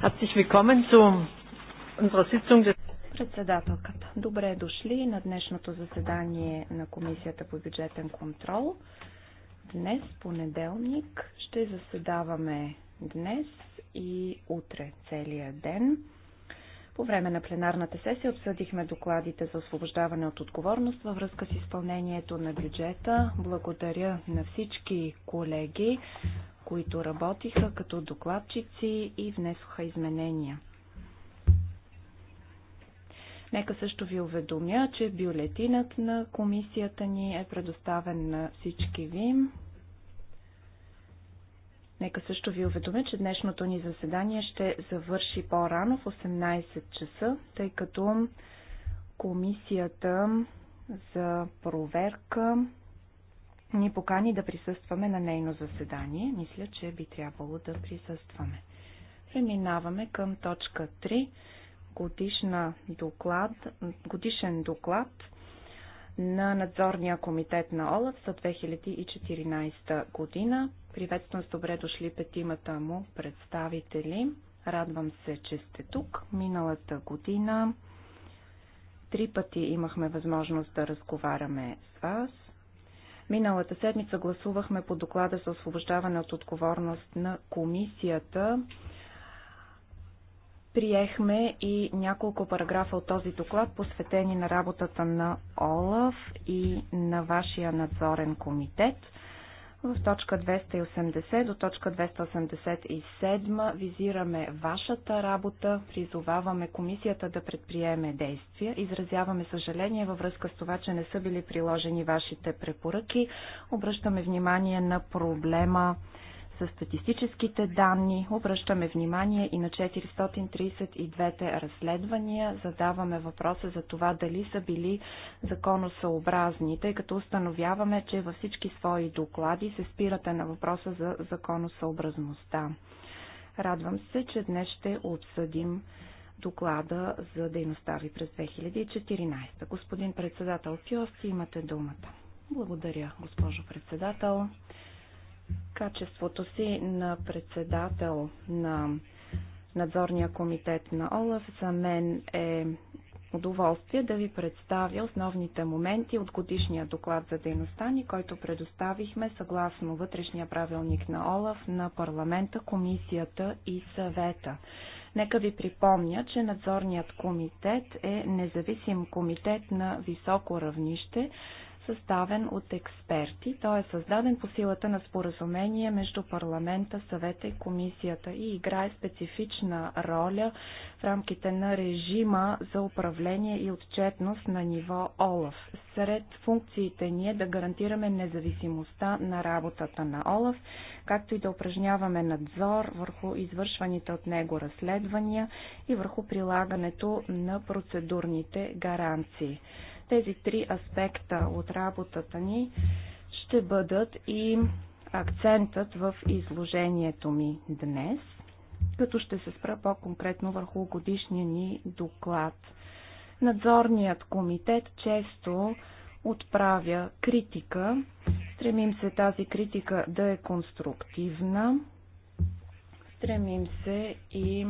Herzlich willkommen zu unserer Sitzung des Председателката. Добре дошли на днешното заседание на Комисията по бюджетен контрол. Днес, понеделник, ще заседаваме днес и утре целия ден. По време на пленарната сесия обсъдихме докладите за освобождаване от отговорност във връзка с изпълнението на бюджета. Благодаря на всички колеги които работиха като докладчици и внесоха изменения. Нека също ви уведомя, че бюлетинът на комисията ни е предоставен на всички ви. Нека също ви уведомя, че днешното ни заседание ще завърши по-рано в 18 часа, тъй като комисията за проверка ни покани да присъстваме на нейно заседание. Мисля, че би трябвало да присъстваме. Преминаваме към точка 3. Годишна доклад, годишен доклад на надзорния комитет на ОЛАФ за 2014 година. Приветствам с добре дошли петимата му представители. Радвам се, че сте тук. Миналата година три пъти имахме възможност да разговаряме с вас. Миналата седмица гласувахме по доклада за освобождаване от отговорност на комисията. Приехме и няколко параграфа от този доклад, посветени на работата на ОЛАФ и на вашия надзорен комитет – в точка 280 до точка 287 визираме вашата работа, призоваваме комисията да предприеме действия, изразяваме съжаление във връзка с това, че не са били приложени вашите препоръки, обръщаме внимание на проблема с статистическите данни обръщаме внимание и на 432-те разследвания. Задаваме въпроса за това дали са били законосъобразни, тъй като установяваме, че във всички свои доклади се спирате на въпроса за законосъобразността. Радвам се, че днес ще обсъдим доклада за дейността ви през 2014. Господин председател Фиости, имате думата. Благодаря, госпожо председател качеството си на председател на надзорния комитет на ОЛАФ, за мен е удоволствие да ви представя основните моменти от годишния доклад за дейността ни, който предоставихме съгласно вътрешния правилник на ОЛАФ на парламента, комисията и съвета. Нека ви припомня, че надзорният комитет е независим комитет на високо равнище, съставен от експерти. Той е създаден по силата на споразумение между парламента, съвета и комисията и играе специфична роля в рамките на режима за управление и отчетност на ниво ОЛАФ. Сред функциите ни е да гарантираме независимостта на работата на ОЛАФ, както и да упражняваме надзор върху извършваните от него разследвания и върху прилагането на процедурните гаранции. Тези три аспекта от работата ни ще бъдат и акцентът в изложението ми днес, като ще се спра по-конкретно върху годишния ни доклад. Надзорният комитет често отправя критика. Стремим се тази критика да е конструктивна. Стремим се и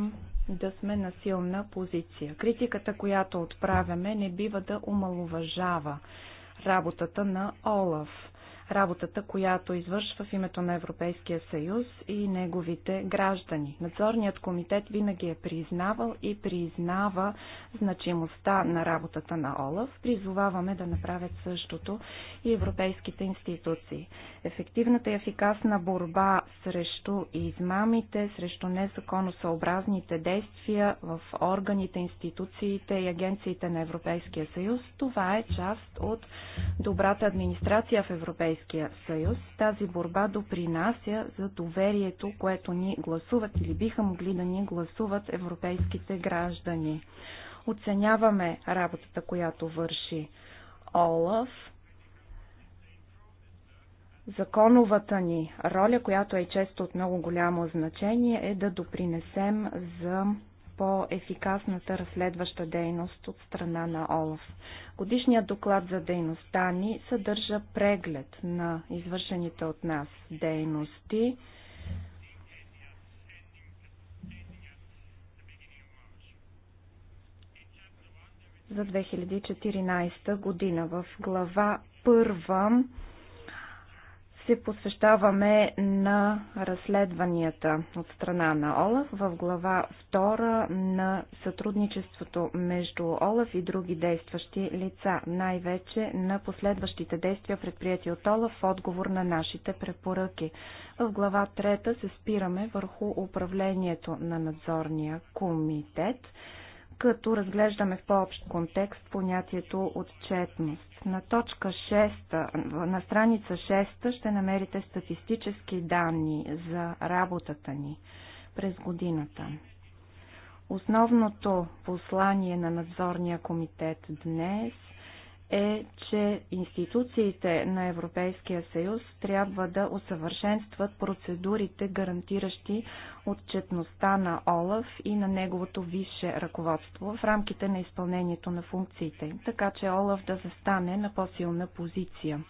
да сме на силна позиция. Критиката, която отправяме, не бива да омалуважава работата на Олаф работата, която извършва в името на Европейския съюз и неговите граждани. Надзорният комитет винаги е признавал и признава значимостта на работата на ОЛАФ. Призоваваме да направят същото и европейските институции. Ефективната и ефикасна борба срещу измамите, срещу незаконосъобразните действия в органите, институциите и агенциите на Европейския съюз, това е част от добрата администрация в Европейския Европейския съюз. Тази борба допринася за доверието, което ни гласуват или биха могли да ни гласуват европейските граждани. Оценяваме работата, която върши ОЛАФ, законовата ни роля, която е често от много голямо значение, е да допринесем за по-ефикасната разследваща дейност от страна на ОЛАФ. Годишният доклад за дейността ни съдържа преглед на извършените от нас дейности. за 2014 година. В глава първа се посвещаваме на разследванията от страна на ОЛАФ в глава 2 на сътрудничеството между ОЛАФ и други действащи лица, най-вече на последващите действия предприяти от ОЛАФ в отговор на нашите препоръки. В глава 3 се спираме върху управлението на надзорния комитет като разглеждаме в по-общ контекст понятието отчетност. На точка 6, на страница 6 ще намерите статистически данни за работата ни през годината. Основното послание на надзорния комитет днес е, че институциите на Европейския съюз трябва да усъвършенстват процедурите, гарантиращи отчетността на ОЛАФ и на неговото висше ръководство в рамките на изпълнението на функциите така че ОЛАФ да застане на по-силна позиция.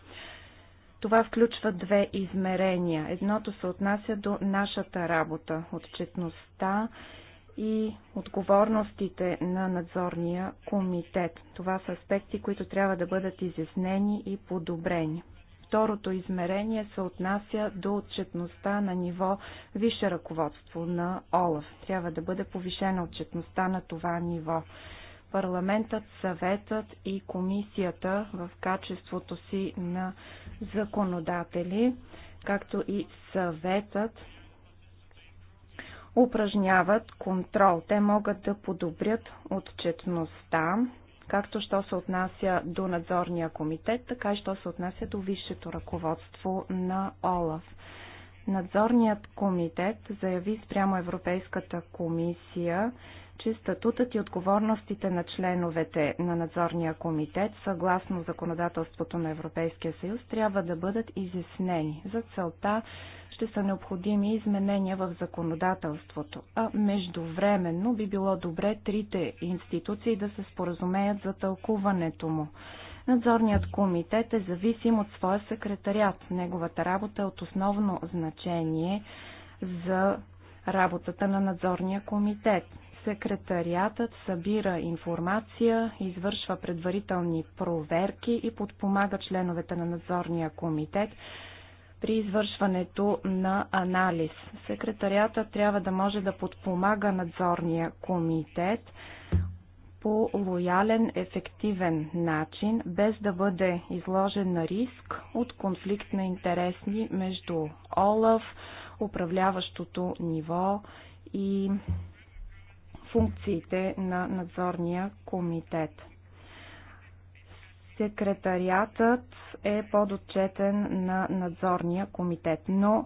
Това включва две измерения. Едното се отнася до нашата работа, отчетността и отговорностите на надзорния комитет. Това са аспекти, които трябва да бъдат изяснени и подобрени. Второто измерение се отнася до отчетността на ниво висше ръководство на ОЛАФ. Трябва да бъде повишена отчетността на това ниво. Парламентът, съветът и комисията в качеството си на законодатели, както и съветът упражняват контрол. Те могат да подобрят отчетността, както що се отнася до надзорния комитет, така и що се отнася до висшето ръководство на ОЛАФ. Надзорният комитет заяви спрямо Европейската комисия, че статутът и отговорностите на членовете на надзорния комитет, съгласно законодателството на Европейския съюз, трябва да бъдат изяснени. За целта ще са необходими изменения в законодателството. А междувременно би било добре трите институции да се споразумеят за тълкуването му. Надзорният комитет е зависим от своя секретарят. Неговата работа е от основно значение за работата на надзорния комитет. Секретариатът събира информация, извършва предварителни проверки и подпомага членовете на надзорния комитет при извършването на анализ. Секретарията трябва да може да подпомага надзорния комитет по лоялен, ефективен начин, без да бъде изложен на риск от конфликт на интересни между ОЛАВ, управляващото ниво и функциите на надзорния комитет секретариатът е подотчетен на надзорния комитет, но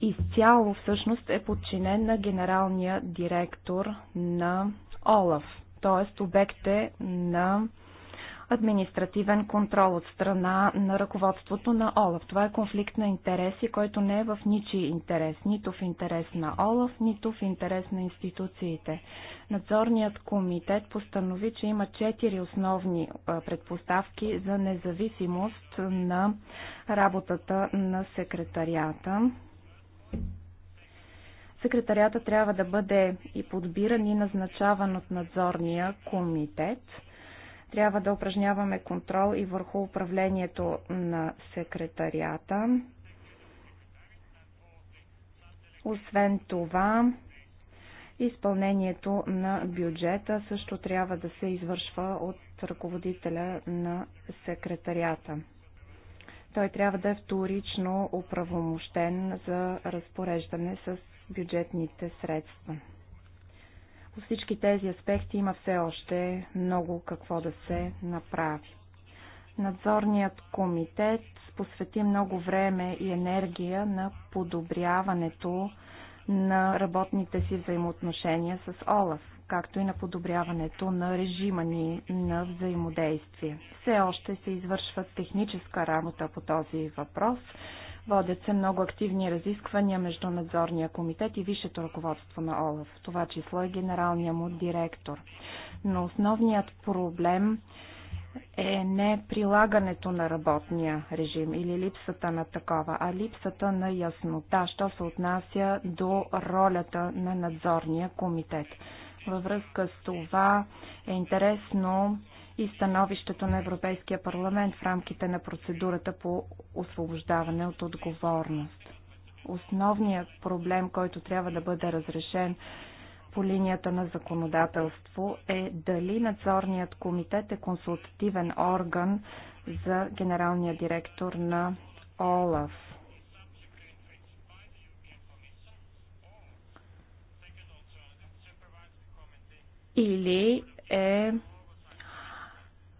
изцяло всъщност е подчинен на генералния директор на ОЛАФ, т.е. обект е на административен контрол от страна на ръководството на ОЛАФ. Това е конфликт на интереси, който не е в ничи интерес, нито в интерес на ОЛАФ, нито в интерес на институциите. Надзорният комитет постанови, че има четири основни предпоставки за независимост на работата на секретарията. Секретарията трябва да бъде и подбиран и назначаван от надзорния комитет – трябва да упражняваме контрол и върху управлението на секретарията. Освен това, изпълнението на бюджета също трябва да се извършва от ръководителя на секретарията. Той трябва да е вторично оправомощен за разпореждане с бюджетните средства. По всички тези аспекти има все още много какво да се направи. Надзорният комитет посвети много време и енергия на подобряването на работните си взаимоотношения с ОЛАФ, както и на подобряването на режима ни на взаимодействие. Все още се извършва техническа работа по този въпрос. Водят се много активни разисквания между надзорния комитет и висшето ръководство на ОЛАФ, в това число е генералния му директор. Но основният проблем е не прилагането на работния режим или липсата на такова, а липсата на яснота, що се отнася до ролята на надзорния комитет. Във връзка с това е интересно и становището на Европейския парламент в рамките на процедурата по освобождаване от отговорност. Основният проблем, който трябва да бъде разрешен по линията на законодателство е дали надзорният комитет е консултативен орган за генералния директор на ОЛАФ. Или е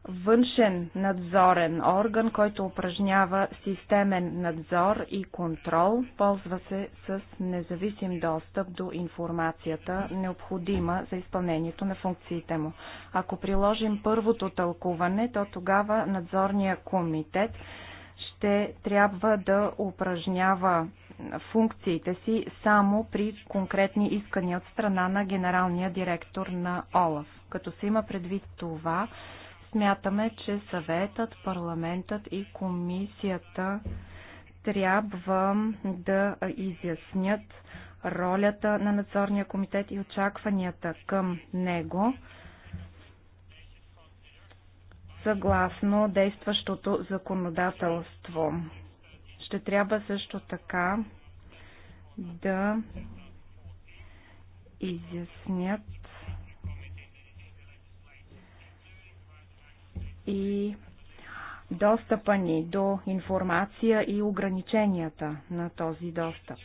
външен надзорен орган, който упражнява системен надзор и контрол, ползва се с независим достъп до информацията, необходима за изпълнението на функциите му. Ако приложим първото тълкуване, то тогава надзорния комитет ще трябва да упражнява функциите си само при конкретни искания от страна на генералния директор на ОЛАФ. Като се има предвид това, Смятаме, че съветът, парламентът и комисията трябва да изяснят ролята на надзорния комитет и очакванията към него съгласно действащото законодателство. Ще трябва също така да изяснят и достъпа ни до информация и ограниченията на този достъп.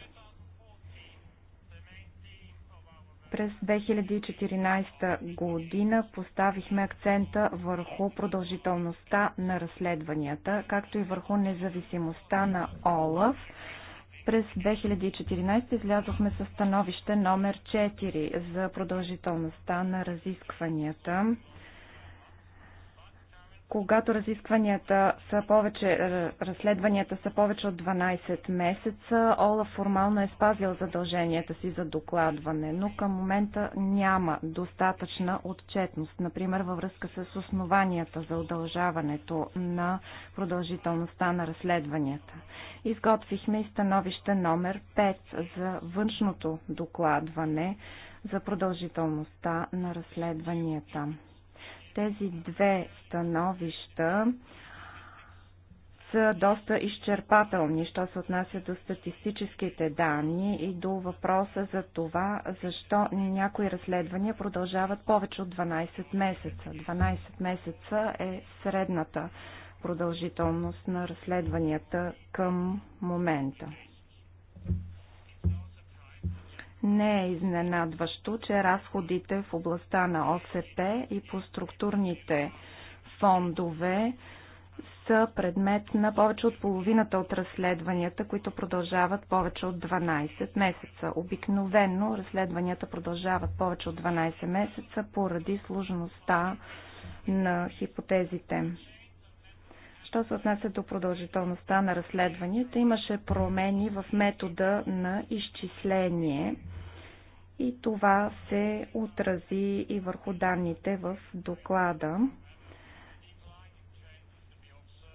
През 2014 година поставихме акцента върху продължителността на разследванията, както и върху независимостта на ОЛАФ. През 2014 излязохме със становище номер 4 за продължителността на разискванията когато разискванията са повече, е, разследванията са повече от 12 месеца, Ола формално е спазил задълженията си за докладване, но към момента няма достатъчна отчетност, например във връзка с основанията за удължаването на продължителността на разследванията. Изготвихме и становище номер 5 за външното докладване за продължителността на разследванията. Тези две становища са доста изчерпателни, що се отнася до статистическите данни и до въпроса за това, защо някои разследвания продължават повече от 12 месеца. 12 месеца е средната продължителност на разследванията към момента. Не е изненадващо, че разходите в областта на ОСП и по структурните фондове са предмет на повече от половината от разследванията, които продължават повече от 12 месеца. Обикновено разследванията продължават повече от 12 месеца поради сложността на хипотезите. Що се отнася до продължителността на разследванията, имаше промени в метода на изчисление и това се отрази и върху данните в доклада.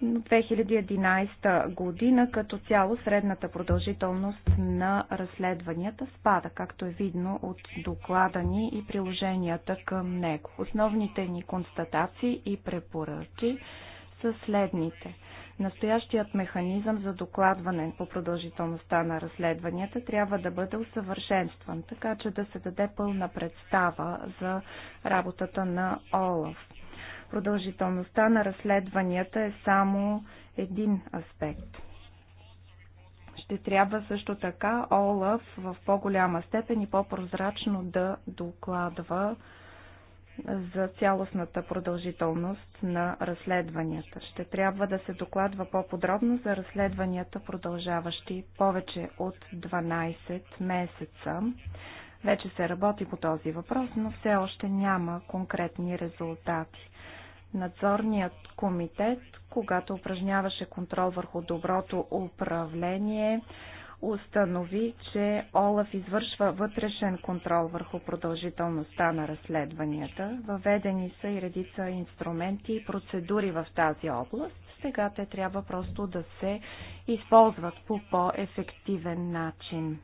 Но 2011 година като цяло средната продължителност на разследванията спада, както е видно от доклада ни и приложенията към него. Основните ни констатации и препоръки – са следните. Настоящият механизъм за докладване по продължителността на разследванията трябва да бъде усъвършенстван, така че да се даде пълна представа за работата на ОЛАФ. Продължителността на разследванията е само един аспект. Ще трябва също така ОЛАФ в по-голяма степен и по-прозрачно да докладва за цялостната продължителност на разследванията. Ще трябва да се докладва по-подробно за разследванията, продължаващи повече от 12 месеца. Вече се работи по този въпрос, но все още няма конкретни резултати. Надзорният комитет, когато упражняваше контрол върху доброто управление, установи, че Олаф извършва вътрешен контрол върху продължителността на разследванията. Въведени са и редица инструменти и процедури в тази област. Сега те трябва просто да се използват по по-ефективен начин.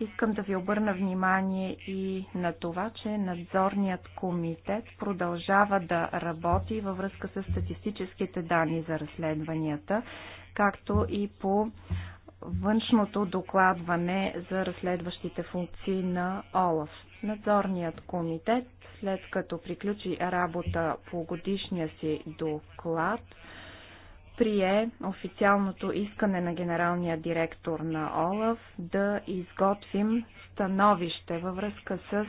Искам да ви обърна внимание и на това, че надзорният комитет продължава да работи във връзка с статистическите данни за разследванията, както и по външното докладване за разследващите функции на ОЛАФ. Надзорният комитет, след като приключи работа по годишния си доклад, прие официалното искане на генералния директор на ОЛАФ да изготвим становище във връзка с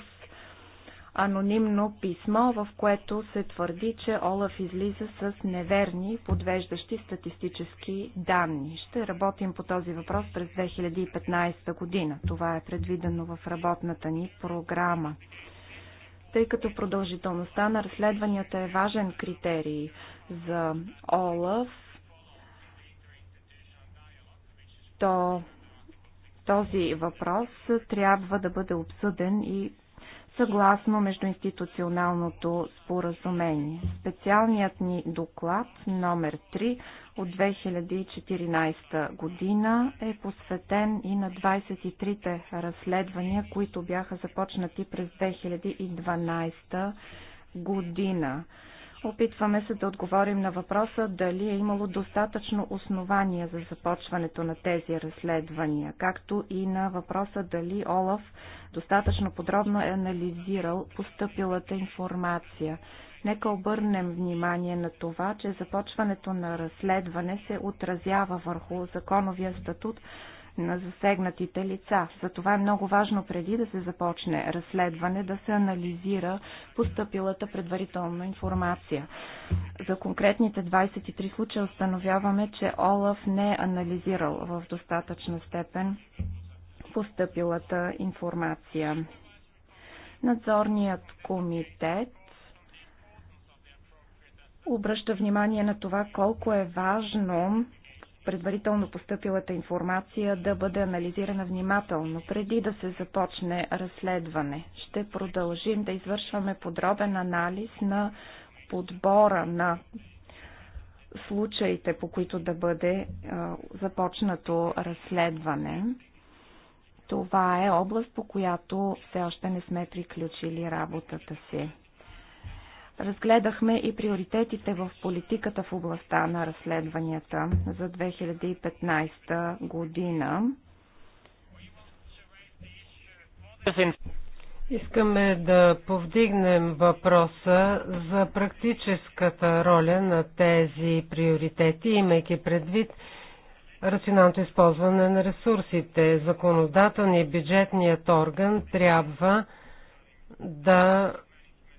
анонимно писмо, в което се твърди, че Олаф излиза с неверни, подвеждащи статистически данни. Ще работим по този въпрос през 2015 година. Това е предвидено в работната ни програма. Тъй като продължителността на разследванията е важен критерий за Олаф, то този въпрос трябва да бъде обсъден и съгласно междуинституционалното споразумение. Специалният ни доклад номер 3 от 2014 година е посветен и на 23-те разследвания, които бяха започнати през 2012 година. Опитваме се да отговорим на въпроса дали е имало достатъчно основания за започването на тези разследвания, както и на въпроса дали Олаф достатъчно подробно е анализирал поступилата информация. Нека обърнем внимание на това, че започването на разследване се отразява върху законовия статут на засегнатите лица. Затова е много важно преди да се започне разследване да се анализира поступилата предварителна информация. За конкретните 23 случая установяваме, че Олаф не е анализирал в достатъчна степен постъпилата информация. Надзорният комитет обръща внимание на това колко е важно предварително поступилата информация да бъде анализирана внимателно, преди да се започне разследване. Ще продължим да извършваме подробен анализ на подбора на случаите, по които да бъде започнато разследване. Това е област, по която все още не сме приключили работата си. Разгледахме и приоритетите в политиката в областта на разследванията за 2015 година. Искаме да повдигнем въпроса за практическата роля на тези приоритети, имайки предвид, рационалното използване на ресурсите. Законодателният бюджетният орган трябва да,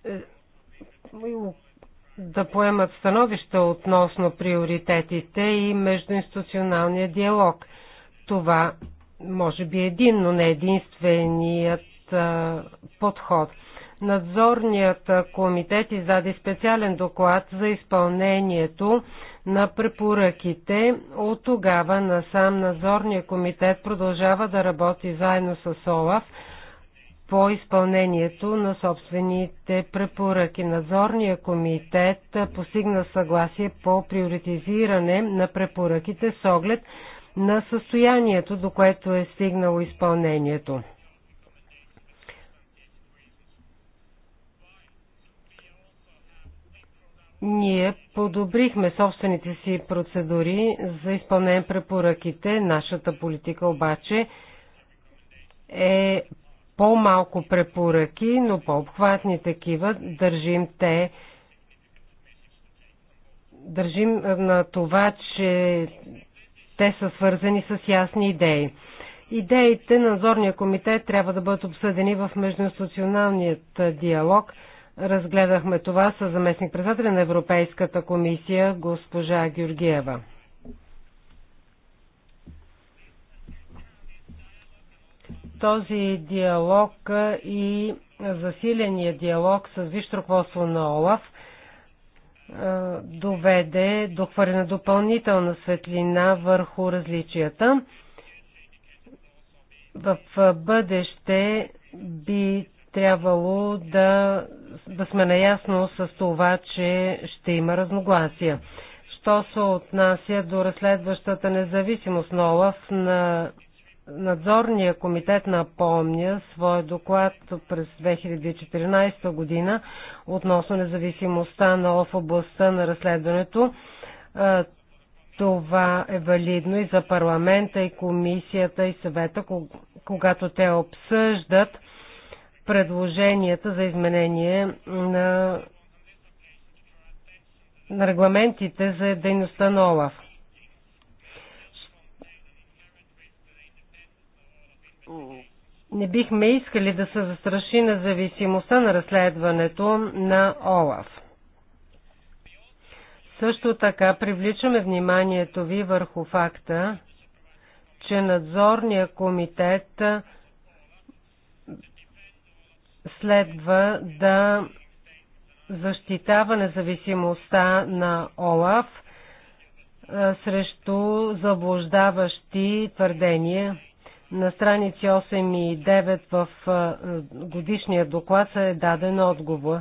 е, да поемат становища относно приоритетите и междуинституционалния диалог. Това може би е един, но не единственият а, подход. Надзорният комитет издаде специален доклад за изпълнението на препоръките. От тогава насам Назорния комитет продължава да работи заедно с ОЛАФ по изпълнението на собствените препоръки. Назорния комитет постигна съгласие по приоритизиране на препоръките с оглед на състоянието, до което е стигнало изпълнението. Ние подобрихме собствените си процедури за изпълнение препоръките. Нашата политика обаче е по-малко препоръки, но по-обхватни такива. Държим те държим на това, че те са свързани с ясни идеи. Идеите на надзорния комитет трябва да бъдат обсъдени в междуинституционалният диалог – Разгледахме това с заместник-председателя на Европейската комисия госпожа Георгиева. Този диалог и засиления диалог с висшето на ОЛАФ доведе до хвърлена допълнителна светлина върху различията. В бъдеще би трябвало да, да сме наясно с това, че ще има разногласия. Що се отнася до разследващата независимост на ОЛАФ, на надзорния комитет напомня своя доклад през 2014 година относно независимостта на ОЛАФ областта на разследването. Това е валидно и за парламента, и комисията, и съвета, когато те обсъждат предложенията за изменение на, на регламентите за дейността на ОЛАФ. Не бихме искали да се застраши независимостта на разследването на ОЛАФ. Също така привличаме вниманието ви върху факта, че надзорния комитет следва да защитава независимостта на ОЛАФ срещу заблуждаващи твърдения. На страници 8 и 9 в годишния доклад е даден отговор.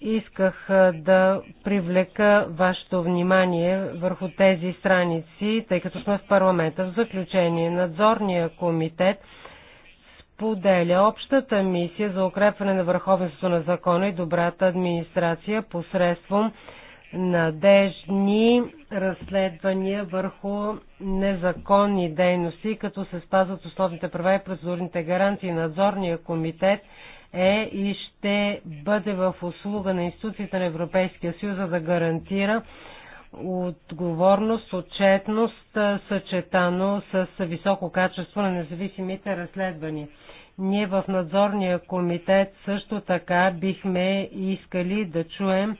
Исках да привлека вашето внимание върху тези страници, тъй като сме в парламента. В заключение, надзорния комитет – споделя общата мисия за укрепване на върховенството на закона и добрата администрация посредством надежни разследвания върху незаконни дейности, като се спазват основните права и процедурните гарантии Надзорния комитет е и ще бъде в услуга на институциите на Европейския съюз, за да гарантира отговорност, отчетност, съчетано с високо качество на независимите разследвания. Ние в надзорния комитет също така бихме искали да чуем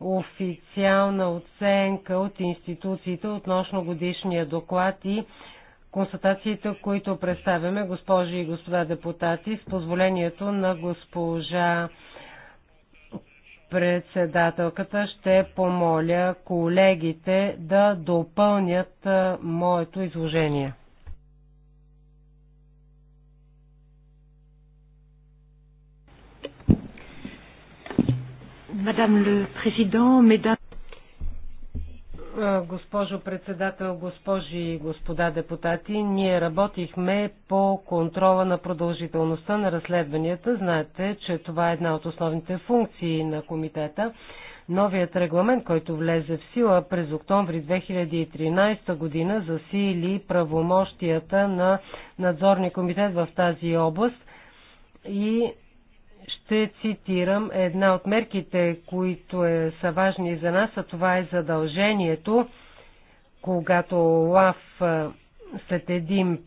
официална оценка от институциите относно годишния доклад и констатациите, които представяме, госпожи и господа депутати, с позволението на госпожа председателката ще помоля колегите да допълнят моето изложение. Мадам ле президент, медам... Госпожо председател, госпожи и господа депутати, ние работихме по контрола на продължителността на разследванията. Знаете, че това е една от основните функции на комитета. Новият регламент, който влезе в сила през октомври 2013 година, засили правомощията на надзорния комитет в тази област и ще цитирам една от мерките, които е, са важни за нас, а това е задължението, когато ЛАВ е, след един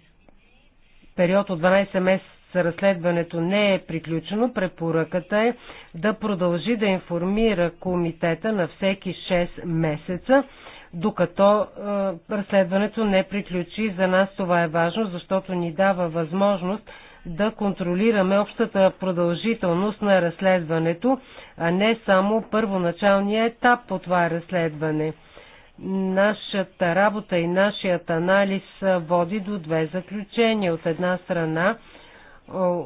период от 12 месеца разследването не е приключено, препоръката е да продължи да информира комитета на всеки 6 месеца, докато е, разследването не приключи. За нас това е важно, защото ни дава възможност да контролираме общата продължителност на разследването, а не само първоначалния етап по това разследване. Нашата работа и нашият анализ води до две заключения. От една страна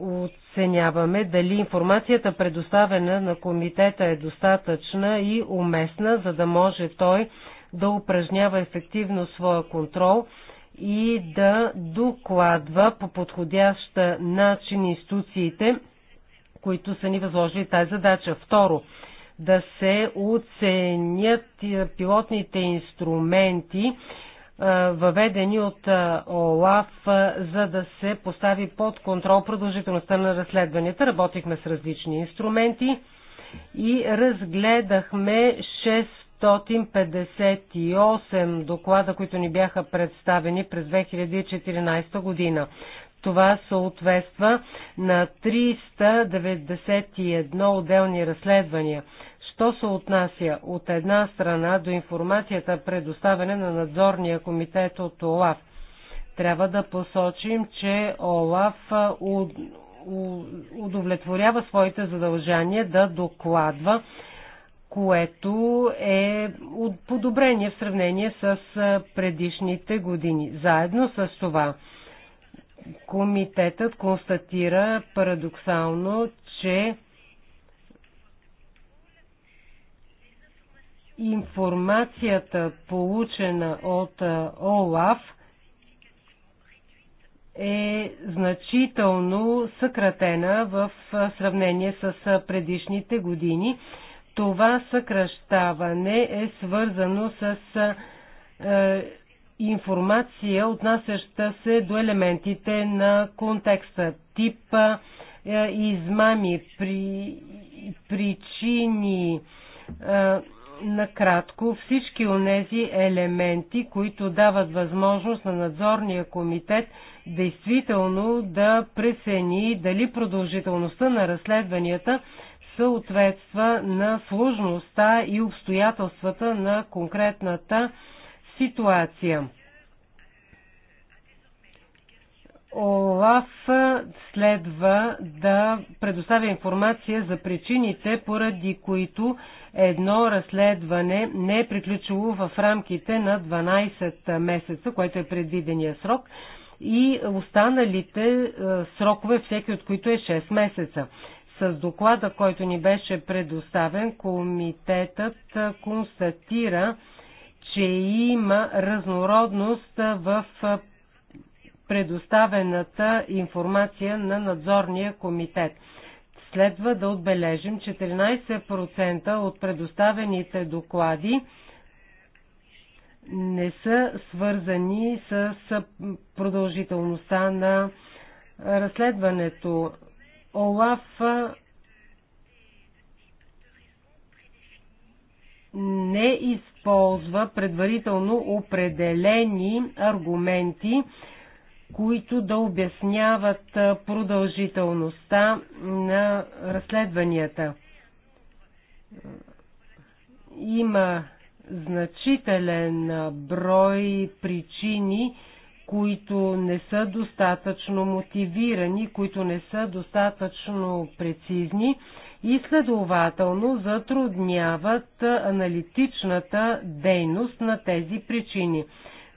оценяваме дали информацията предоставена на комитета е достатъчна и уместна, за да може той да упражнява ефективно своя контрол – и да докладва по подходящ начин институциите, които са ни възложили тази задача. Второ, да се оценят пилотните инструменти, въведени от ОЛАФ, за да се постави под контрол продължителността на разследванията. Работихме с различни инструменти и разгледахме 6 558 доклада, които ни бяха представени през 2014 година. Това съответства на 391 отделни разследвания. Що се отнася от една страна до информацията предоставяне на надзорния комитет от ОЛАФ? Трябва да посочим, че ОЛАФ удовлетворява своите задължания да докладва което е подобрение в сравнение с предишните години. Заедно с това, комитетът констатира парадоксално, че информацията, получена от ОЛАФ, е значително съкратена в сравнение с предишните години това съкръщаване е свързано с е, информация, отнасяща се до елементите на контекста, типа е, измами, при, причини, е, накратко всички тези елементи, които дават възможност на надзорния комитет действително да прецени дали продължителността на разследванията съответства на сложността и обстоятелствата на конкретната ситуация. ОЛАФ следва да предоставя информация за причините, поради които едно разследване не е приключило в рамките на 12 месеца, което е предвидения срок, и останалите е, срокове, всеки от които е 6 месеца. С доклада, който ни беше предоставен, комитетът констатира, че има разнородност в предоставената информация на надзорния комитет. Следва да отбележим 14% от предоставените доклади не са свързани с продължителността на разследването. Олаф не използва предварително определени аргументи, които да обясняват продължителността на разследванията. Има значителен брой причини, които не са достатъчно мотивирани, които не са достатъчно прецизни и следователно затрудняват аналитичната дейност на тези причини.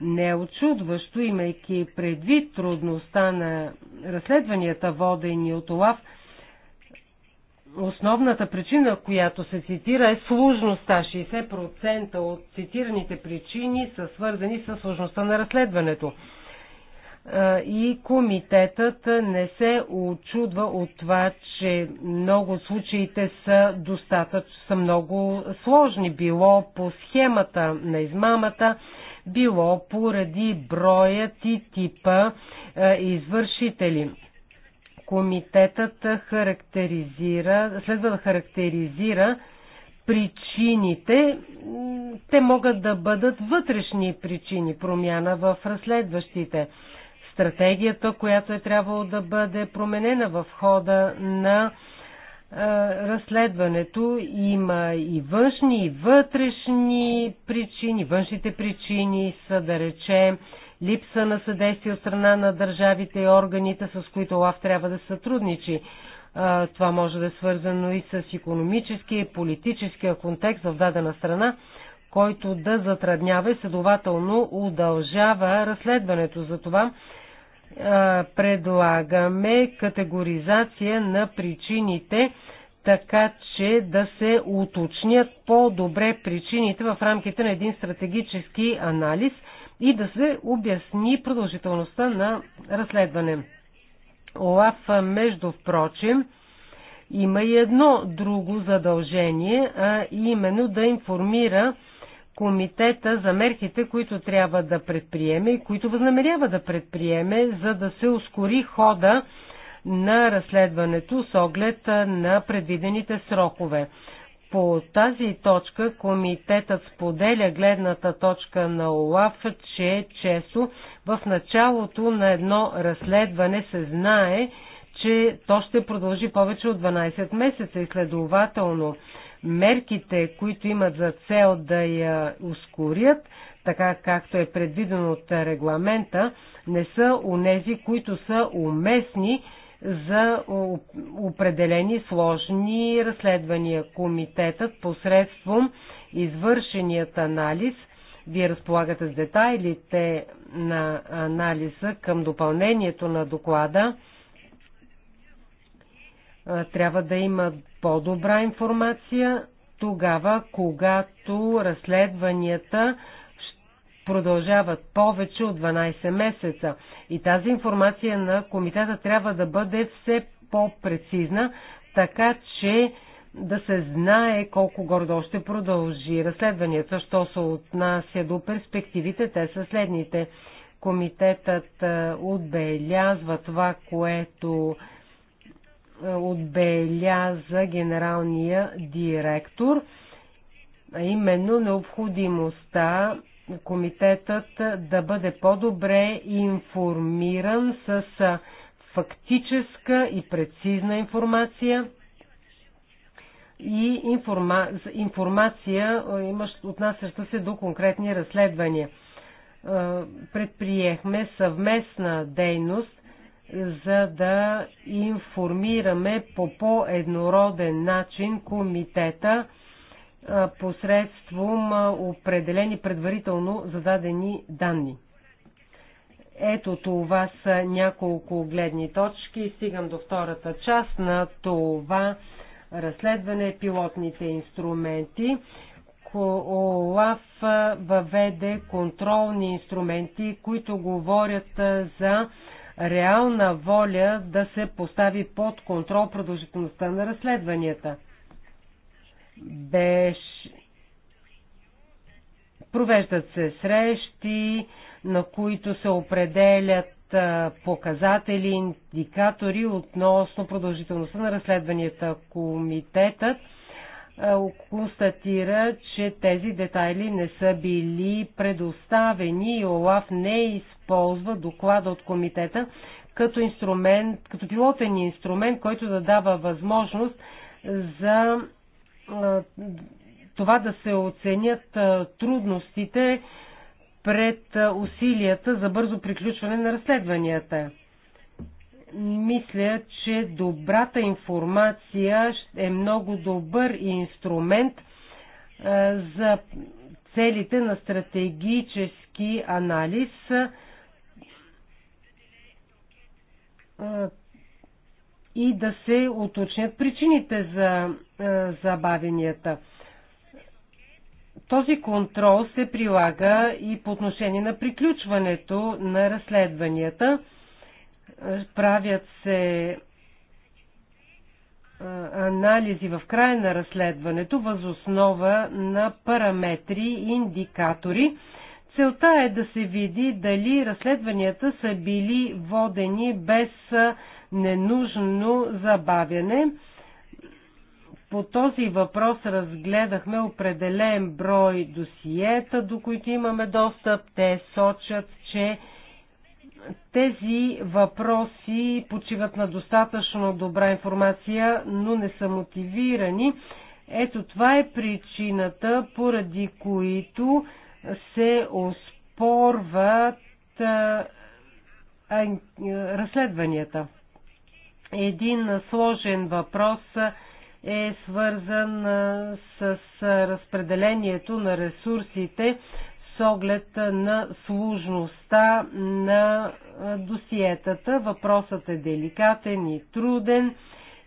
Не е очудващо, имайки предвид трудността на разследванията, водени от ОЛАВ, основната причина, която се цитира е сложността. 60% от цитираните причини са свързани с сложността на разследването и комитетът не се очудва от това, че много случаите са достатъчно, са много сложни, било по схемата на измамата, било поради броят и типа извършители. Комитетът характеризира, следва да характеризира причините, те могат да бъдат вътрешни причини, промяна в разследващите стратегията, която е трябвало да бъде променена в хода на е, разследването има и външни, и вътрешни причини. Външните причини са, да речем, липса на съдействие от страна на държавите и органите, с които ЛАВ трябва да сътрудничи. Е, това може да е свързано и с економическия и политическия контекст в дадена страна, който да затруднява и следователно удължава разследването. за това предлагаме категоризация на причините, така че да се уточнят по-добре причините в рамките на един стратегически анализ и да се обясни продължителността на разследване. ОЛАФ, между впрочем, има и едно друго задължение, а именно да информира комитета за мерките, които трябва да предприеме и които възнамерява да предприеме, за да се ускори хода на разследването с оглед на предвидените срокове. По тази точка комитетът споделя гледната точка на ОЛАФ, че често в началото на едно разследване се знае, че то ще продължи повече от 12 месеца и следователно мерките, които имат за цел да я ускорят, така както е предвидено от регламента, не са унези, които са уместни за определени сложни разследвания. Комитетът посредством извършеният анализ, вие разполагате с детайлите на анализа към допълнението на доклада, трябва да има по-добра информация тогава, когато разследванията продължават повече от 12 месеца. И тази информация на комитета трябва да бъде все по-прецизна, така че да се знае колко гордо ще продължи разследванията. Що се отнася до перспективите, те са следните. Комитетът отбелязва това, което е, отбеляза генералния директор, а именно необходимостта комитетът да бъде по-добре информиран с фактическа и прецизна информация и информа... информация, имащ, отнасяща се до конкретни разследвания. Предприехме съвместна дейност за да информираме по по-еднороден начин комитета посредством определени предварително зададени данни. Ето това са няколко гледни точки. Стигам до втората част на това разследване пилотните инструменти. ОЛАФ въведе контролни инструменти, които говорят за реална воля да се постави под контрол продължителността на разследванията. Беш... Провеждат се срещи, на които се определят показатели, индикатори относно продължителността на разследванията. Комитетът е, констатира, че тези детайли не са били предоставени и ОЛАФ не използва доклада от комитета като, инструмент, като пилотен инструмент, който да дава възможност за е, това да се оценят е, трудностите пред усилията за бързо приключване на разследванията мисля, че добрата информация е много добър инструмент за целите на стратегически анализ. и да се уточнят причините за забавенията. Този контрол се прилага и по отношение на приключването на разследванията правят се анализи в края на разследването възоснова на параметри и индикатори. Целта е да се види дали разследванията са били водени без ненужно забавяне. По този въпрос разгледахме определен брой досиета, до които имаме достъп. Те сочат, че тези въпроси почиват на достатъчно добра информация, но не са мотивирани. Ето това е причината, поради които се оспорват разследванията. Един сложен въпрос е свързан с разпределението на ресурсите с оглед на сложността на досиетата. Въпросът е деликатен и труден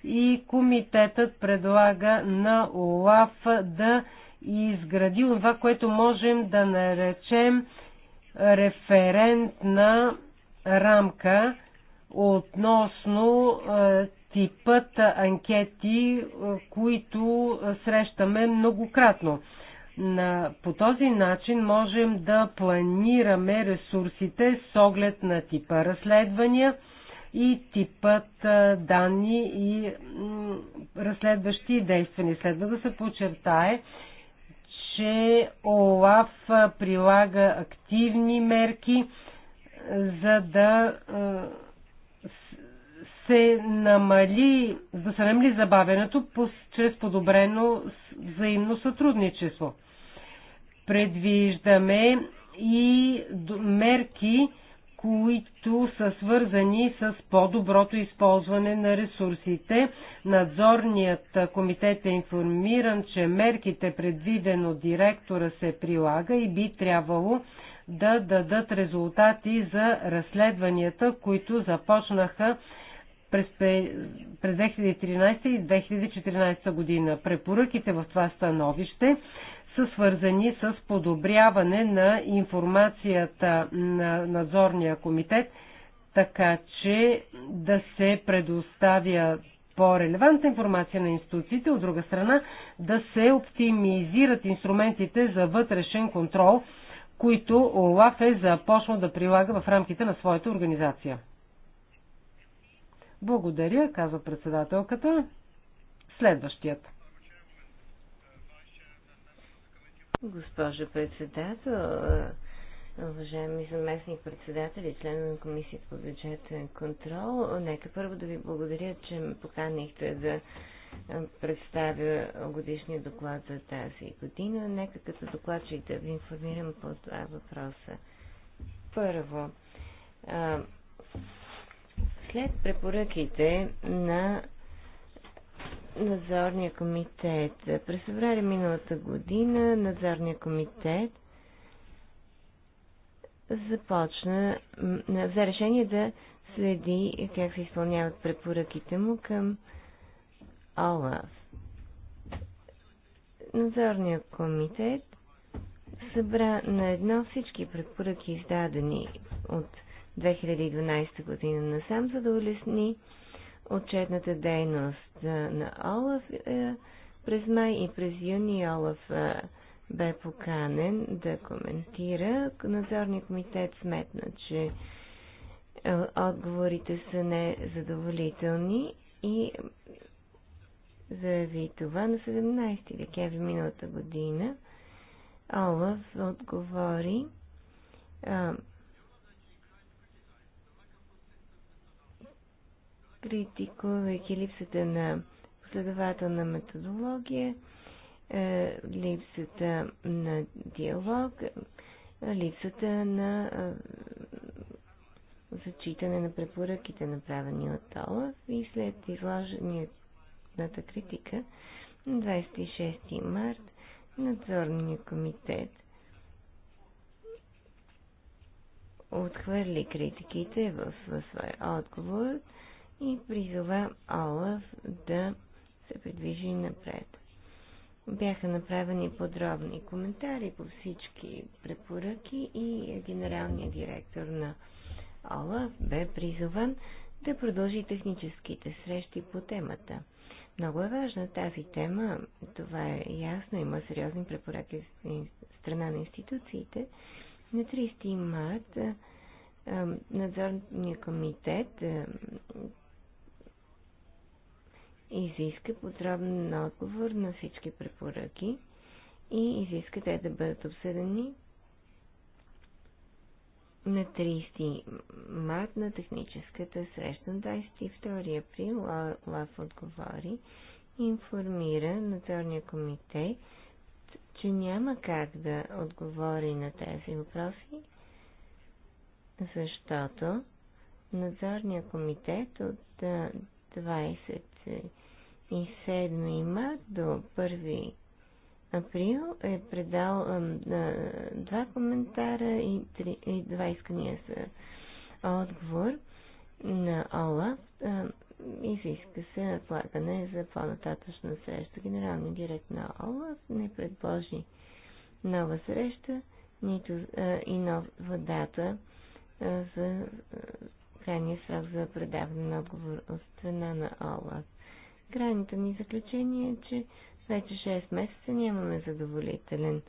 и комитетът предлага на ОЛАФ да изгради това, което можем да наречем референтна рамка относно типът анкети, които срещаме многократно. На, по този начин можем да планираме ресурсите с оглед на типа разследвания и типът данни и разследващи действия. Следва да се подчертае, че ОЛАФ прилага активни мерки, за да се намали, да се намали забавянето чрез подобрено взаимно сътрудничество. Предвиждаме и мерки, които са свързани с по-доброто използване на ресурсите. Надзорният комитет е информиран, че мерките предвидено директора се прилага и би трябвало да дадат резултати за разследванията, които започнаха през, 2013 и 2014 година. Препоръките в това становище са свързани с подобряване на информацията на надзорния комитет, така че да се предоставя по-релевантна информация на институциите, от друга страна да се оптимизират инструментите за вътрешен контрол, които ОЛАФ е започнал да прилага в рамките на своята организация. Благодаря, казва председателката. Следващият. Госпожо председател, уважаеми заместник председатели, членове на Комисията по бюджетен контрол, нека първо да ви благодаря, че ме поканихте да представя годишния доклад за тази година. Нека като докладчик да ви информирам по това въпроса. Първо, след препоръките на надзорния комитет. През феврари миналата година надзорния комитет започна, взе решение да следи как се изпълняват препоръките му към ОЛАФ. Надзорният комитет събра на едно всички препоръки, издадени от 2012 година насам, за да улесни отчетната дейност на Олаф. Е, през май и през юни Олаф бе поканен да коментира. Надзорният комитет сметна, че е, отговорите са незадоволителни и заяви това на 17 декември миналата година. Олаф отговори критикувайки липсата на последователна методология, е, липсата на диалог, липсата на е, зачитане на препоръките, направени от Олаф и след изложената критика на 26 март надзорния комитет отхвърли критиките в своя отговор и призова Олаф да се придвижи напред. Бяха направени подробни коментари по всички препоръки и генералният директор на Олаф бе призован да продължи техническите срещи по темата. Много е важна тази тема, това е ясно, има сериозни препоръки в страна на институциите. На 30 март надзорния комитет изиска подробен отговор на всички препоръки и изиска те да бъдат обсъдени на 30 март на техническата среща на 22 април Лав отговори и информира надзорния комитет, че няма как да отговори на тези въпроси, защото надзорния комитет от 20 27 март до 1 април е предал а, а, два коментара и, три, и два искания за отговор на ОЛАФ а, изиска се отлагане за по-нататъчна среща. Генералният директ на ОЛАФ не предложи нова среща нито, а, и нова дата а, за крайния срок за предаване на отговор от страна на ОЛАФ. Крайното ни заключение е, че вече 6 месеца нямаме задоволителен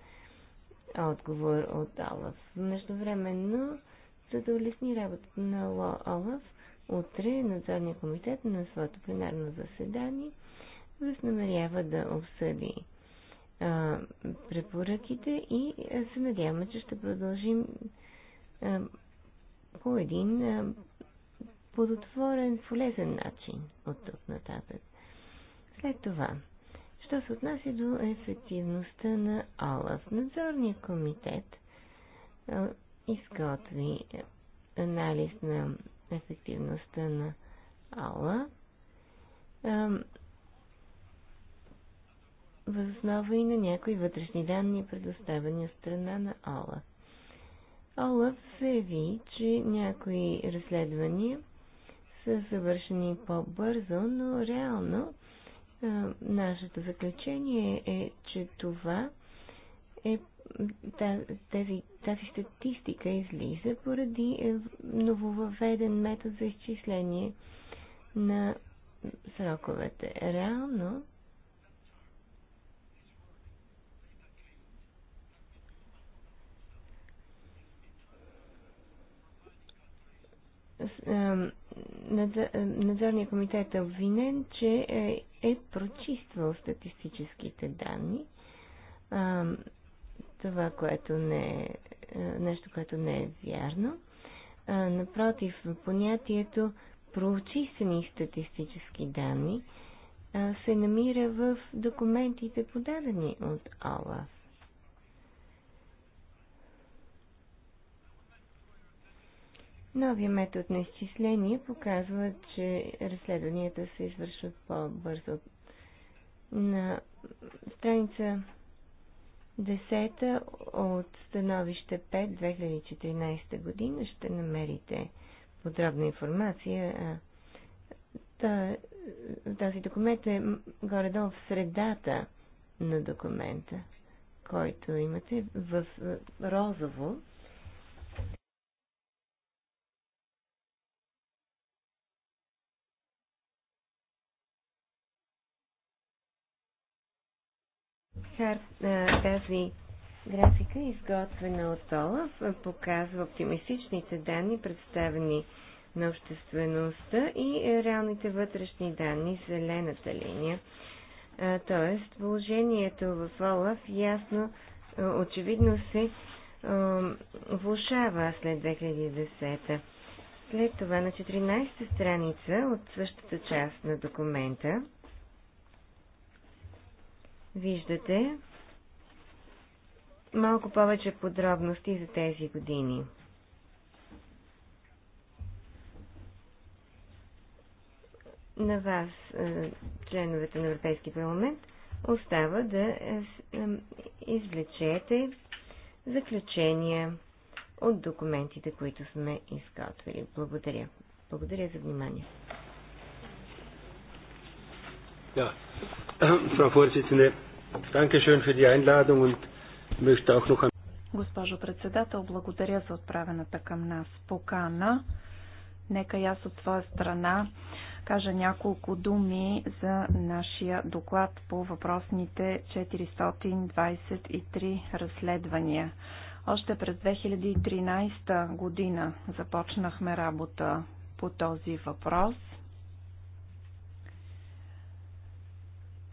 отговор от Олаф. Междувременно, за да улесни работата на Олаф, утре надзорния комитет на своето пленарно заседание възнамерява да обсъди а, препоръките и се надяваме, че ще продължим а, по един а, плодотворен, полезен начин от тук нататък. След това, що се отнася до ефективността на ОЛАФ, надзорният комитет изготви анализ на ефективността на ОЛАФ възоснова и на някои вътрешни данни, предоставени от страна на ОЛАФ. се заяви, че някои разследвания са завършени по-бързо, но реално Нашето заключение е, че това е тази, тази статистика излиза поради е, нововъведен метод за изчисление на сроковете. Реално надзорният комитет е обвинен, че е е прочиствал статистическите данни. А, това, което не е, нещо, което не е вярно. А, напротив, понятието проучистени статистически данни а, се намира в документите подадени от ОЛАФ. Новия метод на изчисление показва, че разследванията се извършват по-бързо. На страница 10 от становище 5 2014 година ще намерите подробна информация. Този документ е горе-долу в средата на документа, който имате в розово тази графика, изготвена от Олаф, показва оптимистичните данни, представени на обществеността и реалните вътрешни данни, зелената линия. Тоест, положението в Олаф ясно, очевидно се влушава след 2010. След това на 14 страница от същата част на документа виждате малко повече подробности за тези години. На вас, е, членовете на Европейски парламент, остава да е, е, извлечете заключения от документите, които сме изготвили. Благодаря. Благодаря за вниманието. Ja, Frau Vorsitzende, danke schön für die Einladung und möchte auch noch an Госпожо председател, благодаря за отправената към нас покана. Нека и аз от своя страна кажа няколко думи за нашия доклад по въпросните 423 разследвания. Още през 2013 година започнахме работа по този въпрос –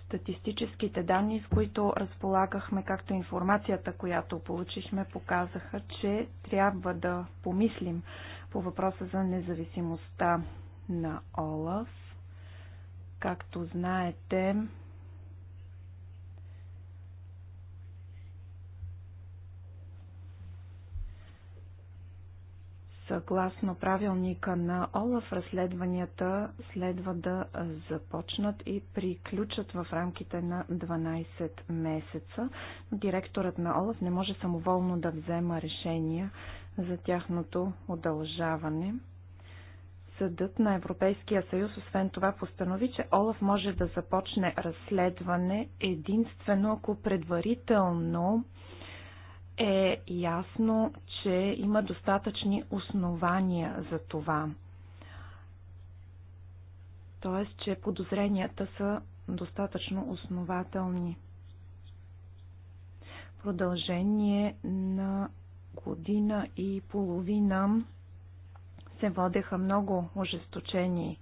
Статистическите данни, с които разполагахме, както информацията, която получихме, показаха, че трябва да помислим по въпроса за независимостта на ОЛАФ. Както знаете, Съгласно правилника на ОЛАФ, разследванията следва да започнат и приключат в рамките на 12 месеца. Директорът на ОЛАФ не може самоволно да взема решения за тяхното удължаване. Съдът на Европейския съюз освен това постанови, че Олаф може да започне разследване единствено ако предварително е ясно, че има достатъчни основания за това. Тоест, че подозренията са достатъчно основателни. Продължение на година и половина се водеха много ожесточени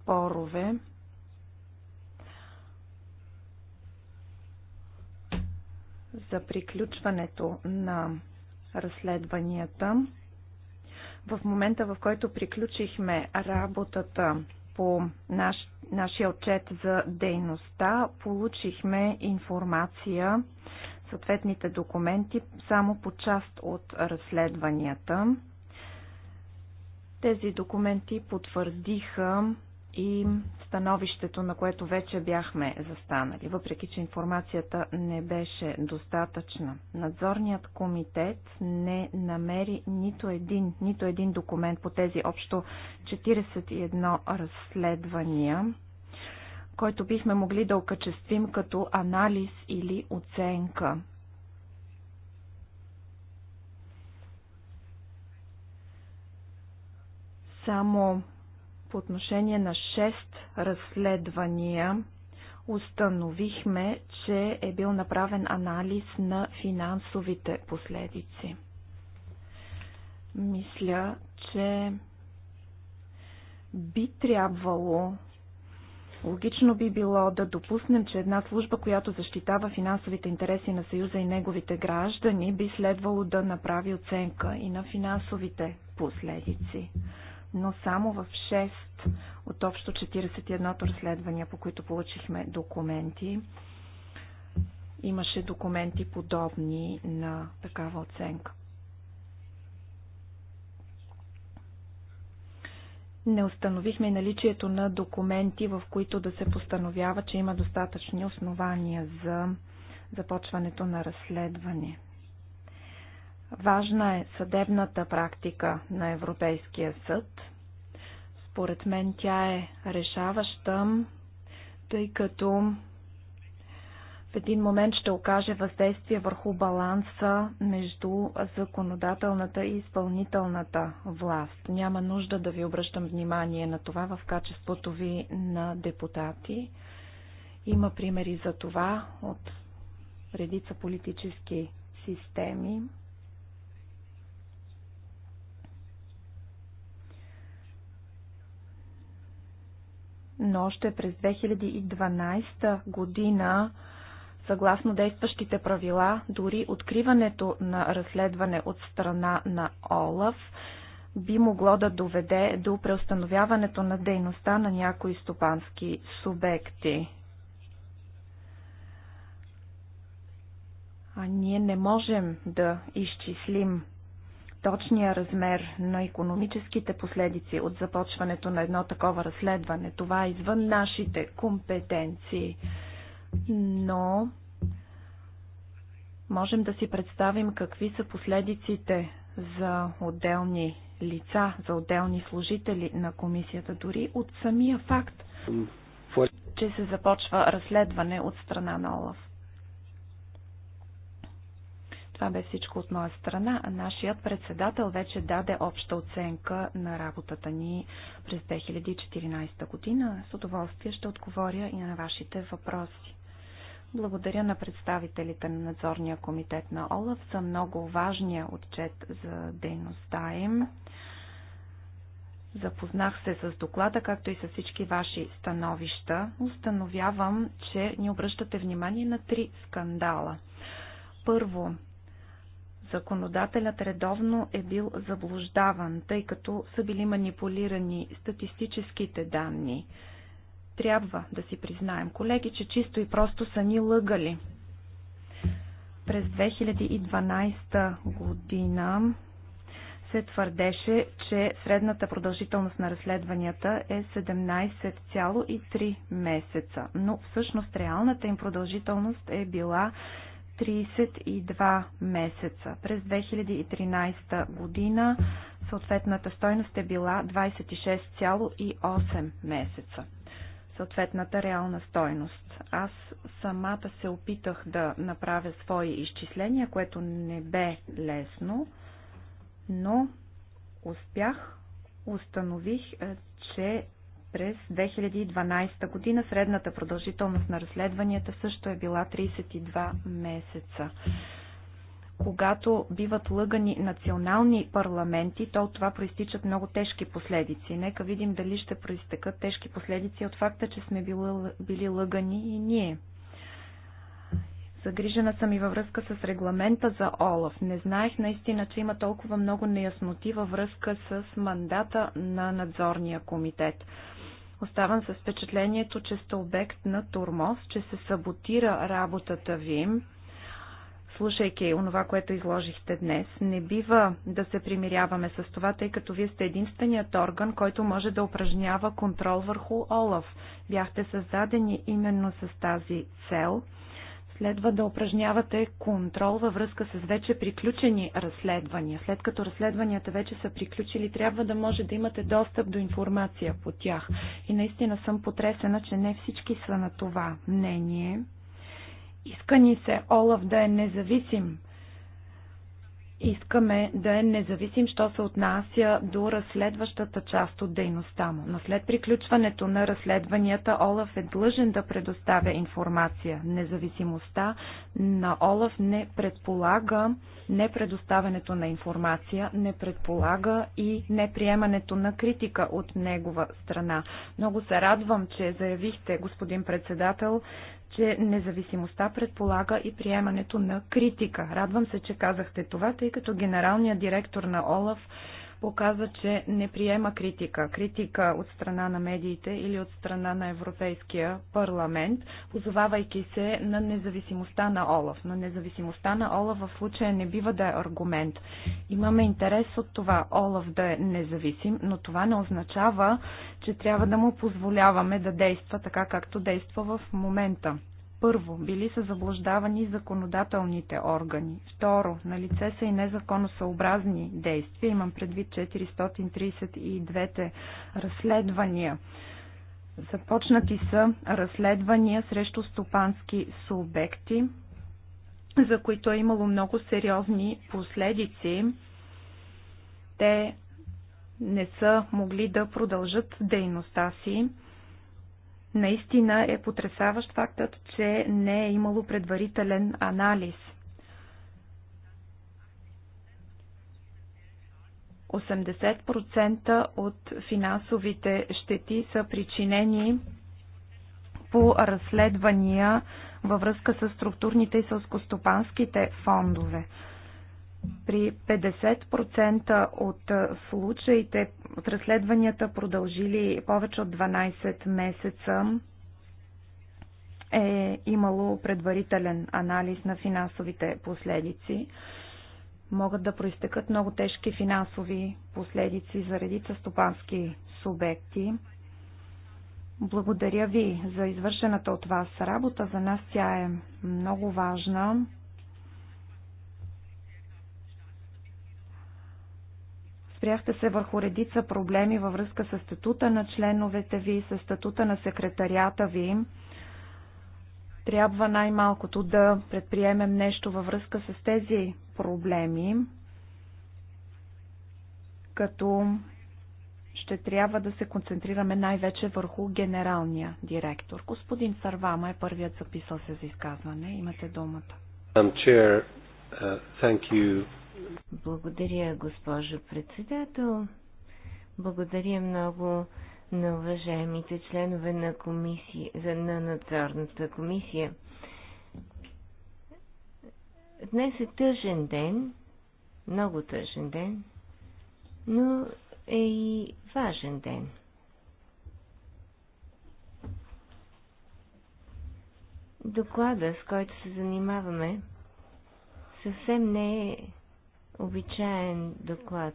спорове за приключването на разследванията. В момента, в който приключихме работата по наш, нашия отчет за дейността, получихме информация, съответните документи само по част от разследванията. Тези документи потвърдиха и становището, на което вече бяхме застанали, въпреки че информацията не беше достатъчна. Надзорният комитет не намери нито един, нито един документ по тези общо 41 разследвания, който бихме могли да окачествим като анализ или оценка. Само по отношение на 6 разследвания установихме, че е бил направен анализ на финансовите последици. Мисля, че би трябвало Логично би било да допуснем, че една служба, която защитава финансовите интереси на Съюза и неговите граждани, би следвало да направи оценка и на финансовите последици но само в 6 от общо 41-то разследвания, по които получихме документи, имаше документи подобни на такава оценка. не установихме наличието на документи, в които да се постановява, че има достатъчни основания за започването на разследване. Важна е съдебната практика на Европейския съд. Според мен тя е решаваща, тъй като в един момент ще окаже въздействие върху баланса между законодателната и изпълнителната власт. Няма нужда да ви обръщам внимание на това в качеството ви на депутати. Има примери за това от редица политически системи. но още през 2012 година Съгласно действащите правила, дори откриването на разследване от страна на ОЛАФ би могло да доведе до преустановяването на дейността на някои стопански субекти. А ние не можем да изчислим точния размер на економическите последици от започването на едно такова разследване. Това е извън нашите компетенции. Но можем да си представим какви са последиците за отделни лица, за отделни служители на комисията, дори от самия факт, че се започва разследване от страна на Олаф. Това бе всичко от моя страна. Нашият председател вече даде обща оценка на работата ни през 2014 година. С удоволствие ще отговоря и на вашите въпроси. Благодаря на представителите на надзорния комитет на ОЛАФ за много важния отчет за дейността им. Запознах се с доклада, както и с всички ваши становища. Установявам, че ни обръщате внимание на три скандала. Първо, законодателят редовно е бил заблуждаван, тъй като са били манипулирани статистическите данни. Трябва да си признаем, колеги, че чисто и просто са ни лъгали. През 2012 година се твърдеше, че средната продължителност на разследванията е 17,3 месеца, но всъщност реалната им продължителност е била 32 месеца. През 2013 година съответната стойност е била 26,8 месеца. Съответната реална стойност. Аз самата се опитах да направя свои изчисления, което не бе лесно, но успях, установих, че през 2012 година средната продължителност на разследванията също е била 32 месеца. Когато биват лъгани национални парламенти, то от това проистичат много тежки последици. Нека видим дали ще проистекат тежки последици от факта, че сме били лъгани и ние. Загрижена съм и във връзка с регламента за ОЛАФ. Не знаех наистина, че има толкова много неясноти във връзка с мандата на надзорния комитет. Оставам с впечатлението, че сте обект на турмоз, че се саботира работата ви. Слушайки онова, което изложихте днес, не бива да се примиряваме с това, тъй като вие сте единственият орган, който може да упражнява контрол върху Олаф. Бяхте създадени именно с тази цел – следва да упражнявате контрол във връзка с вече приключени разследвания. След като разследванията вече са приключили, трябва да може да имате достъп до информация по тях. И наистина съм потресена, че не всички са на това мнение. Искани се Олаф да е независим Искаме да е независим, що се отнася до разследващата част от дейността му. Но след приключването на разследванията, Олаф е длъжен да предоставя информация. Независимостта на Олаф не предполага непредоставянето на информация, не предполага и неприемането на критика от негова страна. Много се радвам, че заявихте, господин председател, че независимостта предполага и приемането на критика. Радвам се, че казахте това, тъй като генералният директор на ОЛАФ показа, че не приема критика. Критика от страна на медиите или от страна на Европейския парламент, позовавайки се на независимостта на Олаф. Но независимостта на Олаф в случая не бива да е аргумент. Имаме интерес от това Олаф да е независим, но това не означава, че трябва да му позволяваме да действа така, както действа в момента. Първо, били са заблуждавани законодателните органи. Второ, на лице са и незаконосъобразни действия. Имам предвид 432 разследвания. Започнати са разследвания срещу стопански субекти, за които е имало много сериозни последици. Те не са могли да продължат дейността си Наистина е потрясаващ фактът, че не е имало предварителен анализ. 80% от финансовите щети са причинени по разследвания във връзка с структурните и сълскостопанските фондове. При 50% от случаите, от разследванията продължили повече от 12 месеца, е имало предварителен анализ на финансовите последици. Могат да проистекат много тежки финансови последици за редица стопански субекти. Благодаря ви за извършената от вас работа. За нас тя е много важна. Спряхте се върху редица проблеми във връзка с статута на членовете ви, с статута на секретарията ви. Трябва най-малкото да предприемем нещо във връзка с тези проблеми, като ще трябва да се концентрираме най-вече върху генералния директор. Господин Сарвама е първият записал се за изказване. Имате думата. Благодаря, госпожо председател. Благодаря много на уважаемите членове на, комисия, на надзорната комисия. Днес е тъжен ден, много тъжен ден, но е и важен ден. Доклада, с който се занимаваме, съвсем не е обичаен доклад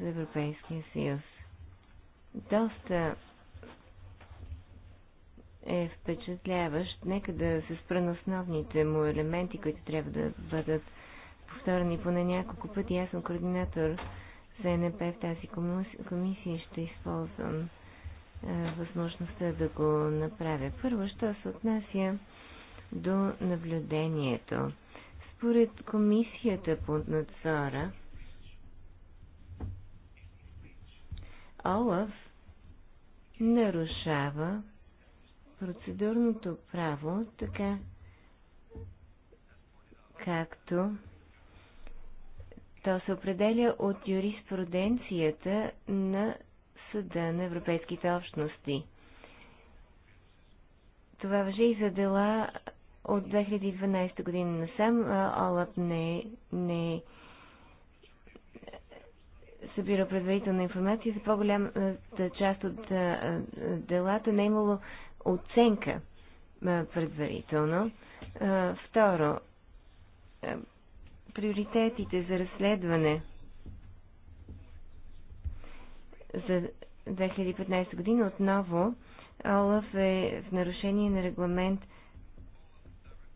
за Европейския съюз. Доста е впечатляващ. Нека да се спра на основните му елементи, които трябва да бъдат повторени поне няколко пъти. Аз съм координатор за НП в тази комисия и ще използвам е, възможността да го направя. Първо, що се отнася до наблюдението. Според комисията под надзора, Олаф нарушава процедурното право, така както то се определя от юриспруденцията на Съда на Европейските общности. Това въжи и за дела от 2012 година насам ОЛАП не, не събира предварителна информация за по-голямата част от делата. Не е имало оценка предварително. Второ, приоритетите за разследване за 2015 година отново ОЛАФ е в нарушение на регламент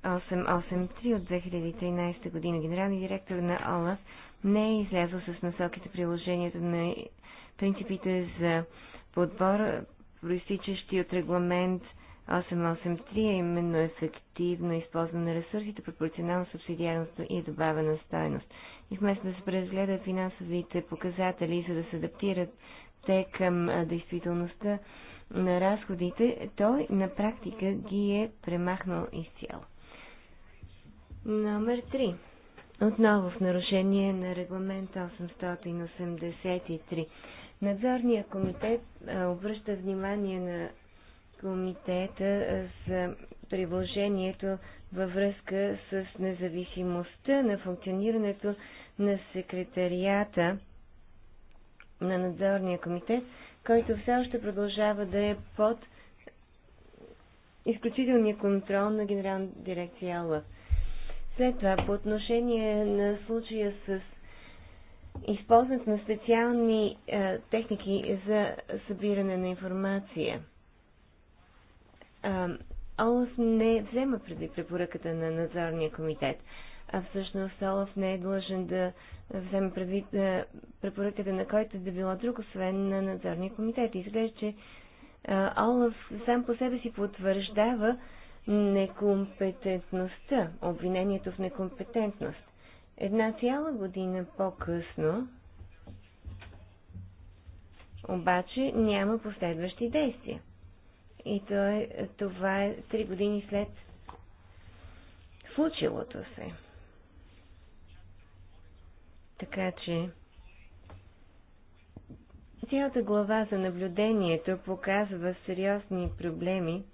883 от 2013 година. Генералният директор на ОЛАФ не е излязъл с насоките приложението на принципите за подбор, проистичащи от регламент 883, а именно ефективно използване на ресурсите, пропорционална субсидиарност и добавена стойност. И вместо да се преразгледат финансовите показатели, за да се адаптират те към действителността на разходите, той на практика ги е премахнал изцяло. Номер 3. Отново в нарушение на регламент 883. Надзорният комитет обръща внимание на комитета за приложението във връзка с независимостта на функционирането на секретарията на надзорния комитет, който все още продължава да е под изключителния контрол на генерална дирекция ЛАФ. След това, по отношение на случая с използването на специални е, техники за събиране на информация, е, ОЛАФ не взема преди препоръката на надзорния комитет, а всъщност ОЛАФ не е длъжен да вземе предвид е, препоръката на който да било друг, освен на надзорния комитет. Изглежда, че е, ОЛАФ сам по себе си потвърждава, некомпетентността, обвинението в некомпетентност. Една цяла година по-късно, обаче няма последващи действия. И то е, това е три години след случилото се. Така че цялата глава за наблюдението показва сериозни проблеми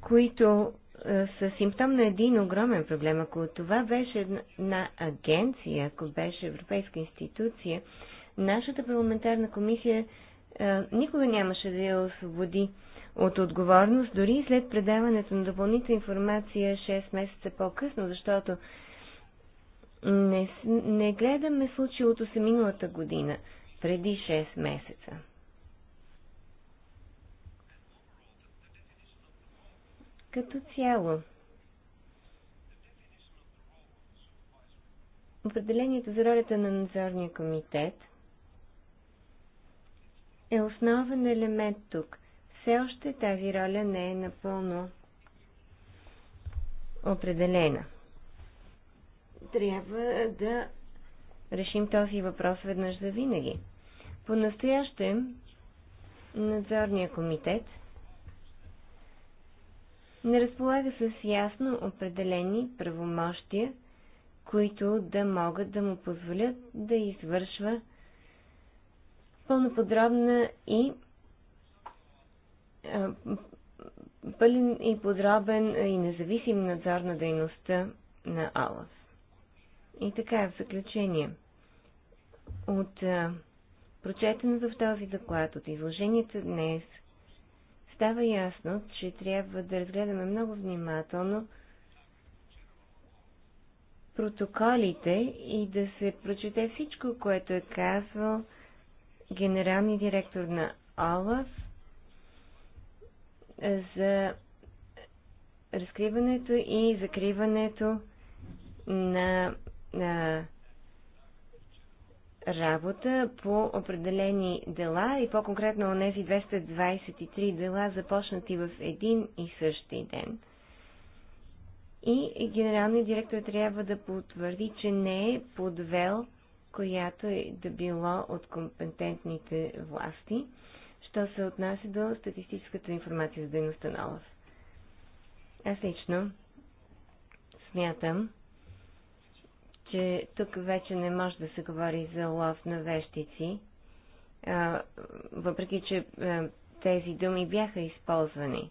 които е, са симптом на един огромен проблем. Ако това беше една агенция, ако беше европейска институция, нашата парламентарна комисия а, е, никога нямаше да я освободи от отговорност, дори и след предаването на допълнителна информация 6 месеца по-късно, защото не, не гледаме случилото се миналата година, преди 6 месеца. като цяло. Определението за ролята на надзорния комитет е основен елемент тук. Все още тази роля не е напълно определена. Трябва да решим този въпрос веднъж за винаги. По-настоящем надзорния комитет – не разполага с ясно определени правомощия, които да могат да му позволят да извършва пълноподробна и пълен и подробен и независим надзор на дейността на ОЛАФ. И така, в заключение, от прочетеното в този доклад, от изложението днес, става ясно, че трябва да разгледаме много внимателно протоколите и да се прочете всичко, което е казвал генералния директор на ОЛАФ за разкриването и закриването на, на работа по определени дела и по-конкретно от тези 223 дела, започнати в един и същи ден. И генералният директор трябва да потвърди, че не е подвел която е да било от компетентните власти, що се отнася до статистическата информация за дейността на ОЛАФ. Аз лично смятам, че тук вече не може да се говори за лов на вещици, а, въпреки че а, тези думи бяха използвани.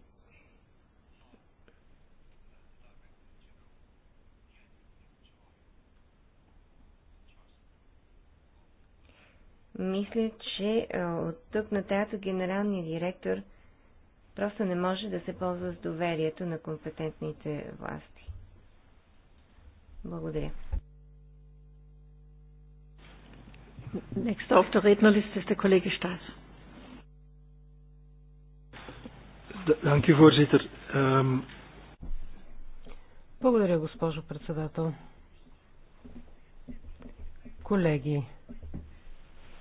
Мисля, че от тук нататък генералният директор просто не може да се ползва с доверието на компетентните власти. Благодаря. Nächster auf der Rednerliste ist der Kollege Staes. Danke, u, voorzitter. Um... Благодаря, госпожо председател. Колеги,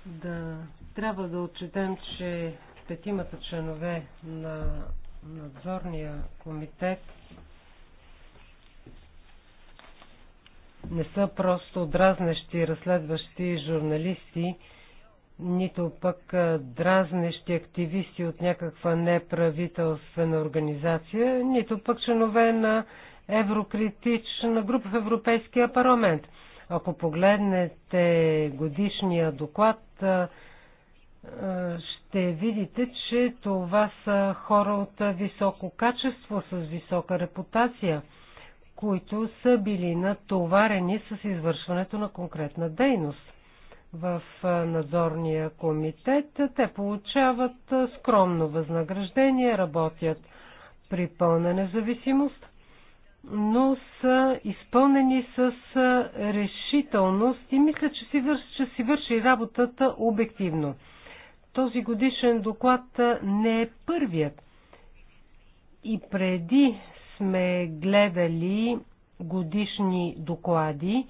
да трябва да отчетем, че петимата членове на надзорния комитет не са просто дразнещи разследващи журналисти, нито пък дразнещи активисти от някаква неправителствена организация, нито пък членове на еврокритична група в Европейския парламент. Ако погледнете годишния доклад, ще видите, че това са хора от високо качество, с висока репутация – които са били натоварени с извършването на конкретна дейност в надзорния комитет. Те получават скромно възнаграждение, работят при пълна независимост, но са изпълнени с решителност и мисля, че си, върши, че си върши работата обективно. Този годишен доклад не е първият. И преди сме гледали годишни доклади,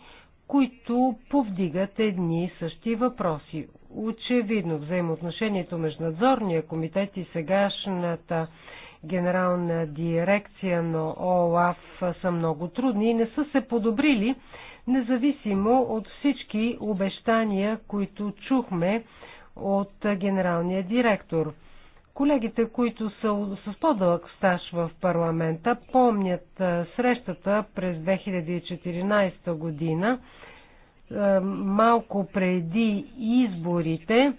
които повдигат едни и същи въпроси. Очевидно взаимоотношението между надзорния комитет и сегашната генерална дирекция на ОЛАФ са много трудни и не са се подобрили, независимо от всички обещания, които чухме от генералния директор – Колегите, които са с по-дълъг стаж в парламента, помнят срещата през 2014 година, малко преди изборите.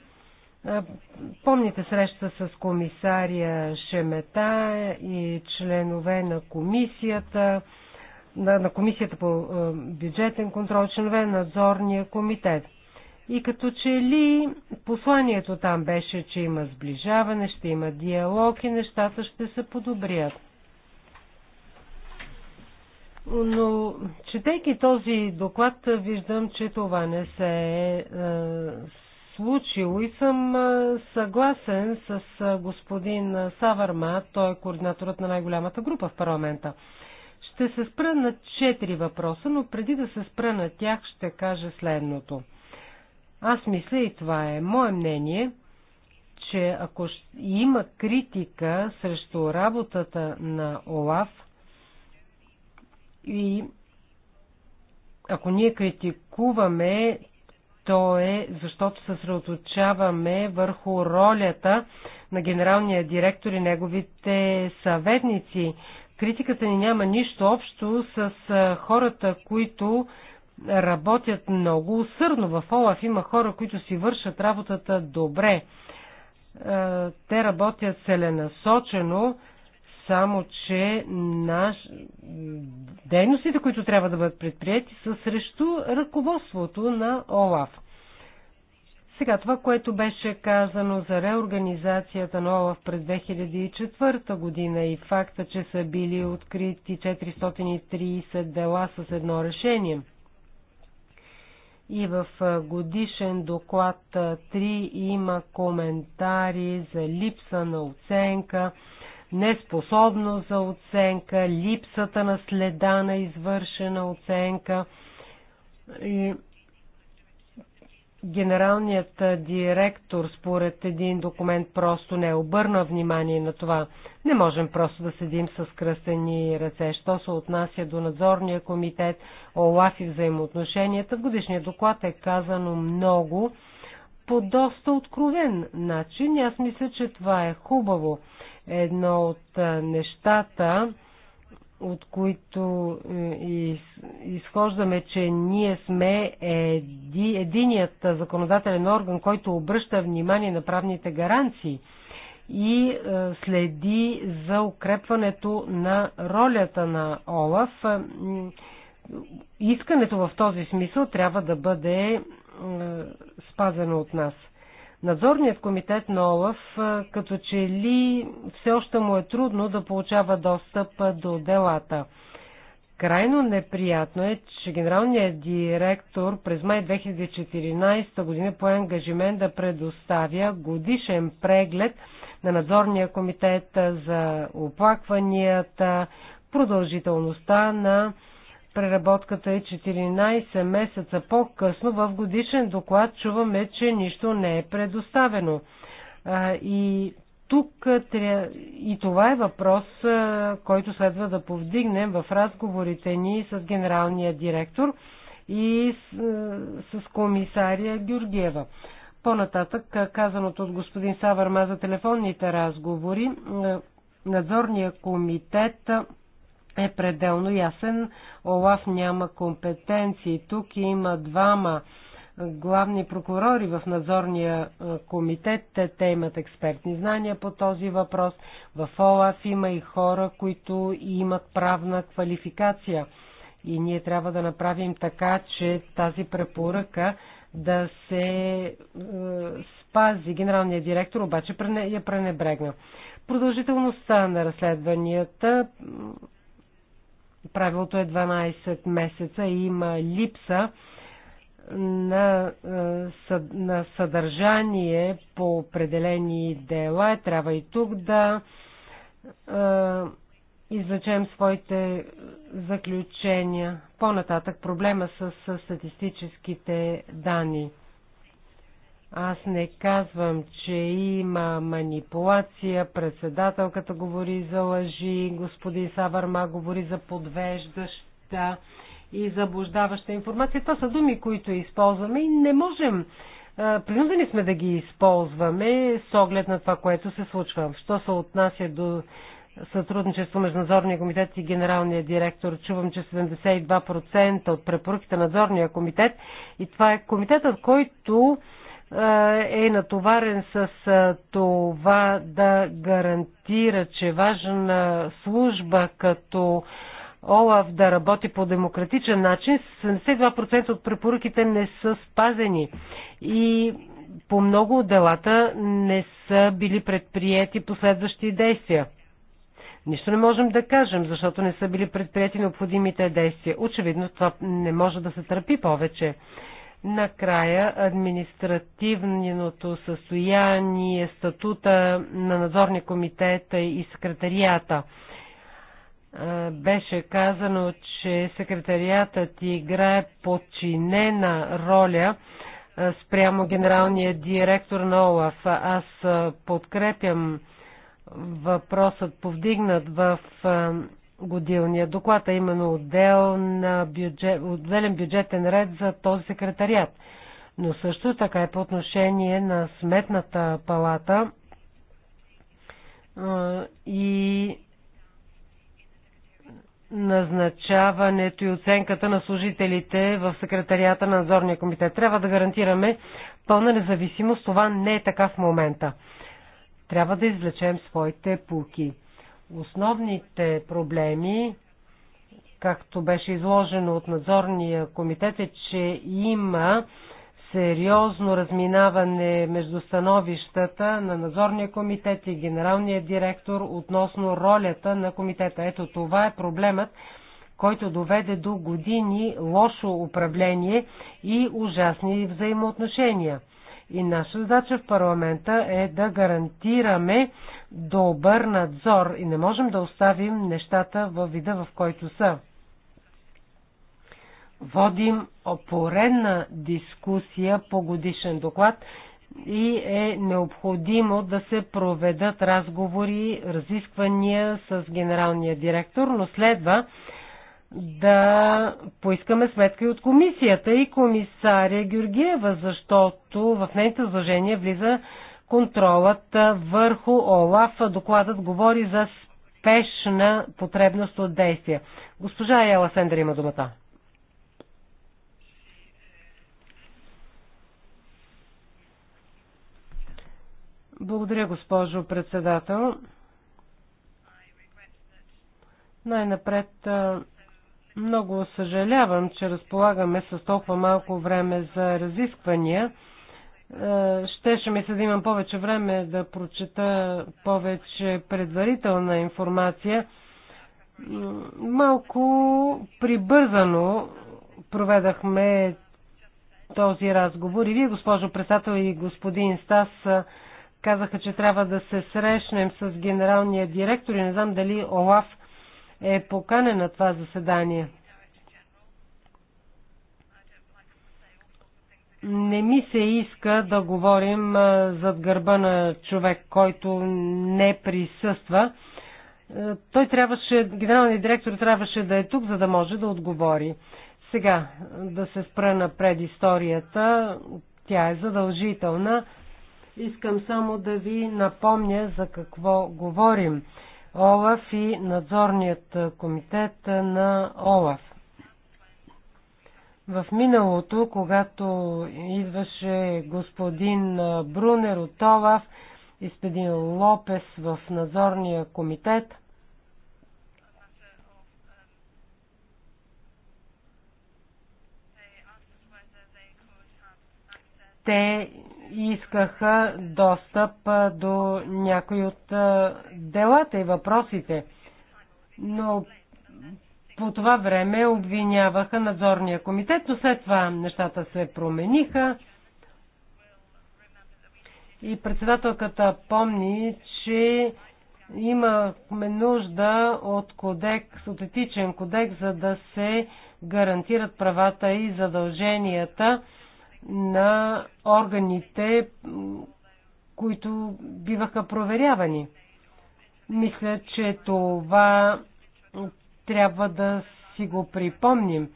Помните среща с комисария Шемета и членове на комисията, на, на комисията по бюджетен контрол, членове на надзорния комитет – и като че ли посланието там беше, че има сближаване, ще има диалог и нещата ще се подобрят. Но, четейки този доклад, виждам, че това не се е, е случило и съм е, съгласен с е, господин Саварма, той е координаторът на най-голямата група в парламента. Ще се спра на четири въпроса, но преди да се спра на тях ще кажа следното – аз мисля, и това е мое мнение, че ако има критика срещу работата на ОЛАФ и ако ние критикуваме, то е защото съсредоточаваме върху ролята на генералния директор и неговите съветници. Критиката ни няма нищо общо с хората, които работят много усърдно. В Олаф има хора, които си вършат работата добре. Е, те работят целенасочено, само че наш... дейностите, които трябва да бъдат предприяти, са срещу ръководството на ОЛАФ. Сега това, което беше казано за реорганизацията на ОЛАФ през 2004 година и факта, че са били открити 430 дела с едно решение – и в годишен доклад 3 има коментари за липса на оценка, неспособност за оценка, липсата на следа на извършена оценка. И генералният директор според един документ просто не е обърна внимание на това. Не можем просто да седим с кръстени ръце. Що се отнася до надзорния комитет, ОЛАФ и взаимоотношенията, в годишния доклад е казано много по доста откровен начин. Аз мисля, че това е хубаво. Едно от нещата, от които е, изхождаме, че ние сме еди, единият законодателен орган, който обръща внимание на правните гаранции и е, следи за укрепването на ролята на ОЛАФ. Е, искането в този смисъл трябва да бъде спазено от нас. Надзорният комитет на ОЛАФ като че ли все още му е трудно да получава достъп до делата. Крайно неприятно е, че генералният директор през май 2014 година по ангажимент да предоставя годишен преглед на надзорния комитет за оплакванията, продължителността на преработката е 14 месеца по-късно. В годишен доклад чуваме, че нищо не е предоставено. И тук и това е въпрос, който следва да повдигнем в разговорите ни с генералния директор и с, с комисария Георгиева. По-нататък, казаното от господин Саварма за телефонните разговори, надзорния комитет е пределно ясен. Олаф няма компетенции. Тук има двама главни прокурори в надзорния комитет. Те, те имат експертни знания по този въпрос. В Олаф има и хора, които имат правна квалификация. И ние трябва да направим така, че тази препоръка да се е, спази. Генералният директор обаче я пренебрегна. Продължителността на разследванията правилото е 12 месеца и има липса на, е, на съдържание по определени дела. Е, трябва и тук да е, извлечем своите заключения. По-нататък проблема с статистическите данни. Аз не казвам, че има манипулация, председателката говори за лъжи, господин Саварма говори за подвеждаща и заблуждаваща информация. Това са думи, които използваме и не можем. Принудени сме да ги използваме с оглед на това, което се случва. Що се отнася до сътрудничество между надзорния комитет и генералния директор. Чувам, че 72% от препоръките на надзорния комитет и това е комитетът, който е натоварен с това да гарантира, че важна служба като ОЛАВ да работи по демократичен начин, 72% от препоръките не са спазени и по много от делата не са били предприяти последващи действия. Нищо не можем да кажем, защото не са били предприяти необходимите действия. Очевидно това не може да се търпи повече. Накрая административното състояние, статута на надзорни комитета и секретарията. Беше казано, че секретариатът играе подчинена роля спрямо генералния директор на ОЛАФ. Аз подкрепям въпросът повдигнат в годилния доклад, а именно отдел на бюджет, отделен бюджетен ред за този секретариат. Но също така и е по отношение на сметната палата и назначаването и оценката на служителите в секретарията на надзорния комитет. Трябва да гарантираме пълна независимост. Това не е така в момента. Трябва да извлечем своите пулки. Основните проблеми, както беше изложено от надзорния комитет, е, че има сериозно разминаване между становищата на надзорния комитет и генералния директор относно ролята на комитета. Ето това е проблемът, който доведе до години лошо управление и ужасни взаимоотношения. И наша задача в парламента е да гарантираме добър надзор и не можем да оставим нещата във вида, в който са. Водим опоредна дискусия по годишен доклад и е необходимо да се проведат разговори, разисквания с генералния директор, но следва да поискаме сметка и от комисията и комисаря Георгиева, защото в нейното изложение влиза контролът върху ОЛАФ. Докладът говори за спешна потребност от действия. Госпожа Ела Сендер има думата. Благодаря, госпожо председател. Най-напред много съжалявам, че разполагаме с толкова малко време за разисквания. Е, щеше ми се да имам повече време да прочета повече предварителна информация. Малко прибързано проведахме този разговор и вие, госпожо председател и господин Стас, е, казаха, че трябва да се срещнем с генералния директор и не знам дали Олаф е поканен на това заседание. Не ми се иска да говорим зад гърба на човек, който не присъства. Той трябваше, генералният директор трябваше да е тук, за да може да отговори. Сега да се спра на предисторията, тя е задължителна. Искам само да ви напомня за какво говорим. Олаф и надзорният комитет на Олаф. В миналото, когато идваше господин Брунер от Товав, господин Лопес в надзорния комитет, те искаха достъп до някои от делата и въпросите. Но по това време обвиняваха надзорния комитет, но след това нещата се промениха. И председателката помни, че имахме нужда от кодекс, от етичен кодекс, за да се гарантират правата и задълженията на органите, които биваха проверявани. Мисля, че това трябва да си го припомним.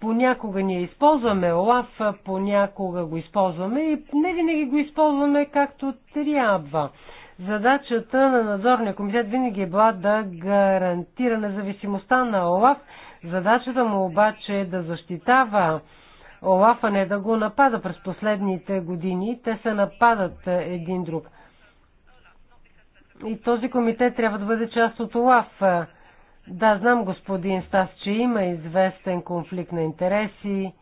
Понякога ние използваме ОЛАФ, понякога го използваме и не винаги го използваме както трябва. Задачата на надзорния комитет винаги е била да гарантира независимостта на ОЛАФ. Задачата му обаче е да защитава ОЛАФ, а не да го напада през последните години. Те се нападат един друг. И този комитет трябва да бъде част от ОЛАФ, да, знам, господин Стас, че има известен конфликт на интереси.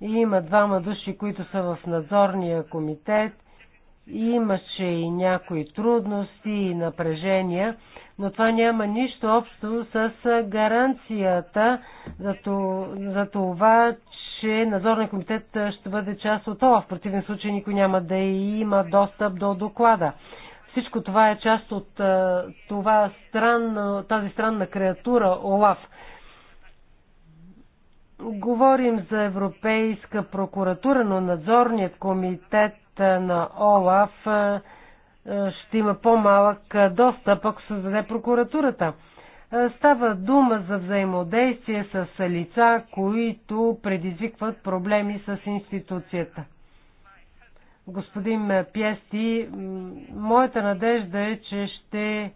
И има двама души, които са в надзорния комитет. И имаше и някои трудности и напрежения, но това няма нищо общо с гаранцията за, то, за това, че надзорния комитет ще бъде част от това. В противен случай никой няма да има достъп до доклада. Всичко това е част от е, това странна, е, тази странна креатура ОЛАФ. Говорим за Европейска прокуратура, но надзорният комитет е, на ОЛАФ ще има по-малък достъп, ако създаде прокуратурата. Става дума за взаимодействие с лица, които предизвикват проблеми с институцията господин Пести, моята надежда е, че ще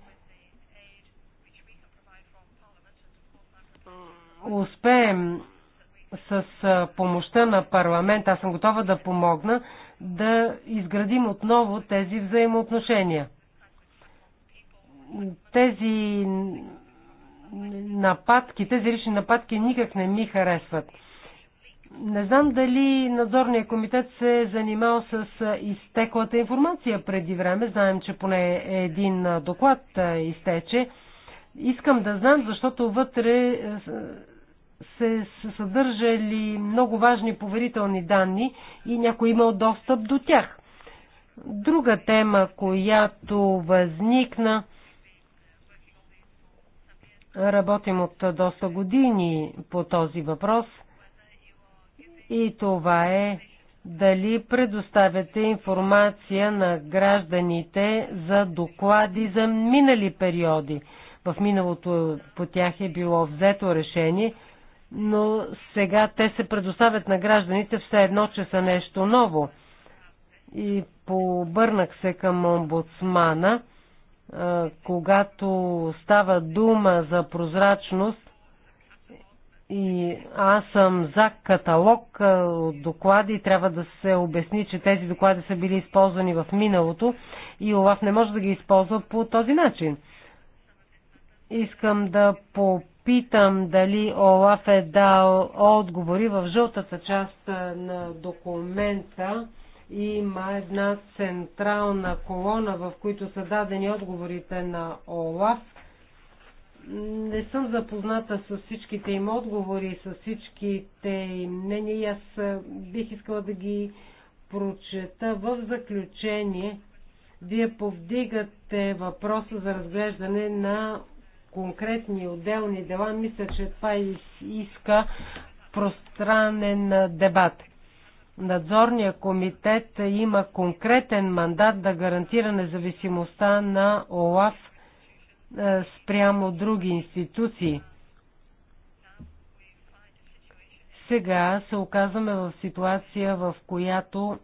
успеем с помощта на парламент, аз съм готова да помогна, да изградим отново тези взаимоотношения. Тези нападки, тези лични нападки никак не ми харесват. Не знам дали надзорният комитет се е занимал с изтеклата информация преди време. Знаем, че поне един доклад изтече. Искам да знам, защото вътре се съдържали много важни поверителни данни и някой имал достъп до тях. Друга тема, която възникна, работим от доста години по този въпрос – и това е дали предоставяте информация на гражданите за доклади за минали периоди. В миналото по тях е било взето решение, но сега те се предоставят на гражданите все едно, че са нещо ново. И пообърнах се към омбудсмана, когато става дума за прозрачност, и аз съм за каталог от доклади. Трябва да се обясни, че тези доклади са били използвани в миналото и ОЛАФ не може да ги използва по този начин. Искам да попитам дали ОЛАФ е дал отговори в жълтата част на документа. Има една централна колона, в които са дадени отговорите на ОЛАФ – не съм запозната с всичките им отговори, с всичките им мнения и аз бих искала да ги прочета. В заключение, вие повдигате въпроса за разглеждане на конкретни отделни дела. Мисля, че това иска пространен дебат. Надзорния комитет има конкретен мандат да гарантира независимостта на ОЛАФ – е, спрямо други институции. Сега се оказваме в ситуация, в която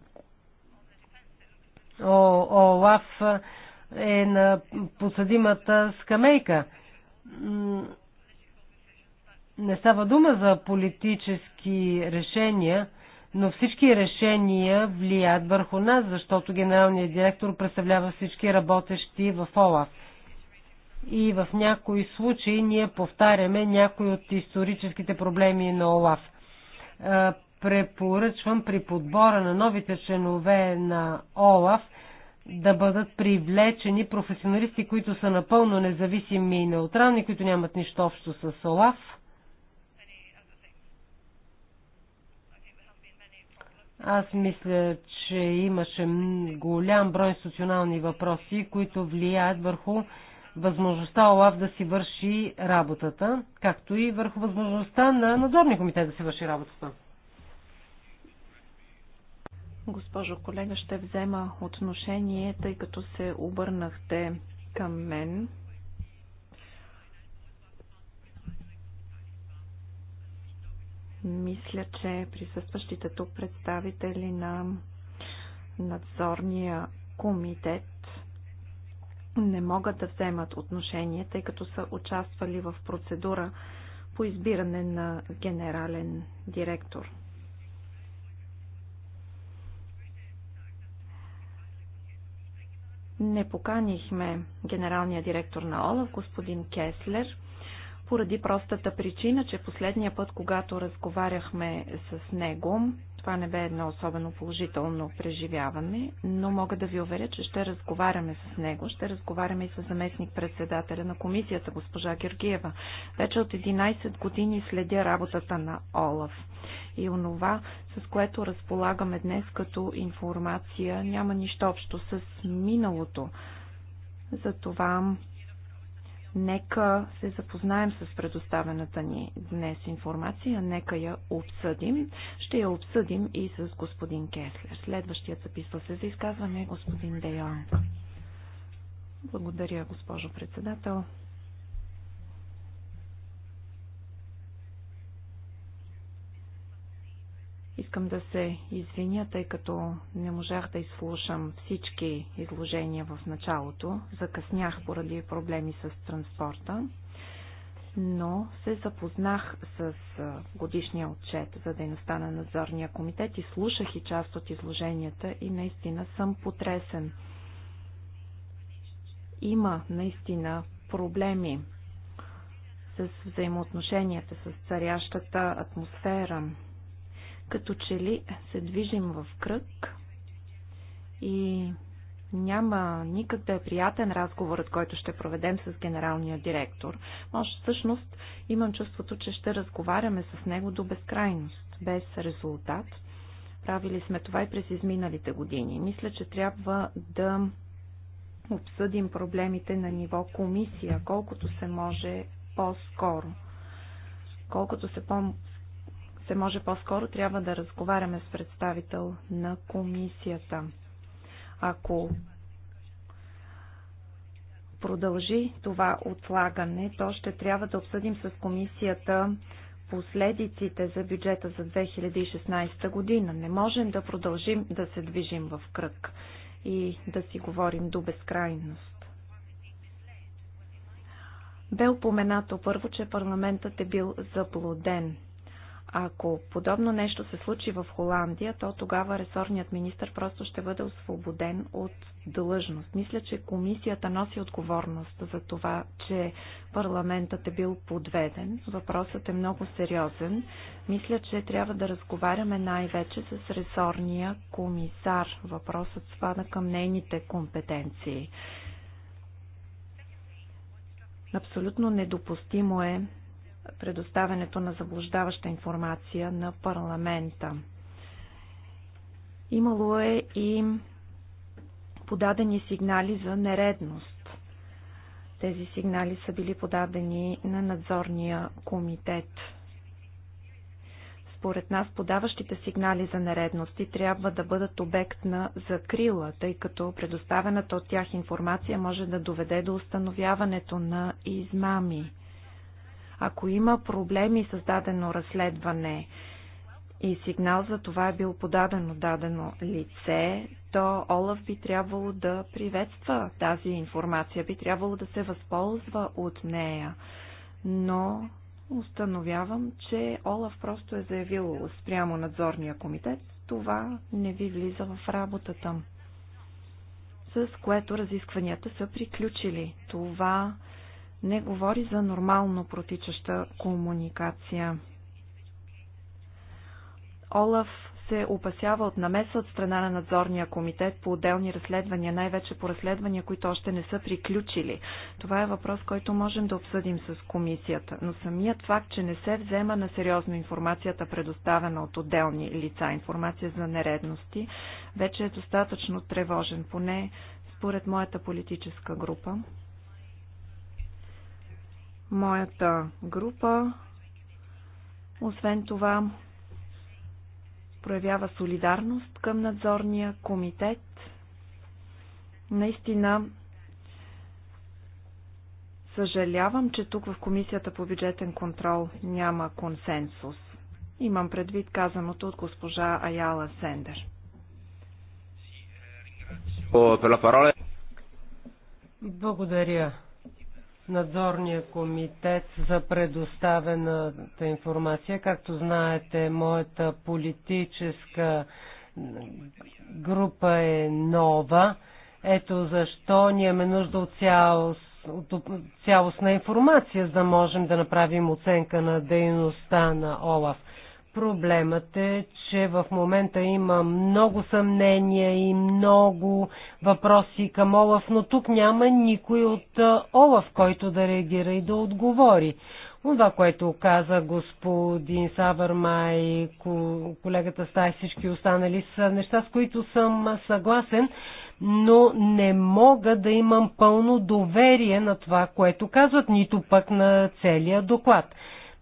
ОЛАФ е на подсъдимата скамейка. Не става дума за политически решения, но всички решения влияят върху нас, защото генералният директор представлява всички работещи в ОЛАФ и в някои случаи ние повтаряме някои от историческите проблеми на ОЛАФ. Е, препоръчвам при подбора на новите членове на ОЛАФ да бъдат привлечени професионалисти, които са напълно независими и неутрални, които нямат нищо общо с ОЛАФ. Аз мисля, че имаше голям брой институционални въпроси, които влияят върху възможността ОЛАВ да си върши работата, както и върху възможността на надзорния комитет да си върши работата. Госпожо колега, ще взема отношение, тъй като се обърнахте към мен. Мисля, че присъстващите тук представители на надзорния комитет не могат да вземат отношение, тъй като са участвали в процедура по избиране на генерален директор. Не поканихме генералния директор на ОЛАФ, господин Кеслер, поради простата причина, че последния път, когато разговаряхме с него, това не бе едно особено положително преживяване, но мога да ви уверя, че ще разговаряме с него. Ще разговаряме и с заместник-председателя на комисията, госпожа Георгиева. Вече от 11 години следя работата на ОЛАФ. И онова, с което разполагаме днес като информация, няма нищо общо с миналото. Затова Нека се запознаем с предоставената ни днес информация, нека я обсъдим. Ще я обсъдим и с господин Кеслер. Следващият записва се за изказване господин Де Йонг. Благодаря, госпожо председател. Искам да се извиня, тъй като не можах да изслушам всички изложения в началото. Закъснях поради проблеми с транспорта, но се запознах с годишния отчет за дейността на надзорния комитет и слушах и част от изложенията и наистина съм потресен. Има наистина проблеми с взаимоотношенията, с царящата атмосфера като че ли се движим в кръг и няма никак да е приятен разговорът, който ще проведем с генералния директор. Може всъщност имам чувството, че ще разговаряме с него до безкрайност, без резултат. Правили сме това и през изминалите години. Мисля, че трябва да обсъдим проблемите на ниво комисия, колкото се може по-скоро. Колкото се по- се може по-скоро трябва да разговаряме с представител на комисията. Ако продължи това отлагане, то ще трябва да обсъдим с комисията последиците за бюджета за 2016 година. Не можем да продължим да се движим в кръг и да си говорим до безкрайност. Бе упоменато първо, че парламентът е бил заблуден – ако подобно нещо се случи в Холандия, то тогава ресорният министр просто ще бъде освободен от длъжност. Мисля, че комисията носи отговорност за това, че парламентът е бил подведен. Въпросът е много сериозен. Мисля, че трябва да разговаряме най-вече с ресорния комисар. Въпросът спада към нейните компетенции. Абсолютно недопустимо е предоставянето на заблуждаваща информация на парламента. Имало е и подадени сигнали за нередност. Тези сигнали са били подадени на надзорния комитет. Според нас подаващите сигнали за нередности трябва да бъдат обект на закрила, тъй като предоставената от тях информация може да доведе до установяването на измами. Ако има проблеми с дадено разследване и сигнал за това е бил подаден от дадено лице, то Олаф би трябвало да приветства тази информация, би трябвало да се възползва от нея. Но установявам, че Олаф просто е заявил спрямо надзорния комитет, това не ви влиза в работата, с което разискванията са приключили. Това не говори за нормално протичаща комуникация. Олаф се опасява от намеса от страна на надзорния комитет по отделни разследвания, най-вече по разследвания, които още не са приключили. Това е въпрос, който можем да обсъдим с комисията, но самият факт, че не се взема на сериозно информацията, предоставена от отделни лица, информация за нередности, вече е достатъчно тревожен, поне според моята политическа група моята група. Освен това, проявява солидарност към надзорния комитет. Наистина, съжалявам, че тук в Комисията по бюджетен контрол няма консенсус. Имам предвид казаното от госпожа Аяла Сендер. Благодаря надзорния комитет за предоставената информация. Както знаете, моята политическа група е нова. Ето защо ние имаме нужда от цялост от цялостна информация, за да можем да направим оценка на дейността на ОЛАФ. Проблемът е, че в момента има много съмнения и много въпроси към Олаф, но тук няма никой от Олаф, който да реагира и да отговори. Това, което каза господин Савърма и колегата Стай, всички останали са неща, с които съм съгласен, но не мога да имам пълно доверие на това, което казват, нито пък на целия доклад.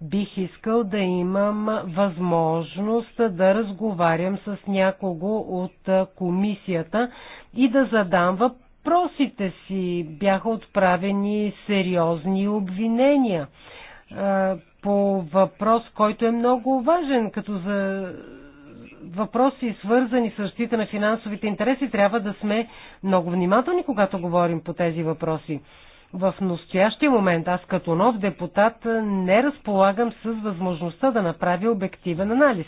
Бих искал да имам възможност да разговарям с някого от комисията и да задам въпросите си. Бяха отправени сериозни обвинения по въпрос, който е много важен, като за въпроси, свързани с защита на финансовите интереси, трябва да сме много внимателни, когато говорим по тези въпроси. В настоящия момент аз като нов депутат не разполагам с възможността да направя обективен анализ.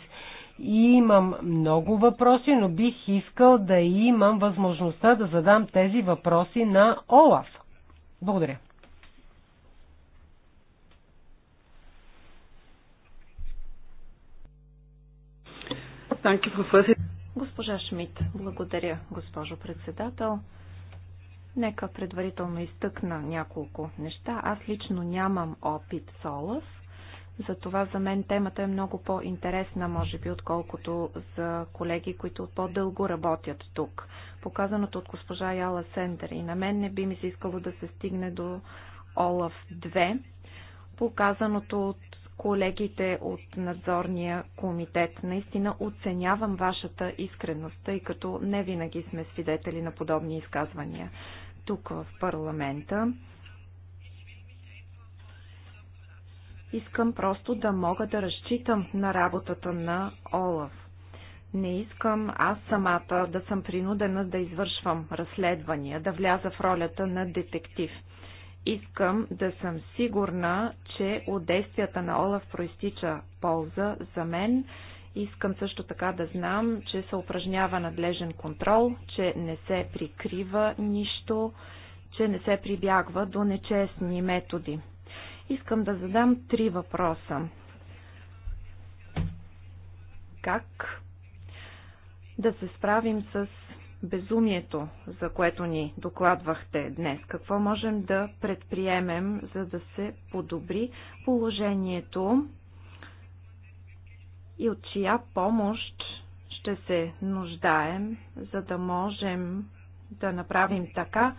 И имам много въпроси, но бих искал да имам възможността да задам тези въпроси на Олаф. Благодаря. Госпожа Шмидт, благодаря, госпожо председател. Нека предварително изтъкна няколко неща. Аз лично нямам опит с Олаф, затова за мен темата е много по-интересна, може би, отколкото за колеги, които по-дълго работят тук. Показаното от госпожа Яла Сендер и на мен не би ми се искало да се стигне до Олаф 2. Показаното от колегите от надзорния комитет. Наистина оценявам вашата искреност, тъй като не винаги сме свидетели на подобни изказвания тук в парламента. Искам просто да мога да разчитам на работата на Олаф. Не искам аз самата да съм принудена да извършвам разследвания, да вляза в ролята на детектив. Искам да съм сигурна, че от действията на Олаф проистича полза за мен, Искам също така да знам, че се упражнява надлежен контрол, че не се прикрива нищо, че не се прибягва до нечестни методи. Искам да задам три въпроса. Как да се справим с безумието, за което ни докладвахте днес? Какво можем да предприемем, за да се подобри положението и от чия помощ ще се нуждаем, за да можем да направим така,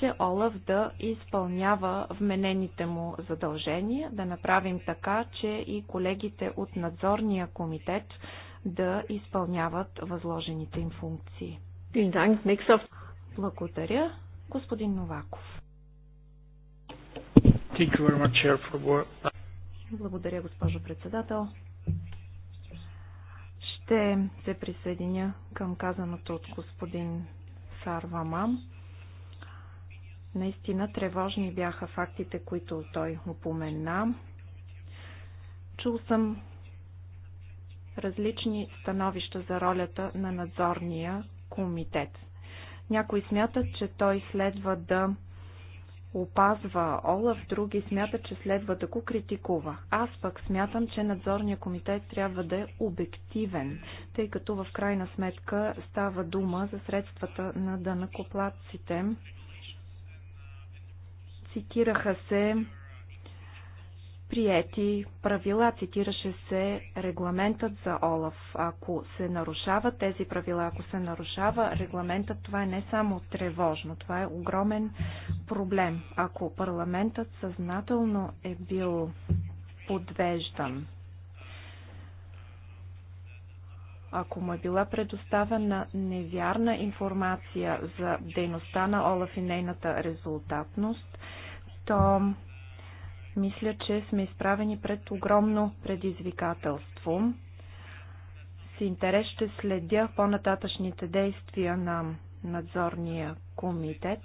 че Олаф да изпълнява вменените му задължения, да направим така, че и колегите от надзорния комитет да изпълняват възложените им функции. Благодаря, господин Новаков. Благодаря, госпожо председател. Ще се присъединя към казаното от господин Сарвама. Наистина тревожни бяха фактите, които той упомена. Чул съм различни становища за ролята на надзорния комитет. Някои смятат, че той следва да опазва Олаф, други смятат, че следва да го критикува. Аз пък смятам, че надзорният комитет трябва да е обективен, тъй като в крайна сметка става дума за средствата на дънакоплатците. Цитираха се приети правила. Цитираше се регламентът за ОЛАФ. Ако се нарушават тези правила, ако се нарушава регламентът, това е не само тревожно, това е огромен проблем. Ако парламентът съзнателно е бил подвеждан, ако му е била предоставена невярна информация за дейността на ОЛАФ и нейната резултатност, то мисля, че сме изправени пред огромно предизвикателство. С интерес ще следя по-нататъчните действия на надзорния комитет.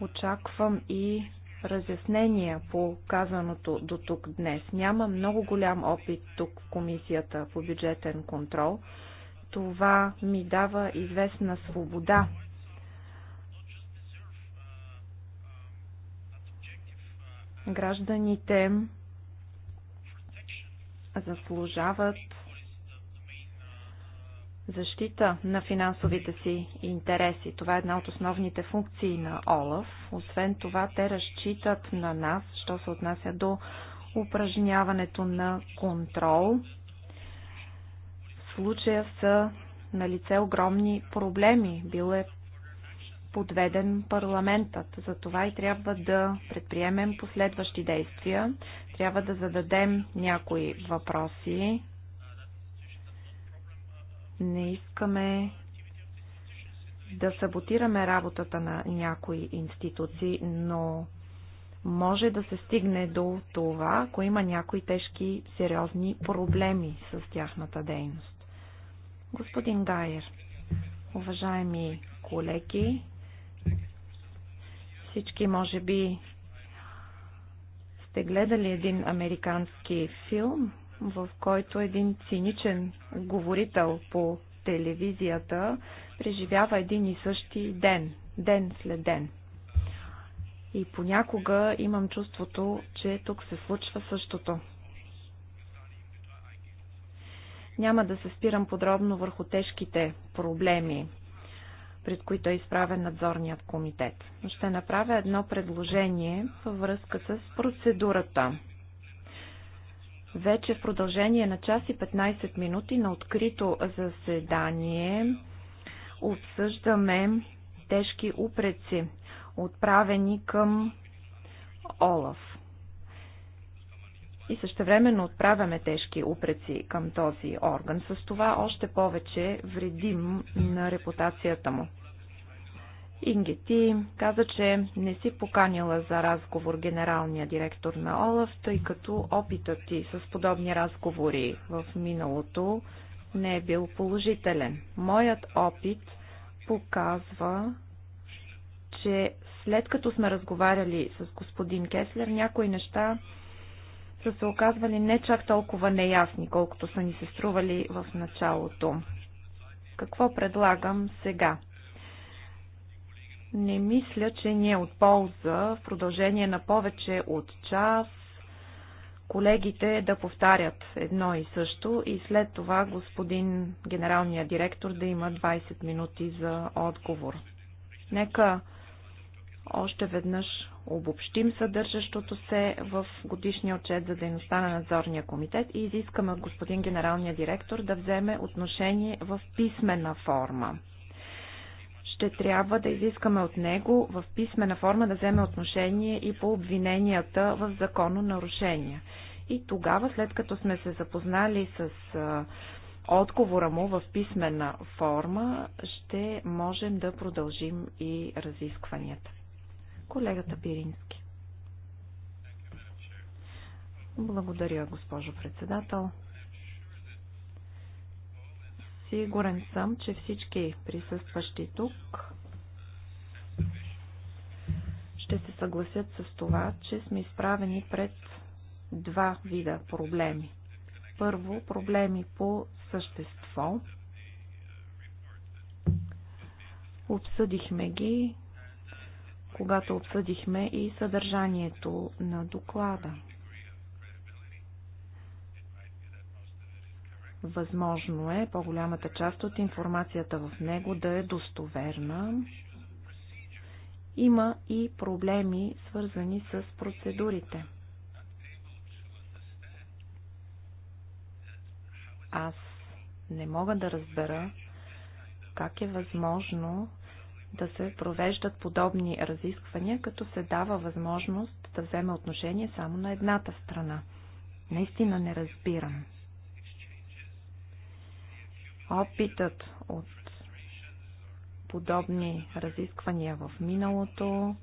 Очаквам и разяснения по казаното до тук днес. Няма много голям опит тук в Комисията по бюджетен контрол. Това ми дава известна свобода Гражданите заслужават защита на финансовите си интереси. Това е една от основните функции на ОЛАФ. Освен това, те разчитат на нас, що се отнася до упражняването на контрол. В случая са на лице огромни проблеми. Бил е подведен парламентът. За това и трябва да предприемем последващи действия. Трябва да зададем някои въпроси. Не искаме да саботираме работата на някои институции, но може да се стигне до това, ако има някои тежки, сериозни проблеми с тяхната дейност. Господин Гайер, уважаеми колеги, всички, може би, сте гледали един американски филм, в който един циничен говорител по телевизията преживява един и същи ден, ден след ден. И понякога имам чувството, че тук се случва същото. Няма да се спирам подробно върху тежките проблеми, пред които е изправен надзорният комитет. Ще направя едно предложение във връзка с процедурата. Вече в продължение на час и 15 минути на открито заседание обсъждаме тежки упреци, отправени към Олаф и същевременно отправяме тежки упреци към този орган. С това още повече вредим на репутацията му. Инги, ти каза, че не си поканила за разговор генералния директор на ОЛАФ, тъй като опитът ти с подобни разговори в миналото не е бил положителен. Моят опит показва, че след като сме разговаряли с господин Кеслер, някои неща са се оказвали не чак толкова неясни, колкото са ни се стрували в началото. Какво предлагам сега? Не мисля, че ни е от полза в продължение на повече от час колегите да повтарят едно и също и след това господин генералния директор да има 20 минути за отговор. Нека още веднъж обобщим съдържащото се в годишния отчет за дейността на надзорния комитет и изискаме от господин генералния директор да вземе отношение в писмена форма. Ще трябва да изискаме от него в писмена форма да вземе отношение и по обвиненията в нарушение. И тогава, след като сме се запознали с отговора му в писмена форма, ще можем да продължим и разискванията. Колегата Пирински. Благодаря, госпожо председател. Сигурен съм, че всички присъстващи тук ще се съгласят с това, че сме изправени пред два вида проблеми. Първо, проблеми по същество. Обсъдихме ги когато обсъдихме и съдържанието на доклада. Възможно е по-голямата част от информацията в него да е достоверна. Има и проблеми, свързани с процедурите. Аз не мога да разбера как е възможно да се провеждат подобни разисквания, като се дава възможност да вземе отношение само на едната страна. Наистина не разбирам. Опитът от подобни разисквания в миналото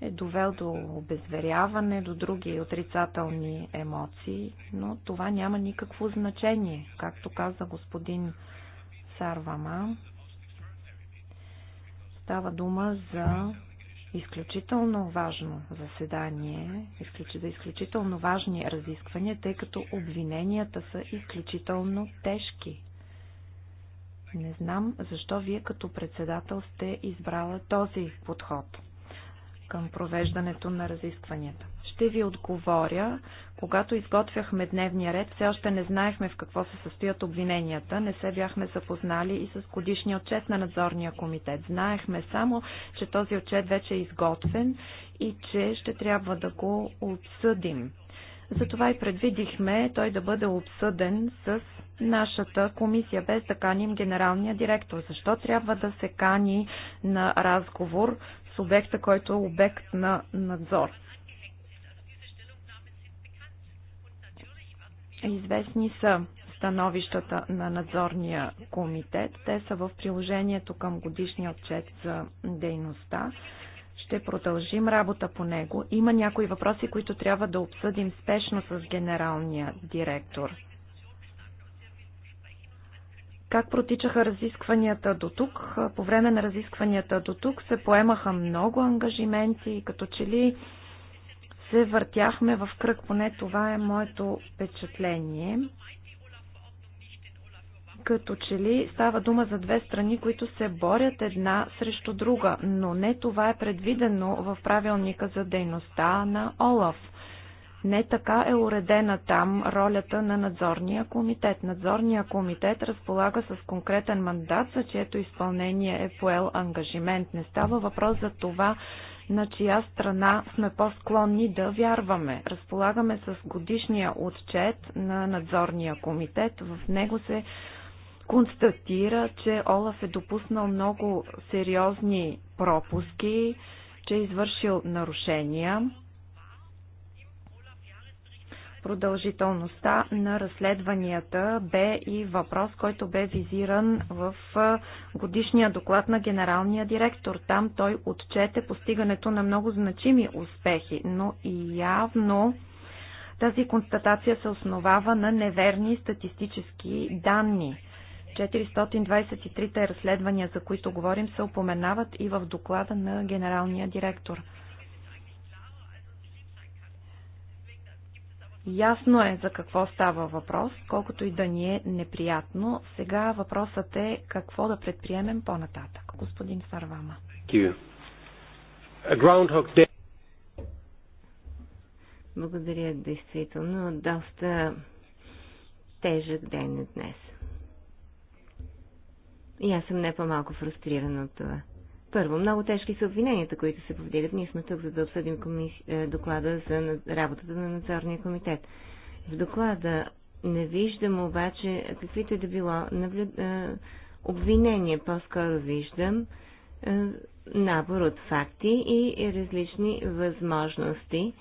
е довел до обезверяване, до други отрицателни емоции, но това няма никакво значение. Както каза господин Сарвама, Става дума за изключително важно заседание, за изключително важни разисквания, тъй като обвиненията са изключително тежки. Не знам защо вие като председател сте избрала този подход към провеждането на разискванията. Ще ви отговоря. Когато изготвяхме дневния ред, все още не знаехме в какво се състоят обвиненията, не се бяхме запознали и с годишния отчет на надзорния комитет. Знаехме само, че този отчет вече е изготвен и че ще трябва да го обсъдим. Затова и предвидихме той да бъде обсъден с нашата комисия, без да каним генералния директор. Защо трябва да се кани на разговор с обекта, който е обект на надзор? Известни са становищата на надзорния комитет. Те са в приложението към годишния отчет за дейността. Ще продължим работа по него. Има някои въпроси, които трябва да обсъдим спешно с генералния директор. Как протичаха разискванията до тук? По време на разискванията до тук се поемаха много ангажименти, като че ли се въртяхме в кръг, поне това е моето впечатление. Като че ли става дума за две страни, които се борят една срещу друга, но не това е предвидено в правилника за дейността на ОЛАФ. Не така е уредена там ролята на надзорния комитет. Надзорния комитет разполага с конкретен мандат, за чието изпълнение е поел ангажимент. Не става въпрос за това на чия страна сме по-склонни да вярваме. Разполагаме с годишния отчет на надзорния комитет. В него се констатира, че Олаф е допуснал много сериозни пропуски, че е извършил нарушения Продължителността на разследванията бе и въпрос, който бе визиран в годишния доклад на генералния директор. Там той отчете постигането на много значими успехи, но и явно тази констатация се основава на неверни статистически данни. 423-те разследвания, за които говорим, се упоменават и в доклада на генералния директор. Ясно е за какво става въпрос, колкото и да ни е неприятно. Сега въпросът е какво да предприемем по-нататък. Господин Сарвама. Благодаря, действително. Доста тежък ден е днес. И аз съм не по-малко фрустрирана от това. Първо, много тежки са обвиненията, които се повдигат. Ние сме тук, за да обсъдим комис... Е, доклада за работата на надзорния комитет. В доклада не виждам обаче каквито е да било наблюд... Е, обвинения. По-скоро виждам е, набор от факти и различни възможности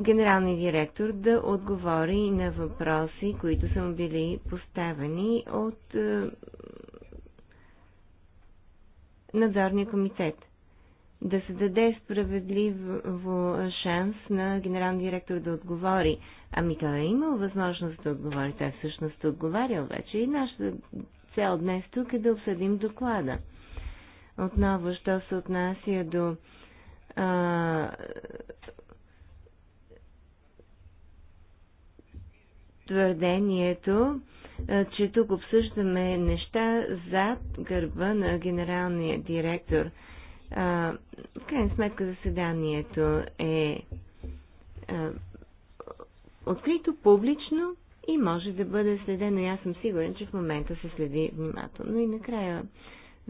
генералният директор да отговори на въпроси, които са му били поставени от надзорния комитет. Да се даде справедливо шанс на генерал директор да отговори. Ами той е имал възможност да отговори. Той всъщност е отговарял вече. И нашата цел днес тук е да обсъдим доклада. Отново, що се отнася до а, твърдението, че тук обсъждаме неща зад гърба на генералния директор. В крайна сметка заседанието е открито, публично и може да бъде следено. И аз съм сигурен, че в момента се следи внимателно. И накрая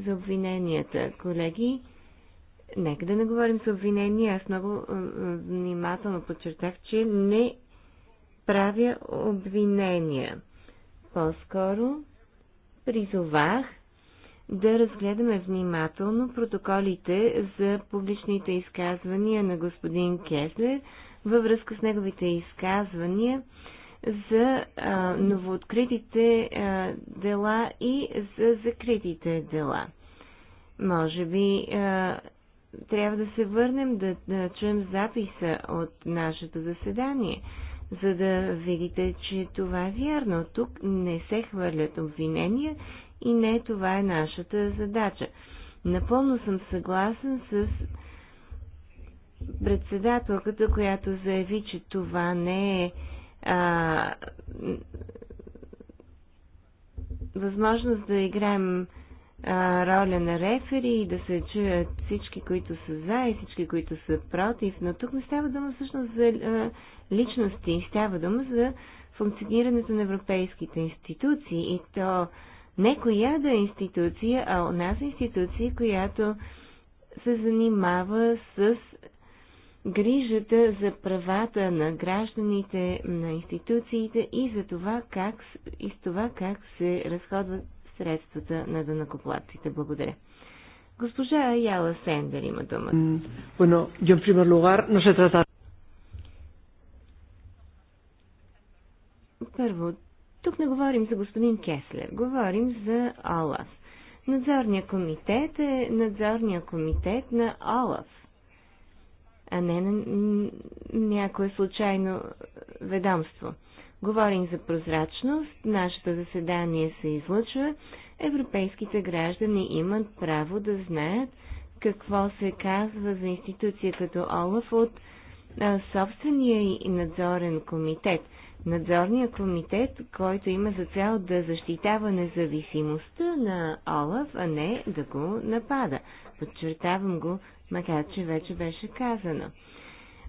за обвиненията, колеги, нека да не говорим за обвинения. Аз много внимателно подчертах, че не правя обвинения. По-скоро призовах да разгледаме внимателно протоколите за публичните изказвания на господин Кеслер във връзка с неговите изказвания за а, новооткритите а, дела и за закритите дела. Може би а, трябва да се върнем да, да чуем записа от нашето заседание за да видите, че това е вярно. Тук не се хвърлят обвинения и не това е нашата задача. Напълно съм съгласен с председателката, която заяви, че това не е а, възможност да играем а, роля на рефери и да се чуят всички, които са за и всички, които са против, но тук не става дума всъщност за а, личности. Става дума за функционирането на европейските институции и то не коя да е институция, а у нас институция, която се занимава с грижата за правата на гражданите, на институциите и за това как, и с това как се разходват средствата на данакоплатците. Благодаря. Госпожа Аяла Сендер има дума. Bueno, yo en primer lugar no se trata... Първо, тук не говорим за господин Кеслер, говорим за Олаф. Надзорният комитет е надзорният комитет на Олаф, а не на някое случайно ведомство. Говорим за прозрачност, нашето заседание се излъчва, европейските граждани имат право да знаят какво се казва за институция като Олаф от а, собствения и надзорен комитет – надзорния комитет, който има за цел да защитава независимостта на Олаф, а не да го напада. Подчертавам го, макар че вече беше казано.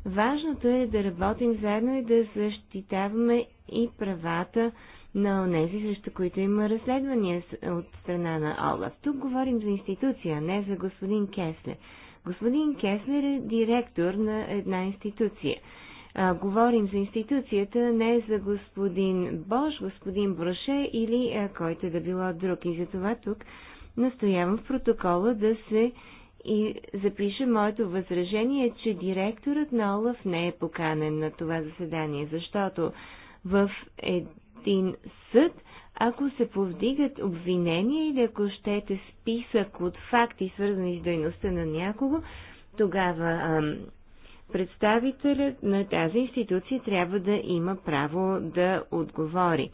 Важното е да работим заедно и да защитаваме и правата на онези, срещу които има разследвания от страна на Олаф. Тук говорим за институция, не за господин Кеслер. Господин Кеслер е директор на една институция – а, говорим за институцията, не за господин Бош, господин Броше или а, който е да било друг. И затова тук настоявам в протокола да се и запиша моето възражение, че директорът на Олаф не е поканен на това заседание, защото в един съд, ако се повдигат обвинения или ако щете списък от факти, свързани с дейността на някого, тогава ам, представителят на тази институция трябва да има право да отговори.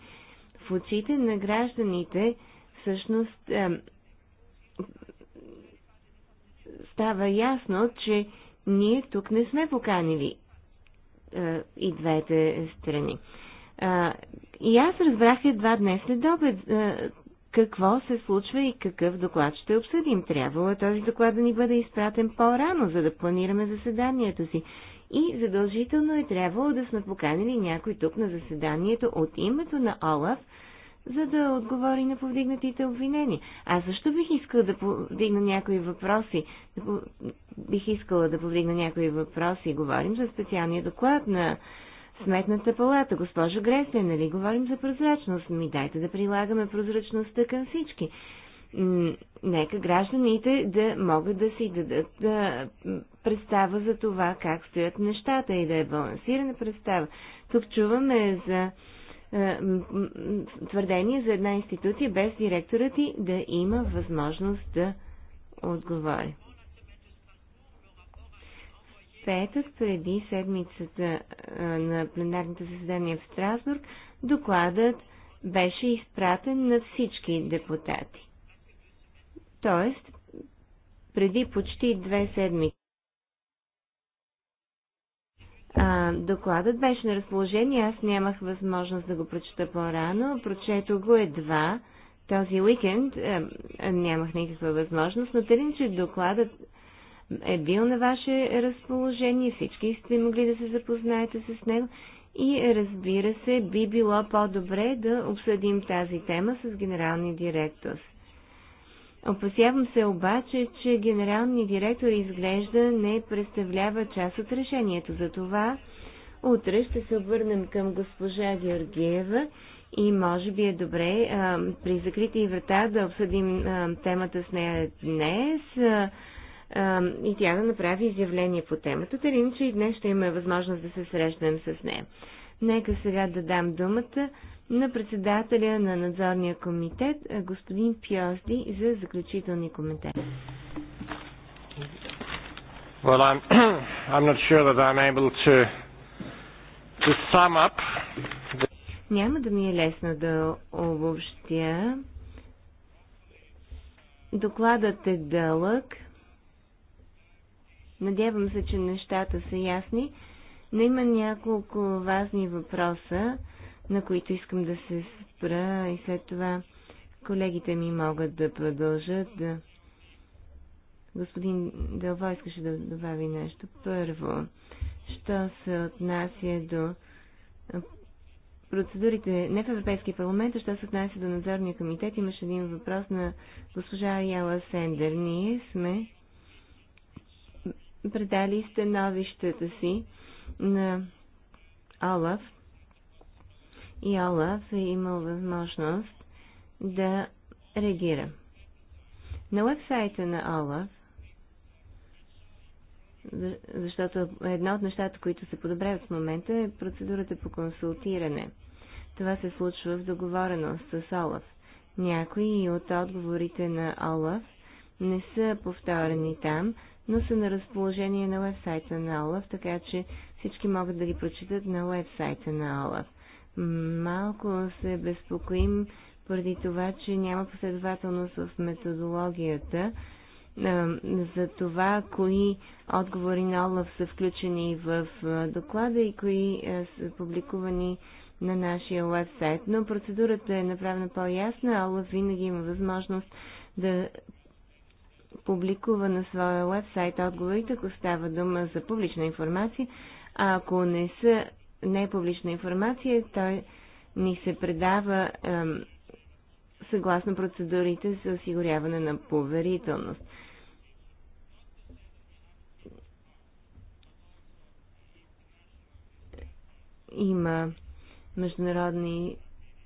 В очите на гражданите всъщност е, става ясно, че ние тук не сме поканили е, и двете страни. Е, и аз разбрах едва днес след обед е, какво се случва и какъв доклад ще обсъдим. Трябвало е този доклад да ни бъде изпратен по-рано, за да планираме заседанието си. И задължително е трябвало да сме поканили някой тук на заседанието от името на Олаф, за да отговори на повдигнатите обвинения. Аз също бих искала да повдигна някои въпроси. Да Бих искала да повдигна някои въпроси. Говорим за специалния доклад на Сметната палата, госпожо Гресле, нали говорим за прозрачност? Ми дайте да прилагаме прозрачността към всички. Нека гражданите да могат да си дадат да представа за това как стоят нещата и да е балансирана представа. Тук чуваме за твърдение за една институция без директорът ти да има възможност да отговори петък, преди седмицата на пленарните заседания в Страсбург, докладът беше изпратен на всички депутати. Тоест, преди почти две седмици. А, докладът беше на разположение, аз нямах възможност да го прочета по-рано, прочето го едва този уикенд, а, нямах никаква възможност, но тъй, че докладът е бил на ваше разположение, всички сте могли да се запознаете с него и разбира се, би било по-добре да обсъдим тази тема с генералния директор. Опасявам се обаче, че генералният директор изглежда не представлява част от решението. За това утре ще се обърнем към госпожа Георгиева и може би е добре а, при закрити врата да обсъдим а, темата с нея днес. А, и тя да направи изявление по темата. Тъй иначе и днес ще имаме възможност да се срещнем с нея. Нека сега да дам думата на председателя на надзорния комитет, господин Пьозди, за заключителни коментари. Well, I'm, I'm not sure that I'm able to, to sum up. The... Няма да ми е лесно да обобщя. Докладът е дълъг. Надявам се, че нещата са ясни, но има няколко важни въпроса, на които искам да се спра и след това колегите ми могат да продължат да... Господин Дълво искаше да добави нещо. Първо, що се отнася до процедурите не в Европейския парламент, а що се отнася до надзорния комитет, имаше един въпрос на госпожа Яла Сендер. Ние сме предали становищата си на Олаф и Олаф е имал възможност да реагира. На вебсайта на Олаф, защото едно от нещата, които се подобряват в момента е процедурата по консултиране. Това се случва в договореност с Олаф. Някои от отговорите на Олаф не са повторени там, но са на разположение на вебсайта на ОЛАФ, така че всички могат да ги прочитат на вебсайта на ОЛАФ. Малко се безпокоим поради това, че няма последователност в методологията за това, кои отговори на ОЛАФ са включени в доклада и кои са публикувани на нашия вебсайт. Но процедурата е направена по-ясна. ОЛАФ винаги има възможност да публикува на своя вебсайт отговорите, ако става дума за публична информация, а ако не, са, не е публична информация, той ни се предава ем, съгласно процедурите за осигуряване на поверителност. Има международни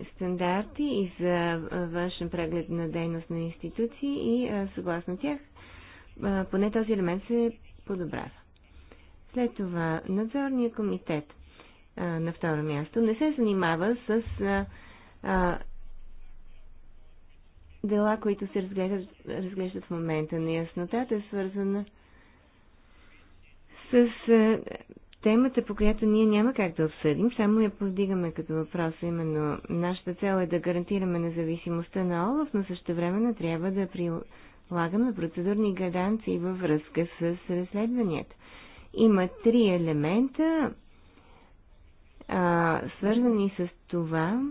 стандарти и за външен преглед на дейност на институции и съгласно тях поне този елемент се подобрява. След това надзорният комитет на второ място не се занимава с дела, които се разглеждат, разглеждат в момента. Неяснотата е свързана с темата, по която ние няма как да обсъдим, само я повдигаме като въпрос. Именно нашата цел е да гарантираме независимостта на ОЛАФ, но също времено трябва да прилагаме процедурни гаранции във връзка с разследванията. Има три елемента, а, свързани с това,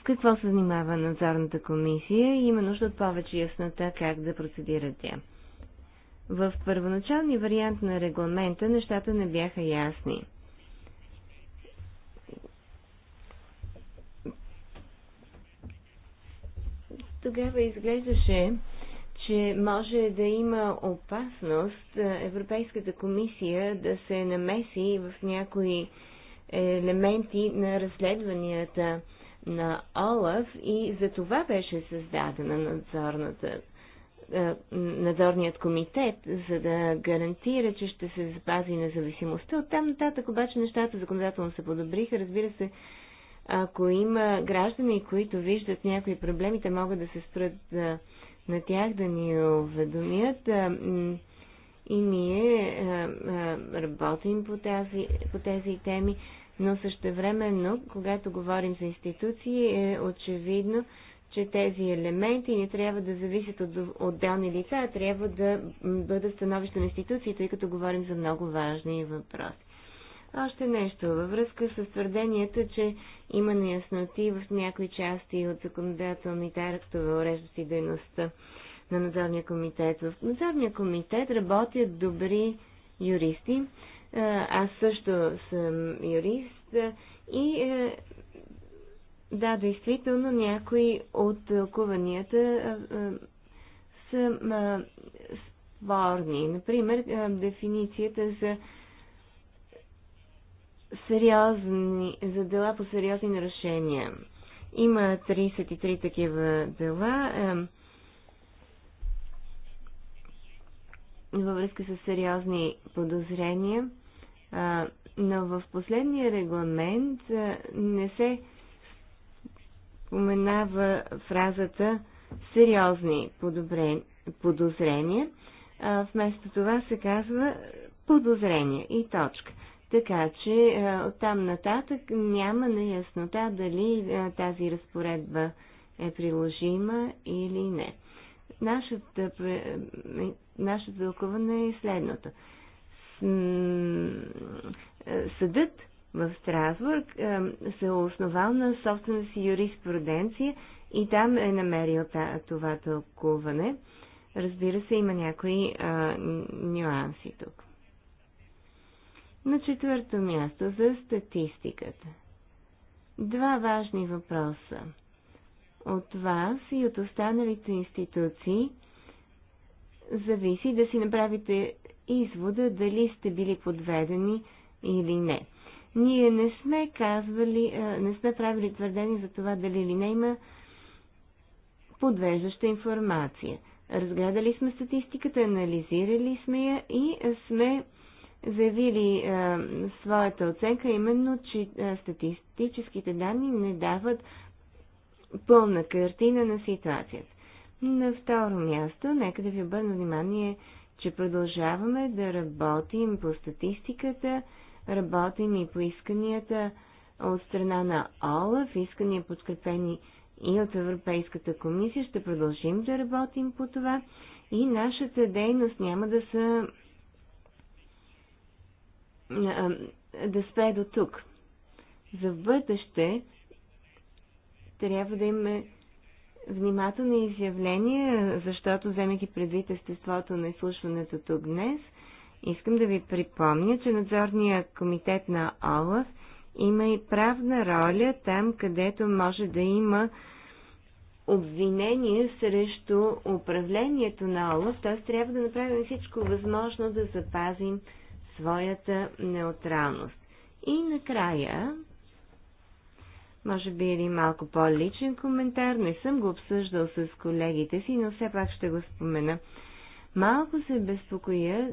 с какво се занимава надзорната комисия и има нужда от повече яснота как да процедира тя. В първоначалния вариант на регламента нещата не бяха ясни. Тогава изглеждаше, че може да има опасност Европейската комисия да се намеси в някои елементи на разследванията на Олаф и за това беше създадена надзорната е, надзорният комитет, за да гарантира, че ще се запази независимостта. От там нататък обаче нещата законодателно се подобриха. Разбира се, ако има граждани, които виждат някои проблеми, те могат да се спрат е, на тях, да ни уведомят. Е, и ние работим по, тези, по тези теми, но времено, когато говорим за институции, е очевидно, че тези елементи не трябва да зависят от отделни лица, а трябва да бъдат становище на институции, тъй като говорим за много важни въпроси. Още нещо във връзка с твърдението, че има неясноти в някои части от законодателните актове, уреждащи дейността на надзорния комитет. В надзорния комитет работят добри юристи. Аз също съм юрист и е, да, действително някои от тълкуванията са а, спорни. Например, а, дефиницията за сериозни, за дела по сериозни нарушения. Има 33 такива дела а, във връзка с сериозни подозрения, а, но в последния регламент а, не се а, споменава фразата сериозни подозрения, а вместо това се казва подозрения и точка. Така че оттам нататък няма неяснота дали тази разпоредба е приложима или не. Нашата, нашето тълкуване е следното. Съдът в Страсбург, е, се е основал на собствената си юриспруденция и там е намерил това тълкуване. Разбира се, има някои а, нюанси тук. На четвърто място за статистиката. Два важни въпроса. От вас и от останалите институции зависи да си направите извода дали сте били подведени или не. Ние не сме казвали, не сме правили твърдени за това дали или не има подвеждаща информация. Разгледали сме статистиката, анализирали сме я и сме заявили а, своята оценка, именно, че а, статистическите данни не дават пълна картина на ситуацията. На второ място, нека да ви обърна внимание, че продължаваме да работим по статистиката Работим и по исканията от страна на ОЛАФ, искания подкрепени и от Европейската комисия. Ще продължим да работим по това и нашата дейност няма да са да спе до тук. За бъдеще трябва да имаме внимателно изявления, защото, вземайки предвид естеството на изслушването тук днес, Искам да ви припомня, че надзорният комитет на ОЛАФ има и правна роля там, където може да има обвинение срещу управлението на ОЛАФ, т.е. трябва да направим всичко възможно да запазим своята неутралност. И накрая, може би един малко по-личен коментар, не съм го обсъждал с колегите си, но все пак ще го спомена. Малко се безпокоя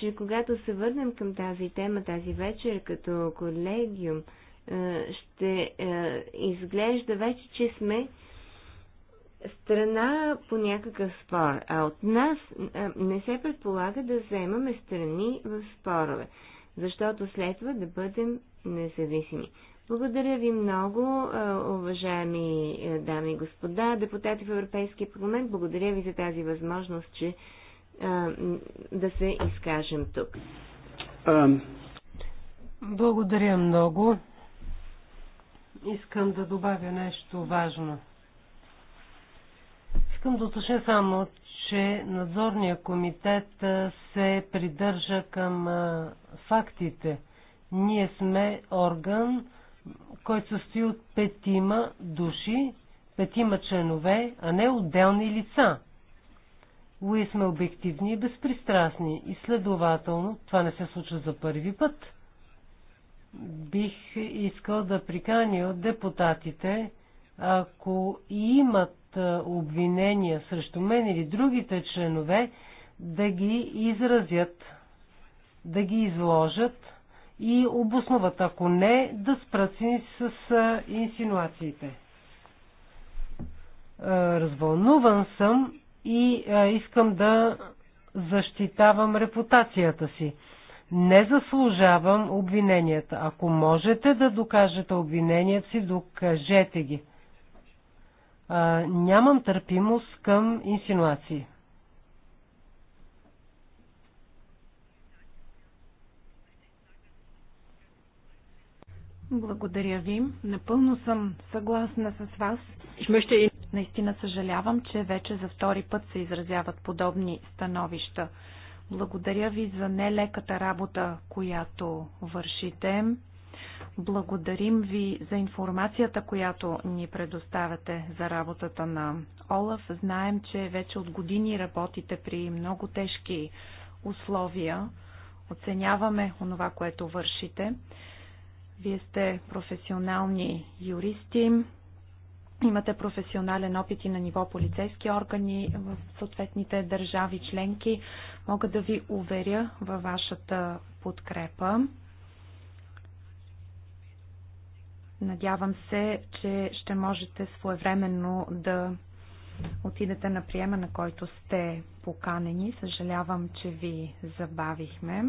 че когато се върнем към тази тема тази вечер като колегиум, ще изглежда вече, че сме страна по някакъв спор, а от нас не се предполага да вземаме страни в спорове, защото следва да бъдем независими. Благодаря ви много, уважаеми дами и господа, депутати в Европейския парламент. Благодаря ви за тази възможност, че да се изкажем тук. Благодаря много. Искам да добавя нещо важно. Искам да уточня само, че надзорния комитет се придържа към фактите. Ние сме орган, който състои от петима души, петима членове, а не отделни лица. Уи сме обективни и безпристрастни и следователно това не се случва за първи път. Бих искал да приканя от депутатите, ако имат обвинения срещу мен или другите членове, да ги изразят, да ги изложат и обосноват, ако не, да спрат с инсинуациите развълнуван съм и искам да защитавам репутацията си. Не заслужавам обвиненията. Ако можете да докажете обвиненията си, докажете ги. А, нямам търпимост към инсинуации. Благодаря ви. Напълно съм съгласна с вас. Наистина съжалявам, че вече за втори път се изразяват подобни становища. Благодаря ви за нелеката работа, която вършите. Благодарим ви за информацията, която ни предоставяте за работата на Олаф. Знаем, че вече от години работите при много тежки условия. Оценяваме онова, което вършите. Вие сте професионални юристи, имате професионален опит и на ниво полицейски органи в съответните държави членки. Мога да ви уверя във вашата подкрепа. Надявам се, че ще можете своевременно да отидете на приема, на който сте поканени. Съжалявам, че ви забавихме.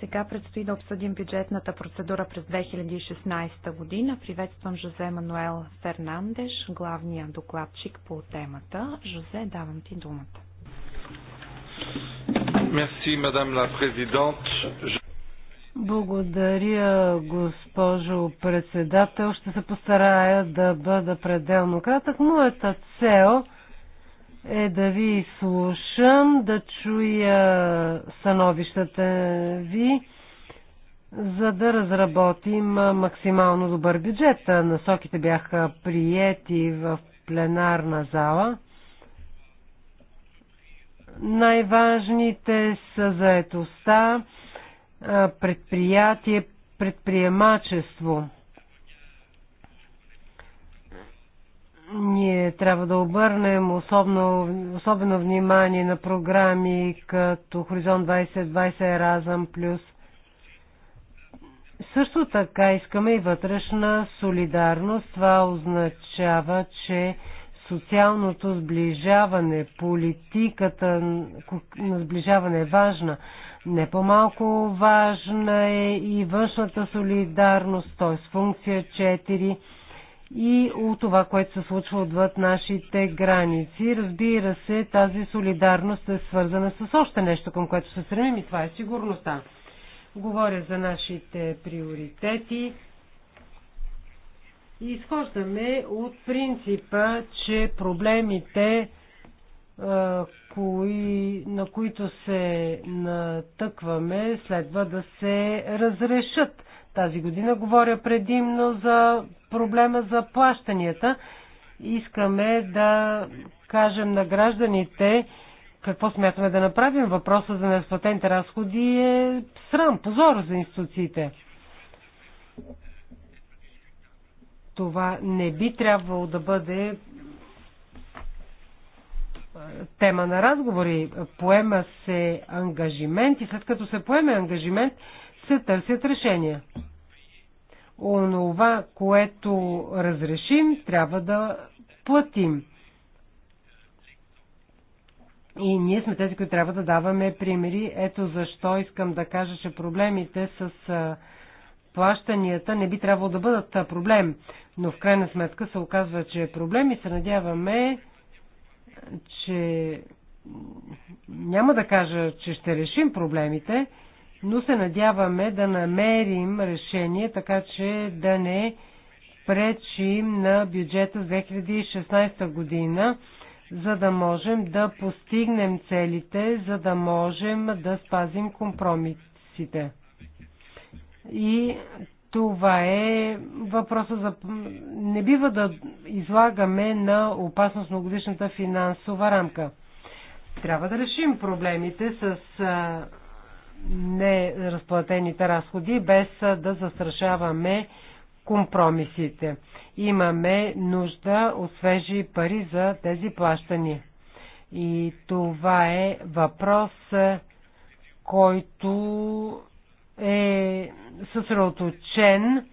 Сега предстои да обсъдим бюджетната процедура през 2016 година. Приветствам Жозе Мануел Фернандеш, главния докладчик по темата. Жозе, давам ти думата. Мерси, мадам ла президент. Благодаря, госпожо председател. Ще се постарая да бъда пределно кратък. Моята цел е е да ви слушам, да чуя становищата ви, за да разработим максимално добър бюджет. Насоките бяха приети в пленарна зала. Най-важните са заетостта, предприятие, предприемачество – Ние трябва да обърнем особено, особено внимание на програми като Хоризонт 2020 Еразъм Плюс. Също така искаме и вътрешна солидарност. Това означава, че социалното сближаване, политиката на сближаване е важна. Не по-малко важна е и външната солидарност, т.е. функция 4 и от това, което се случва отвъд нашите граници. Разбира се, тази солидарност е свързана с още нещо, към което се стремим и това е сигурността. Говоря за нашите приоритети. И изхождаме от принципа, че проблемите, кои, на които се натъкваме, следва да се разрешат тази година. Говоря предимно за проблема за плащанията. Искаме да кажем на гражданите какво смятаме да направим. Въпроса за неразплатените разходи е срам, позор за институциите. Това не би трябвало да бъде е, тема на разговори. Поема се ангажимент и след като се поеме ангажимент, се търсят решения. Онова, което разрешим, трябва да платим. И ние сме тези, които трябва да даваме примери. Ето защо искам да кажа, че проблемите с плащанията не би трябвало да бъдат проблем. Но в крайна сметка се оказва, че е проблем и се надяваме, че няма да кажа, че ще решим проблемите, но се надяваме да намерим решение, така че да не пречим на бюджета 2016 година, за да можем да постигнем целите, за да можем да спазим компромисите. И това е въпроса за... Не бива да излагаме на опасност на годишната финансова рамка. Трябва да решим проблемите с неразплатените разходи, без да застрашаваме компромисите. Имаме нужда от свежи пари за тези плащания. И това е въпрос, който е съсредоточен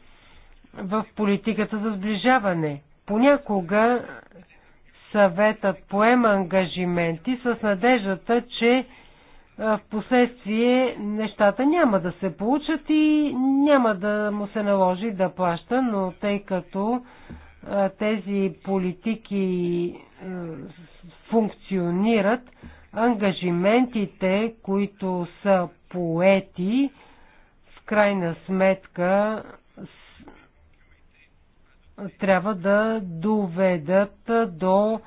в политиката за сближаване. Понякога съветът поема ангажименти с надеждата, че в последствие нещата няма да се получат и няма да му се наложи да плаща, но тъй като тези политики функционират, ангажиментите, които са поети, в крайна сметка трябва да доведат до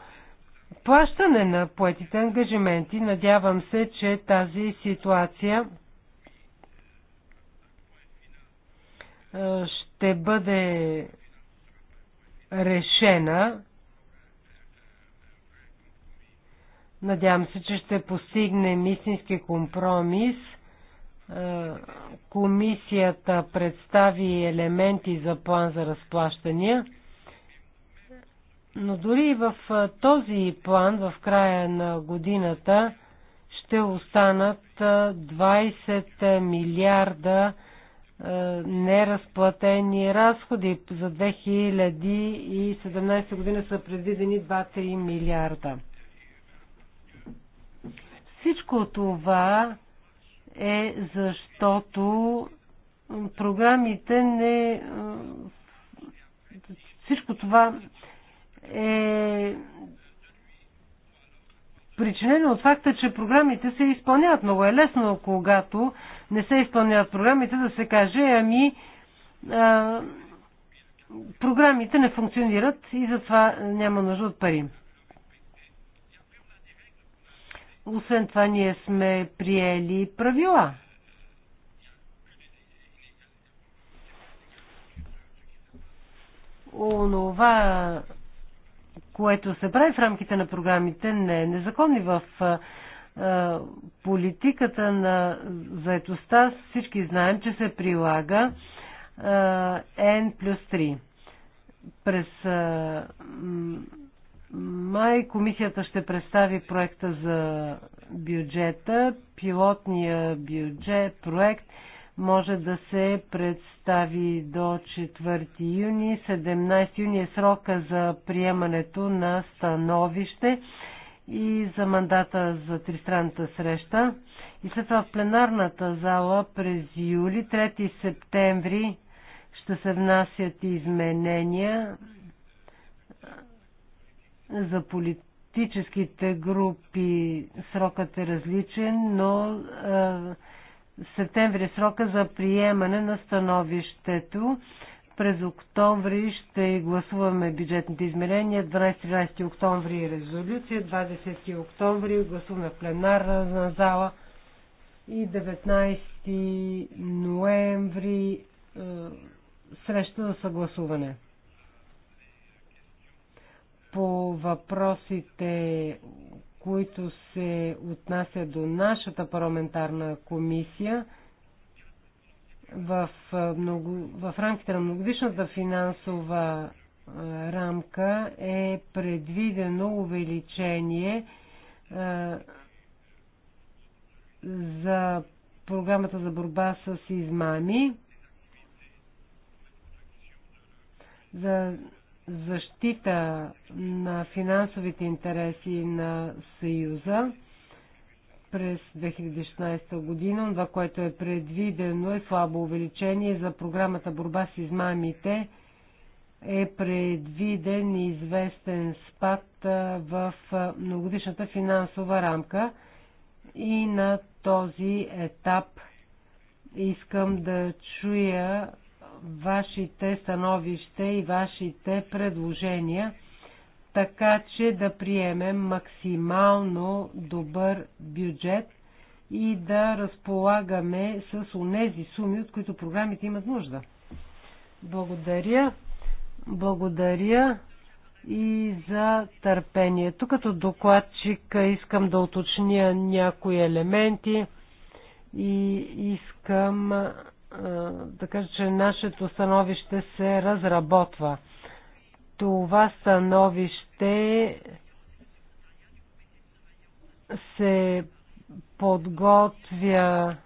Плащане на поетите ангажименти. Надявам се, че тази ситуация ще бъде решена. Надявам се, че ще постигнем истински компромис. Комисията представи елементи за план за разплащания. Но дори и в този план, в края на годината, ще останат 20 милиарда неразплатени разходи. За 2017 година са предвидени 2-3 милиарда. Всичко това е защото програмите не. Всичко това е причинено от факта, че програмите се изпълняват. Много е лесно, когато не се изпълняват програмите, да се каже, ами, а, програмите не функционират и затова няма нужда от пари. Освен това, ние сме приели правила. Онова, което се прави в рамките на програмите, не е незаконни, В политиката на заедостта всички знаем, че се прилага N плюс 3. През май комисията ще представи проекта за бюджета, пилотния бюджет, проект – може да се представи до 4 юни. 17 юни е срока за приемането на становище и за мандата за тристранната среща. И след това в пленарната зала през юли, 3 септември, ще се внасят изменения за политическите групи. Срокът е различен, но септември е срока за приемане на становището. През октомври ще гласуваме бюджетните измерения, 12-13 октомври е резолюция, 20 октомври гласуваме пленарна зала и 19 ноември е, среща за съгласуване. По въпросите, които се отнасят до нашата парламентарна комисия, в, много, в рамките на многодишната финансова рамка е предвидено увеличение за програмата за борба с измами за защита на финансовите интереси на Съюза през 2016 година. Това, което е предвидено е слабо увеличение за програмата борба с измамите е предвиден и известен спад в многодишната финансова рамка и на този етап искам да чуя вашите становища и вашите предложения, така че да приемем максимално добър бюджет и да разполагаме с онези суми, от които програмите имат нужда. Благодаря. Благодаря и за търпението. Като докладчик искам да уточня някои елементи и искам да кажа, че нашето становище се разработва. Това становище се подготвя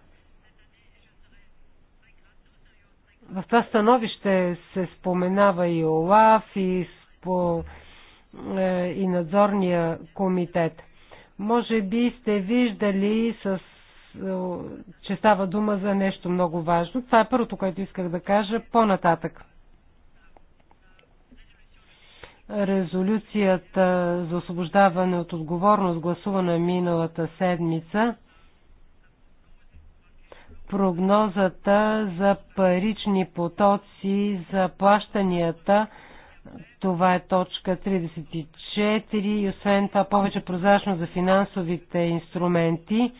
в това становище се споменава и ОЛАФ, и, спо, е, и надзорния комитет. Може би сте виждали с че става дума за нещо много важно. Това е първото, което исках да кажа по-нататък. Резолюцията за освобождаване от отговорност, гласувана миналата седмица, прогнозата за парични потоци, за плащанията, това е точка 34 и освен това повече прозрачно за финансовите инструменти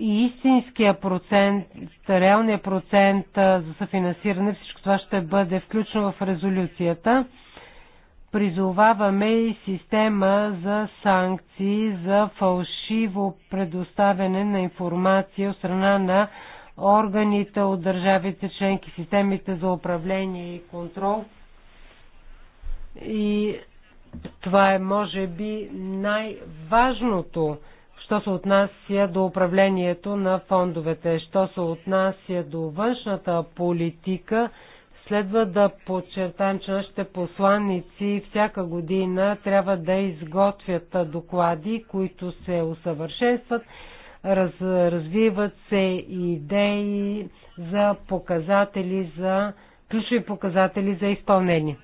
и истинския процент, реалния процент за съфинансиране, всичко това ще бъде включено в резолюцията. Призоваваме и система за санкции за фалшиво предоставяне на информация от страна на органите от държавите членки, системите за управление и контрол. И това е, може би, най-важното що се отнася до управлението на фондовете, що се отнася до външната политика, следва да подчертаем, че нашите посланници всяка година трябва да изготвят доклади, които се усъвършенстват, раз, развиват се идеи за показатели за ключови показатели за изпълнение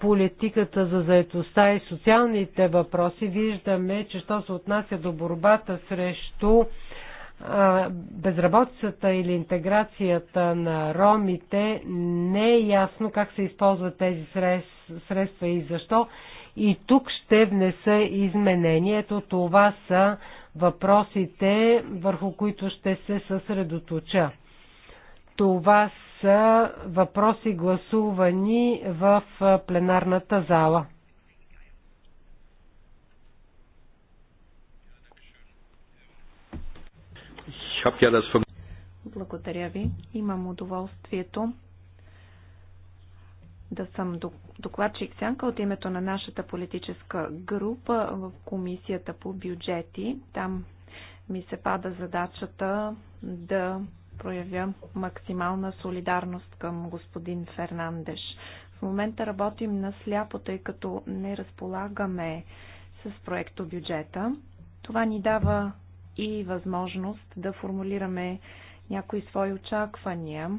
политиката за заедостта и социалните въпроси, виждаме, че що се отнася до борбата срещу безработицата или интеграцията на ромите, не е ясно как се използват тези средства и защо. И тук ще внеса изменението. това са въпросите, върху които ще се съсредоточа. Това са въпроси гласувани в пленарната зала. Благодаря ви. Имам удоволствието да съм докладчик Сянка от името на нашата политическа група в Комисията по бюджети. Там ми се пада задачата да проявя максимална солидарност към господин Фернандеш. В момента работим на сляпо, тъй като не разполагаме с проекто бюджета. Това ни дава и възможност да формулираме някои свои очаквания.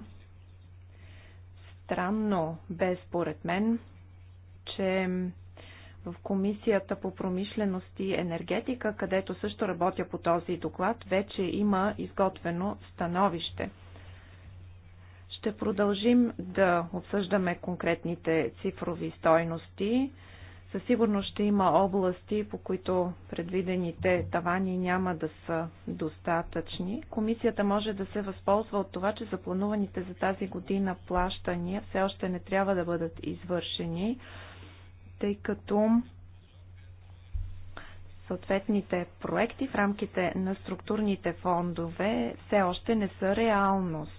Странно бе според мен, че Комисията по промишленост и енергетика, където също работя по този доклад, вече има изготвено становище. Ще продължим да обсъждаме конкретните цифрови стойности. Със сигурност ще има области, по които предвидените тавани няма да са достатъчни. Комисията може да се възползва от това, че заплануваните за тази година плащания все още не трябва да бъдат извършени тъй като съответните проекти в рамките на структурните фондове все още не са реалност.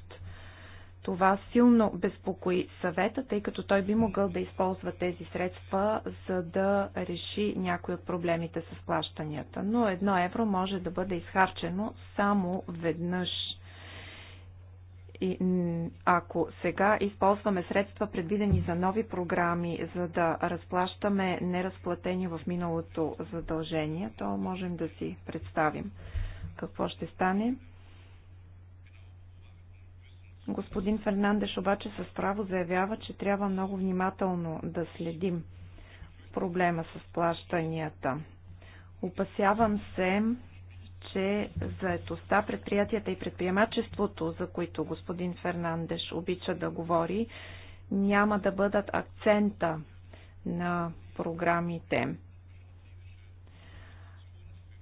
Това силно безпокои съвета, тъй като той би могъл да използва тези средства, за да реши някои от проблемите с плащанията. Но едно евро може да бъде изхарчено само веднъж. И ако сега използваме средства, предвидени за нови програми, за да разплащаме неразплатени в миналото задължение, то можем да си представим какво ще стане. Господин Фернандеш обаче с право заявява, че трябва много внимателно да следим проблема с плащанията. Опасявам се, че заетостта, предприятията и предприемачеството, за които господин Фернандеш обича да говори, няма да бъдат акцента на програмите.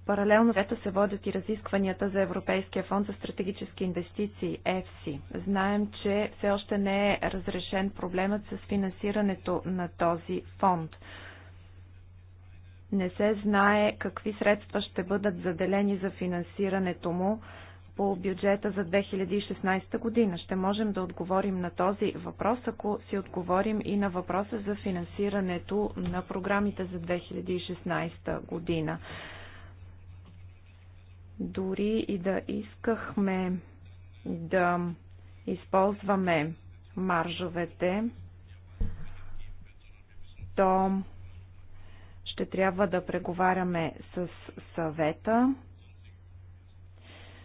Паралелно вето се водят и разискванията за Европейския фонд за стратегически инвестиции, ЕФСИ. Знаем, че все още не е разрешен проблемът с финансирането на този фонд. Не се знае какви средства ще бъдат заделени за финансирането му по бюджета за 2016 година. Ще можем да отговорим на този въпрос, ако си отговорим и на въпроса за финансирането на програмите за 2016 година. Дори и да искахме да използваме маржовете, то ще трябва да преговаряме с съвета.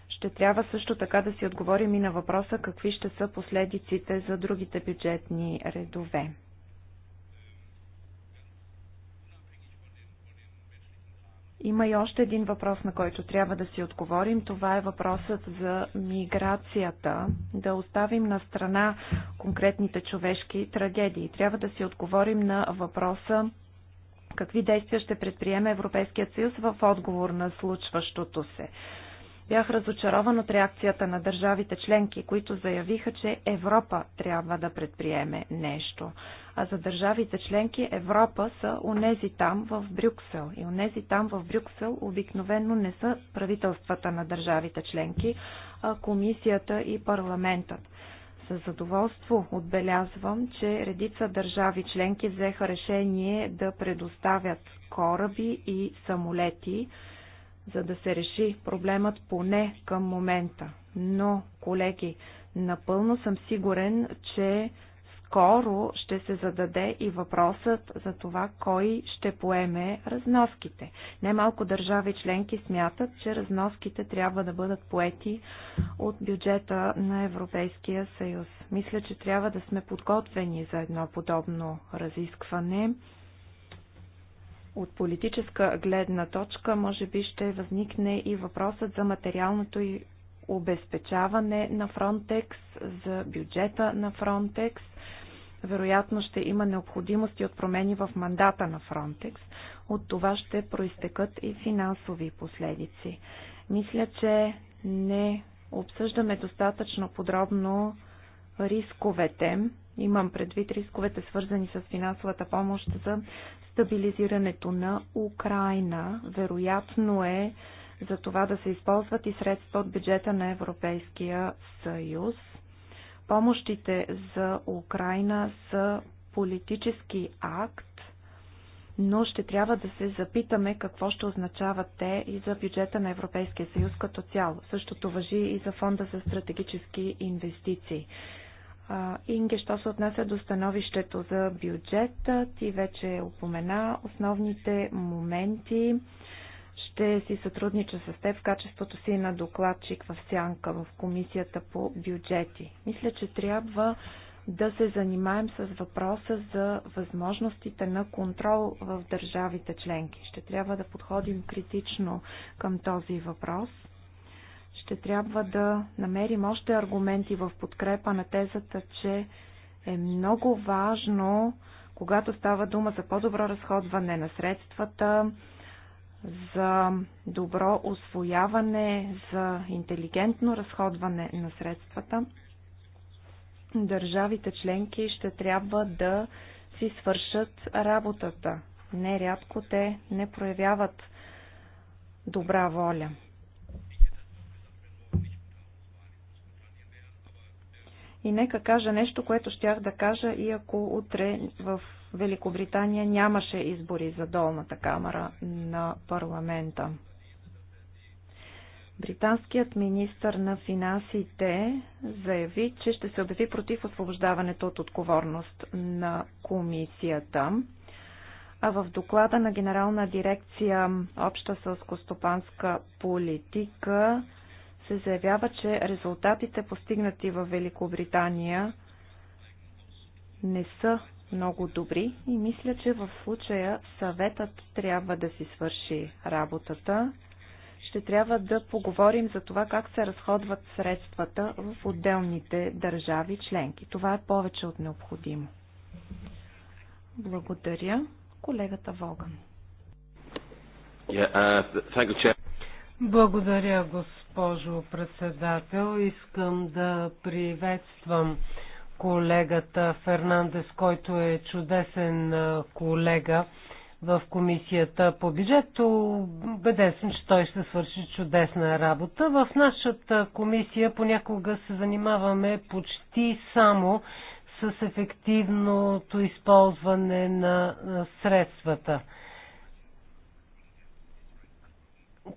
Ще трябва също така да си отговорим и на въпроса какви ще са последиците за другите бюджетни редове. Има и още един въпрос, на който трябва да си отговорим. Това е въпросът за миграцията. Да оставим на страна конкретните човешки трагедии. Трябва да си отговорим на въпроса Какви действия ще предприеме Европейският съюз в отговор на случващото се? Бях разочарован от реакцията на държавите членки, които заявиха, че Европа трябва да предприеме нещо. А за държавите членки Европа са унези там в Брюксел. И унези там в Брюксел обикновено не са правителствата на държавите членки, а комисията и парламентът. Със задоволство отбелязвам, че редица държави членки взеха решение да предоставят кораби и самолети, за да се реши проблемът поне към момента. Но, колеги, напълно съм сигурен, че скоро ще се зададе и въпросът за това кой ще поеме разноските. Немалко държави членки смятат, че разноските трябва да бъдат поети от бюджета на Европейския съюз. Мисля, че трябва да сме подготвени за едно подобно разискване. От политическа гледна точка може би ще възникне и въпросът за материалното и обезпечаване на Фронтекс, за бюджета на Фронтекс вероятно ще има необходимости от промени в мандата на Фронтекс. От това ще проистекат и финансови последици. Мисля, че не обсъждаме достатъчно подробно рисковете. Имам предвид рисковете, свързани с финансовата помощ за стабилизирането на Украина. Вероятно е за това да се използват и средства от бюджета на Европейския съюз. Помощите за Украина са политически акт, но ще трябва да се запитаме какво ще означават те и за бюджета на Европейския съюз като цяло. Същото въжи и за фонда за стратегически инвестиции. Инге, що се отнася до становището за бюджета, ти вече опомена основните моменти. Ще си сътруднича с теб в качеството си на докладчик в Сянка в Комисията по бюджети. Мисля, че трябва да се занимаем с въпроса за възможностите на контрол в държавите членки. Ще трябва да подходим критично към този въпрос. Ще трябва да намерим още аргументи в подкрепа на тезата, че е много важно, когато става дума за по-добро разходване на средствата, за добро освояване, за интелигентно разходване на средствата, държавите членки ще трябва да си свършат работата. Нерядко те не проявяват добра воля. И нека кажа нещо, което щях да кажа и ако утре в Великобритания нямаше избори за долната камера на парламента. Британският министр на финансите заяви, че ще се обяви против освобождаването от отговорност на комисията. А в доклада на Генерална дирекция Обща сълскостопанска политика се заявява, че резултатите постигнати в Великобритания не са много добри и мисля, че в случая съветът трябва да си свърши работата. Ще трябва да поговорим за това как се разходват средствата в отделните държави членки. Това е повече от необходимо. Благодаря. Колегата Воган. Yeah, uh, Благодаря, госпожо председател. Искам да приветствам колегата Фернандес, който е чудесен колега в комисията по бюджето, беден съм, че той ще свърши чудесна работа. В нашата комисия понякога се занимаваме почти само с ефективното използване на средствата.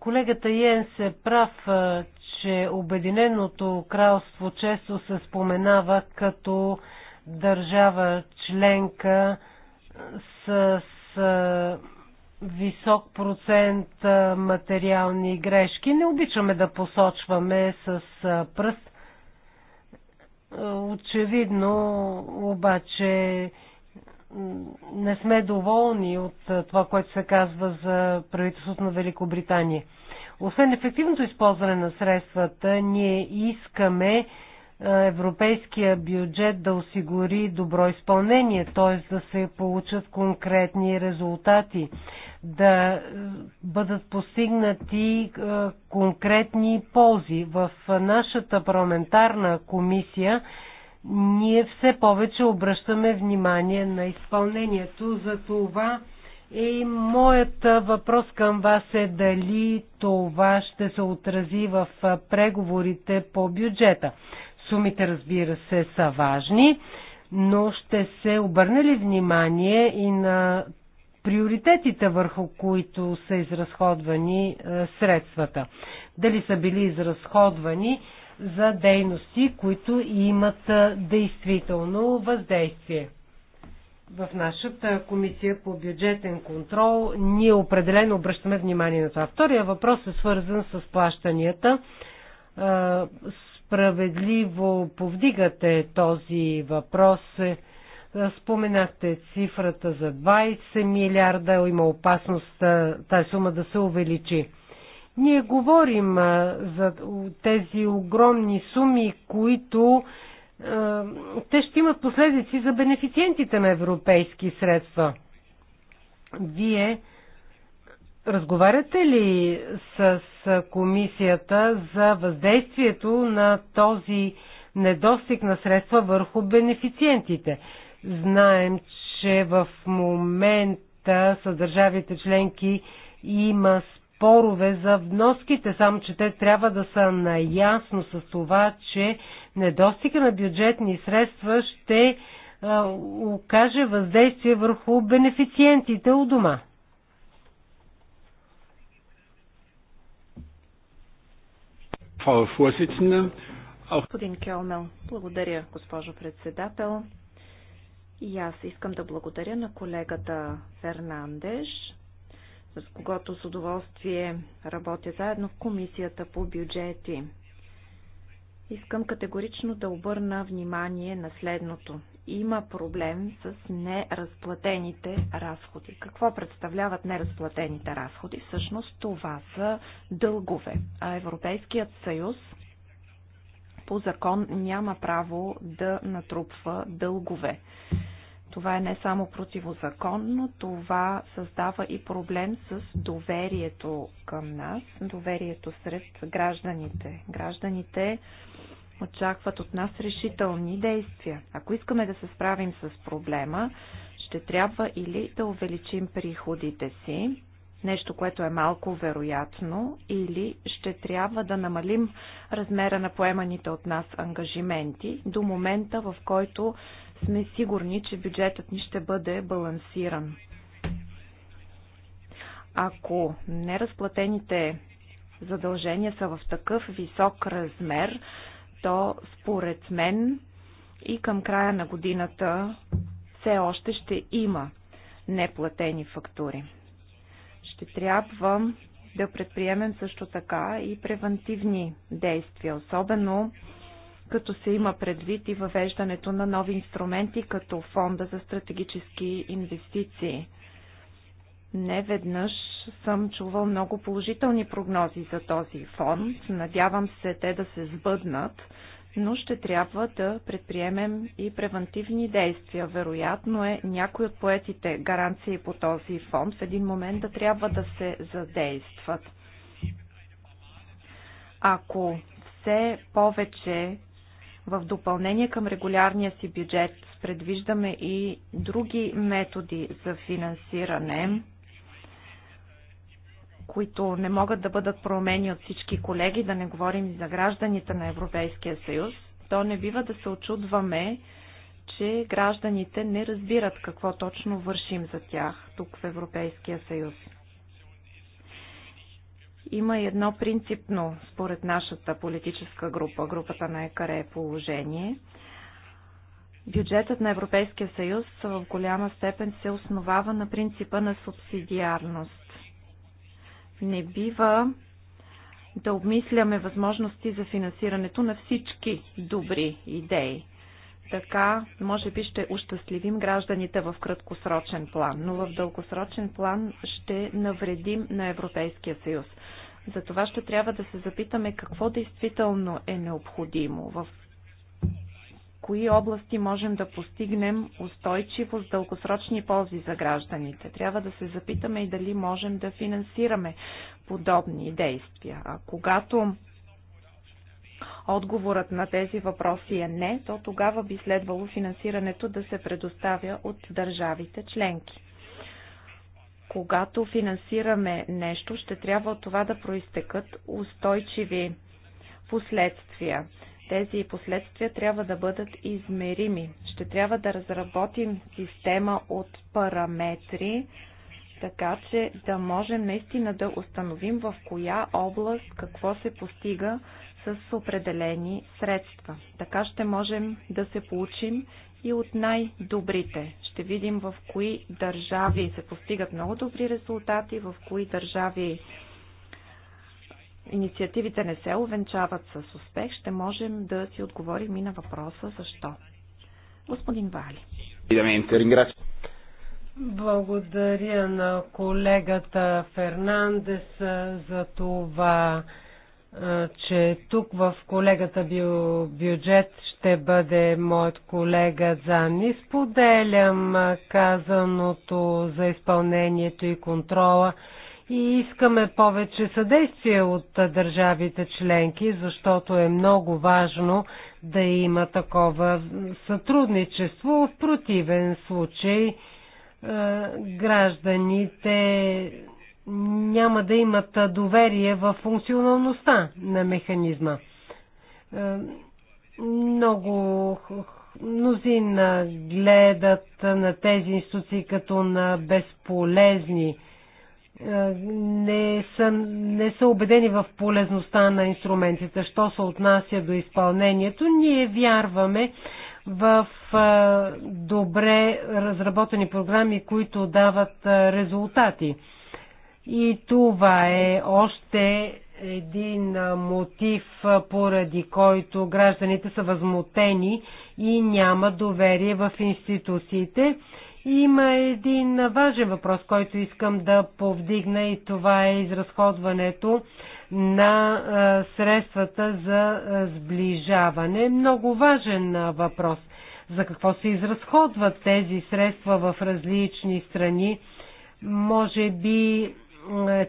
Колегата Йен се прав, че Обединеното кралство често се споменава като държава членка с, с висок процент материални грешки. Не обичаме да посочваме с пръст. Очевидно, обаче, не сме доволни от това, което се казва за правителството на Великобритания. Освен ефективното използване на средствата, ние искаме е, европейския бюджет да осигури добро изпълнение, т.е. да се получат конкретни резултати, да е, бъдат постигнати е, конкретни ползи. В нашата парламентарна комисия ние все повече обръщаме внимание на изпълнението. За това и моят въпрос към вас е дали това ще се отрази в преговорите по бюджета. Сумите, разбира се, са важни, но ще се обърне ли внимание и на приоритетите, върху които са изразходвани средствата? Дали са били изразходвани за дейности, които имат действително въздействие? в нашата комисия по бюджетен контрол ние определено обръщаме внимание на това. Втория въпрос е свързан с плащанията. Справедливо повдигате този въпрос. Е, споменахте цифрата за 20 милиарда. Има опасност тази сума да се увеличи. Ние говорим за тези огромни суми, които е, те ще имат последици за бенефициентите на европейски средства. Вие разговаряте ли с комисията за въздействието на този недостиг на средства върху бенефициентите? Знаем, че в момента с държавите членки има спорове за вноските, само че те трябва да са наясно с това, че недостига на бюджетни средства ще окаже въздействие върху бенефициентите у дома. Господин Келмел, благодаря, госпожо председател. И аз искам да благодаря на колегата Фернандеш с когото с удоволствие работя заедно в Комисията по бюджети. Искам категорично да обърна внимание на следното. Има проблем с неразплатените разходи. Какво представляват неразплатените разходи? Всъщност това са дългове. А Европейският съюз по закон няма право да натрупва дългове. Това е не само противозаконно, това създава и проблем с доверието към нас, доверието сред гражданите. Гражданите очакват от нас решителни действия. Ако искаме да се справим с проблема, ще трябва или да увеличим приходите си, нещо, което е малко вероятно, или ще трябва да намалим размера на поеманите от нас ангажименти до момента, в който сме сигурни, че бюджетът ни ще бъде балансиран. Ако неразплатените задължения са в такъв висок размер, то според мен и към края на годината все още ще има неплатени фактури. Ще трябва да предприемем също така и превентивни действия, особено като се има предвид и въвеждането на нови инструменти, като фонда за стратегически инвестиции. Не веднъж съм чувал много положителни прогнози за този фонд. Надявам се те да се сбъднат, но ще трябва да предприемем и превентивни действия. Вероятно е някои от поетите гаранции по този фонд в един момент да трябва да се задействат. Ако все повече в допълнение към регулярния си бюджет предвиждаме и други методи за финансиране, които не могат да бъдат промени от всички колеги, да не говорим и за гражданите на Европейския съюз, то не бива да се очудваме, че гражданите не разбират какво точно вършим за тях тук в Европейския съюз. Има и едно принципно, според нашата политическа група, групата на ЕКАРЕ е положение. Бюджетът на Европейския съюз в голяма степен се основава на принципа на субсидиарност. Не бива да обмисляме възможности за финансирането на всички добри идеи. Така, може би ще ущастливим гражданите в краткосрочен план, но в дългосрочен план ще навредим на Европейския съюз. Затова ще трябва да се запитаме какво действително е необходимо, в кои области можем да постигнем устойчиво с дългосрочни ползи за гражданите. Трябва да се запитаме и дали можем да финансираме подобни действия. А когато отговорът на тези въпроси е не, то тогава би следвало финансирането да се предоставя от държавите членки. Когато финансираме нещо, ще трябва от това да проистекат устойчиви последствия. Тези последствия трябва да бъдат измерими. Ще трябва да разработим система от параметри, така че да можем наистина да установим в коя област какво се постига с определени средства. Така ще можем да се получим и от най-добрите. Ще видим в кои държави се постигат много добри резултати, в кои държави инициативите не се овенчават с успех. Ще можем да си отговорим и на въпроса защо. Господин Вали. Благодаря на колегата Фернандес за това че тук в колегата бю, бюджет ще бъде моят колега Занни. Споделям казаното за изпълнението и контрола и искаме повече съдействие от държавите членки, защото е много важно да има такова сътрудничество. В противен случай гражданите няма да имат доверие в функционалността на механизма. Е, много мнозина гледат на тези институции като на безполезни. Е, не са, не са убедени в полезността на инструментите. Що се отнася до изпълнението, ние вярваме в е, добре разработени програми, които дават резултати и това е още един мотив, поради който гражданите са възмутени и няма доверие в институциите. Има един важен въпрос, който искам да повдигна и това е изразходването на средствата за сближаване. Много важен въпрос. За какво се изразходват тези средства в различни страни? Може би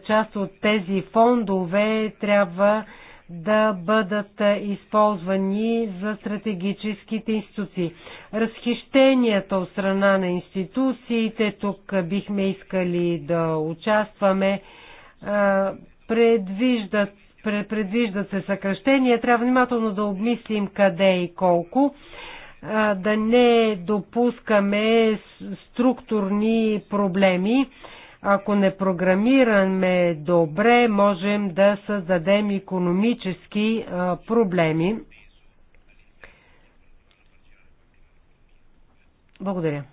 част от тези фондове трябва да бъдат използвани за стратегическите институции. Разхищенията от страна на институциите, тук бихме искали да участваме, предвиждат, предвиждат се съкръщения, трябва внимателно да обмислим къде и колко, да не допускаме структурни проблеми ако не програмираме добре, можем да създадем економически проблеми. Благодаря.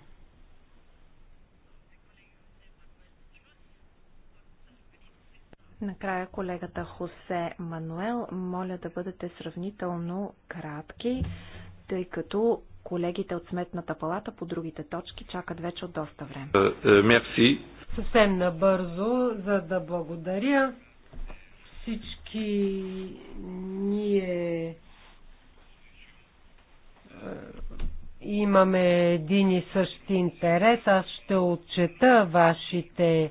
Накрая колегата Хосе Мануел, моля да бъдете сравнително кратки, тъй като колегите от Сметната палата по другите точки чакат вече от доста време. Е, е, мерси. Съвсем набързо, за да благодаря всички ние е, имаме един и същи интерес. Аз ще отчета вашите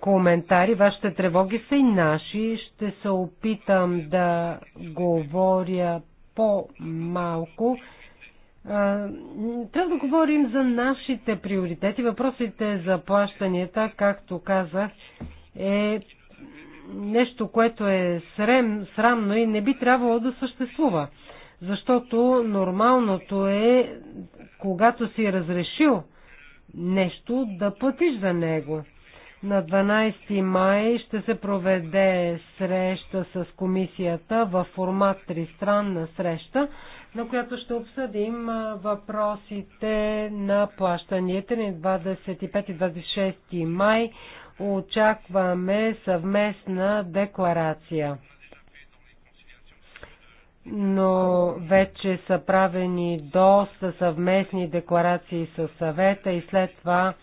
коментари, вашите тревоги са и наши. Ще се опитам да говоря по-малко трябва да говорим за нашите приоритети. Въпросите за плащанията, както казах, е нещо, което е срем, срамно и не би трябвало да съществува. Защото нормалното е, когато си разрешил нещо, да платиш за него. На 12 май ще се проведе среща с комисията в формат тристранна среща, на която ще обсъдим въпросите на плащанията на 25 и 26 май. Очакваме съвместна декларация. Но вече са правени доста съвместни декларации с съвета и след това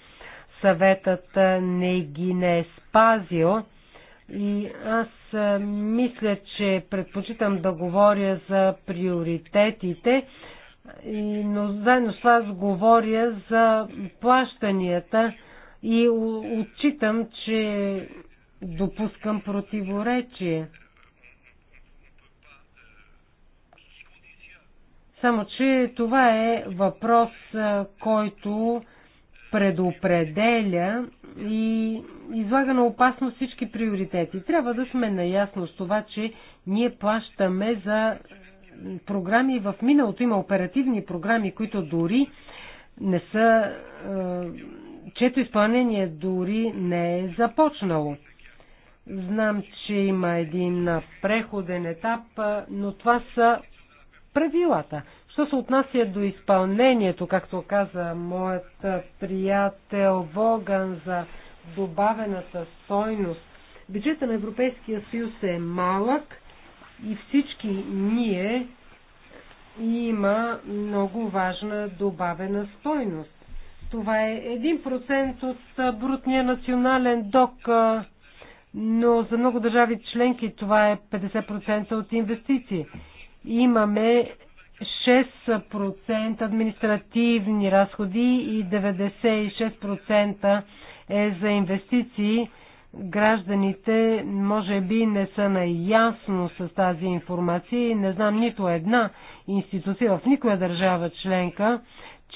съветът не ги не е спазил и аз мисля, че предпочитам да говоря за приоритетите, но заедно с вас говоря за плащанията и отчитам, че допускам противоречие. Само, че това е въпрос, който предопределя и излага на опасност всички приоритети. Трябва да сме наясно с това, че ние плащаме за програми в миналото. Има оперативни програми, които дори не са, е, чето изпълнение дори не е започнало. Знам, че има един преходен етап, е, но това са правилата. Що се отнася до изпълнението, както каза моят приятел Воган за добавената стойност, бюджета на Европейския съюз е малък и всички ние има много важна добавена стойност. Това е 1% от брутния национален док, но за много държави членки това е 50% от инвестиции. Имаме 6% административни разходи и 96% е за инвестиции. Гражданите може би не са наясно с тази информация и не знам нито една институция в никоя държава членка,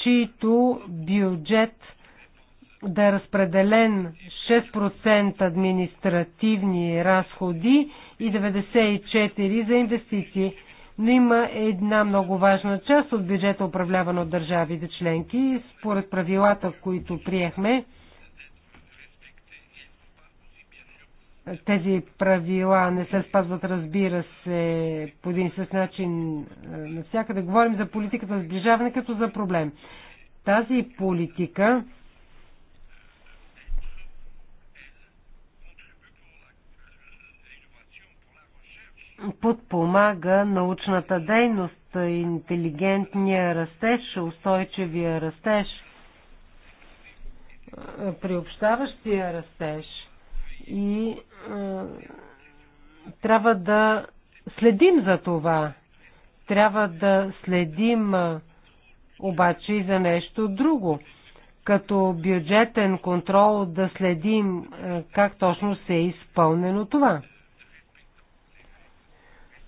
чието бюджет да е разпределен 6% административни разходи и 94% за инвестиции но има една много важна част от бюджета, управлявана от държавите членки. Според правилата, които приехме, тези правила не се спазват, разбира се, по един същ начин навсякъде. Говорим за политиката за сближаване като за проблем. Тази политика подпомага научната дейност, интелигентния растеж, устойчивия растеж, приобщаващия растеж и трябва да следим за това. Трябва да следим обаче и за нещо друго. Като бюджетен контрол да следим как точно се е изпълнено това.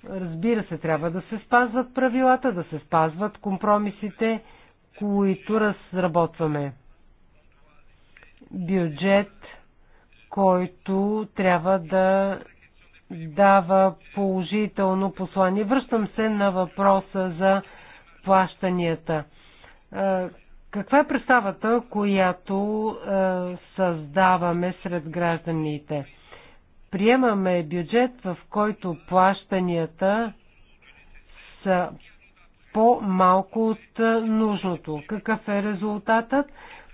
Разбира се, трябва да се спазват правилата, да се спазват компромисите, които разработваме. Бюджет, който трябва да дава положително послание. Връщам се на въпроса за плащанията. Каква е представата, която създаваме сред гражданите? приемаме бюджет, в който плащанията са по-малко от нужното. Какъв е резултатът?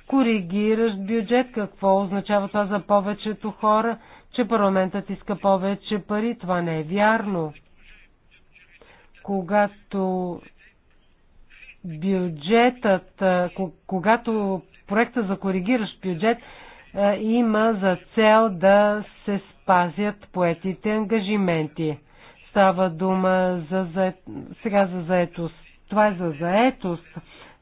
Коригиращ бюджет. Какво означава това за повечето хора? Че парламентът иска повече пари. Това не е вярно. Когато бюджетът, когато проекта за коригиращ бюджет има за цел да се пазят поетите ангажименти. Става дума за, за сега за заетост. Това е за заетост,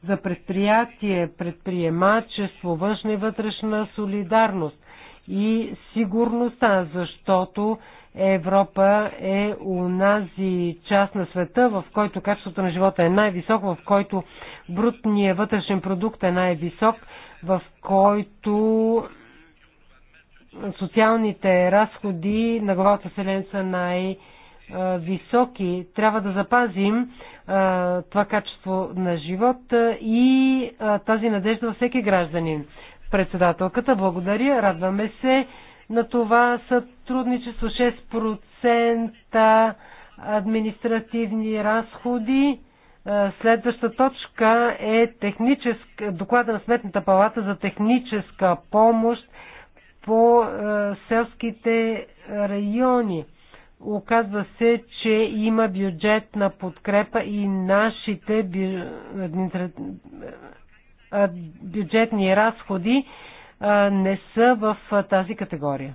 за предприятие, предприемачество, външна и вътрешна солидарност и сигурността, защото Европа е унази част на света, в който качеството на живота е най-високо, в който брутният вътрешен продукт е най-висок, в който социалните разходи на глава от са най-високи. Трябва да запазим това качество на живот и тази надежда във всеки гражданин. Председателката, благодаря. Радваме се на това сътрудничество 6% административни разходи. Следваща точка е доклада на Сметната палата за техническа помощ по е, селските райони. Оказва се, че има бюджетна подкрепа и нашите бюджетни разходи е, не са в тази категория.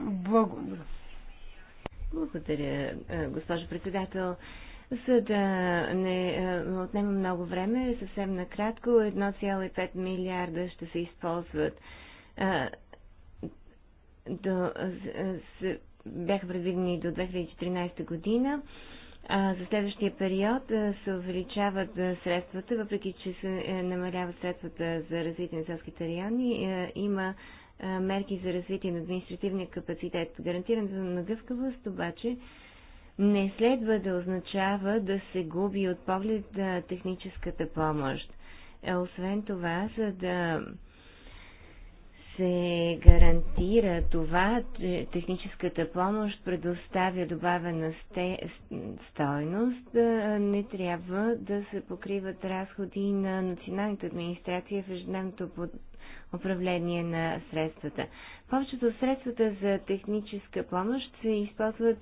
Благодаря. Благодаря, е, госпожо председател. За да не е, отнема много време, съвсем накратко, 1,5 милиарда ще се използват. Е, до, бяха предвидени до 2013 година. А за следващия период се увеличават средствата, въпреки че се намаляват средствата за развитие на селските райони. Има мерки за развитие на административния капацитет. Гарантирането на гъвкавост обаче не следва да означава да се губи от поглед на техническата помощ. Е, освен това, за да се гарантира това, че техническата помощ предоставя добавена стойност, не трябва да се покриват разходи на националните администрации в ежедневното управление на средствата. Повечето средствата за техническа помощ се използват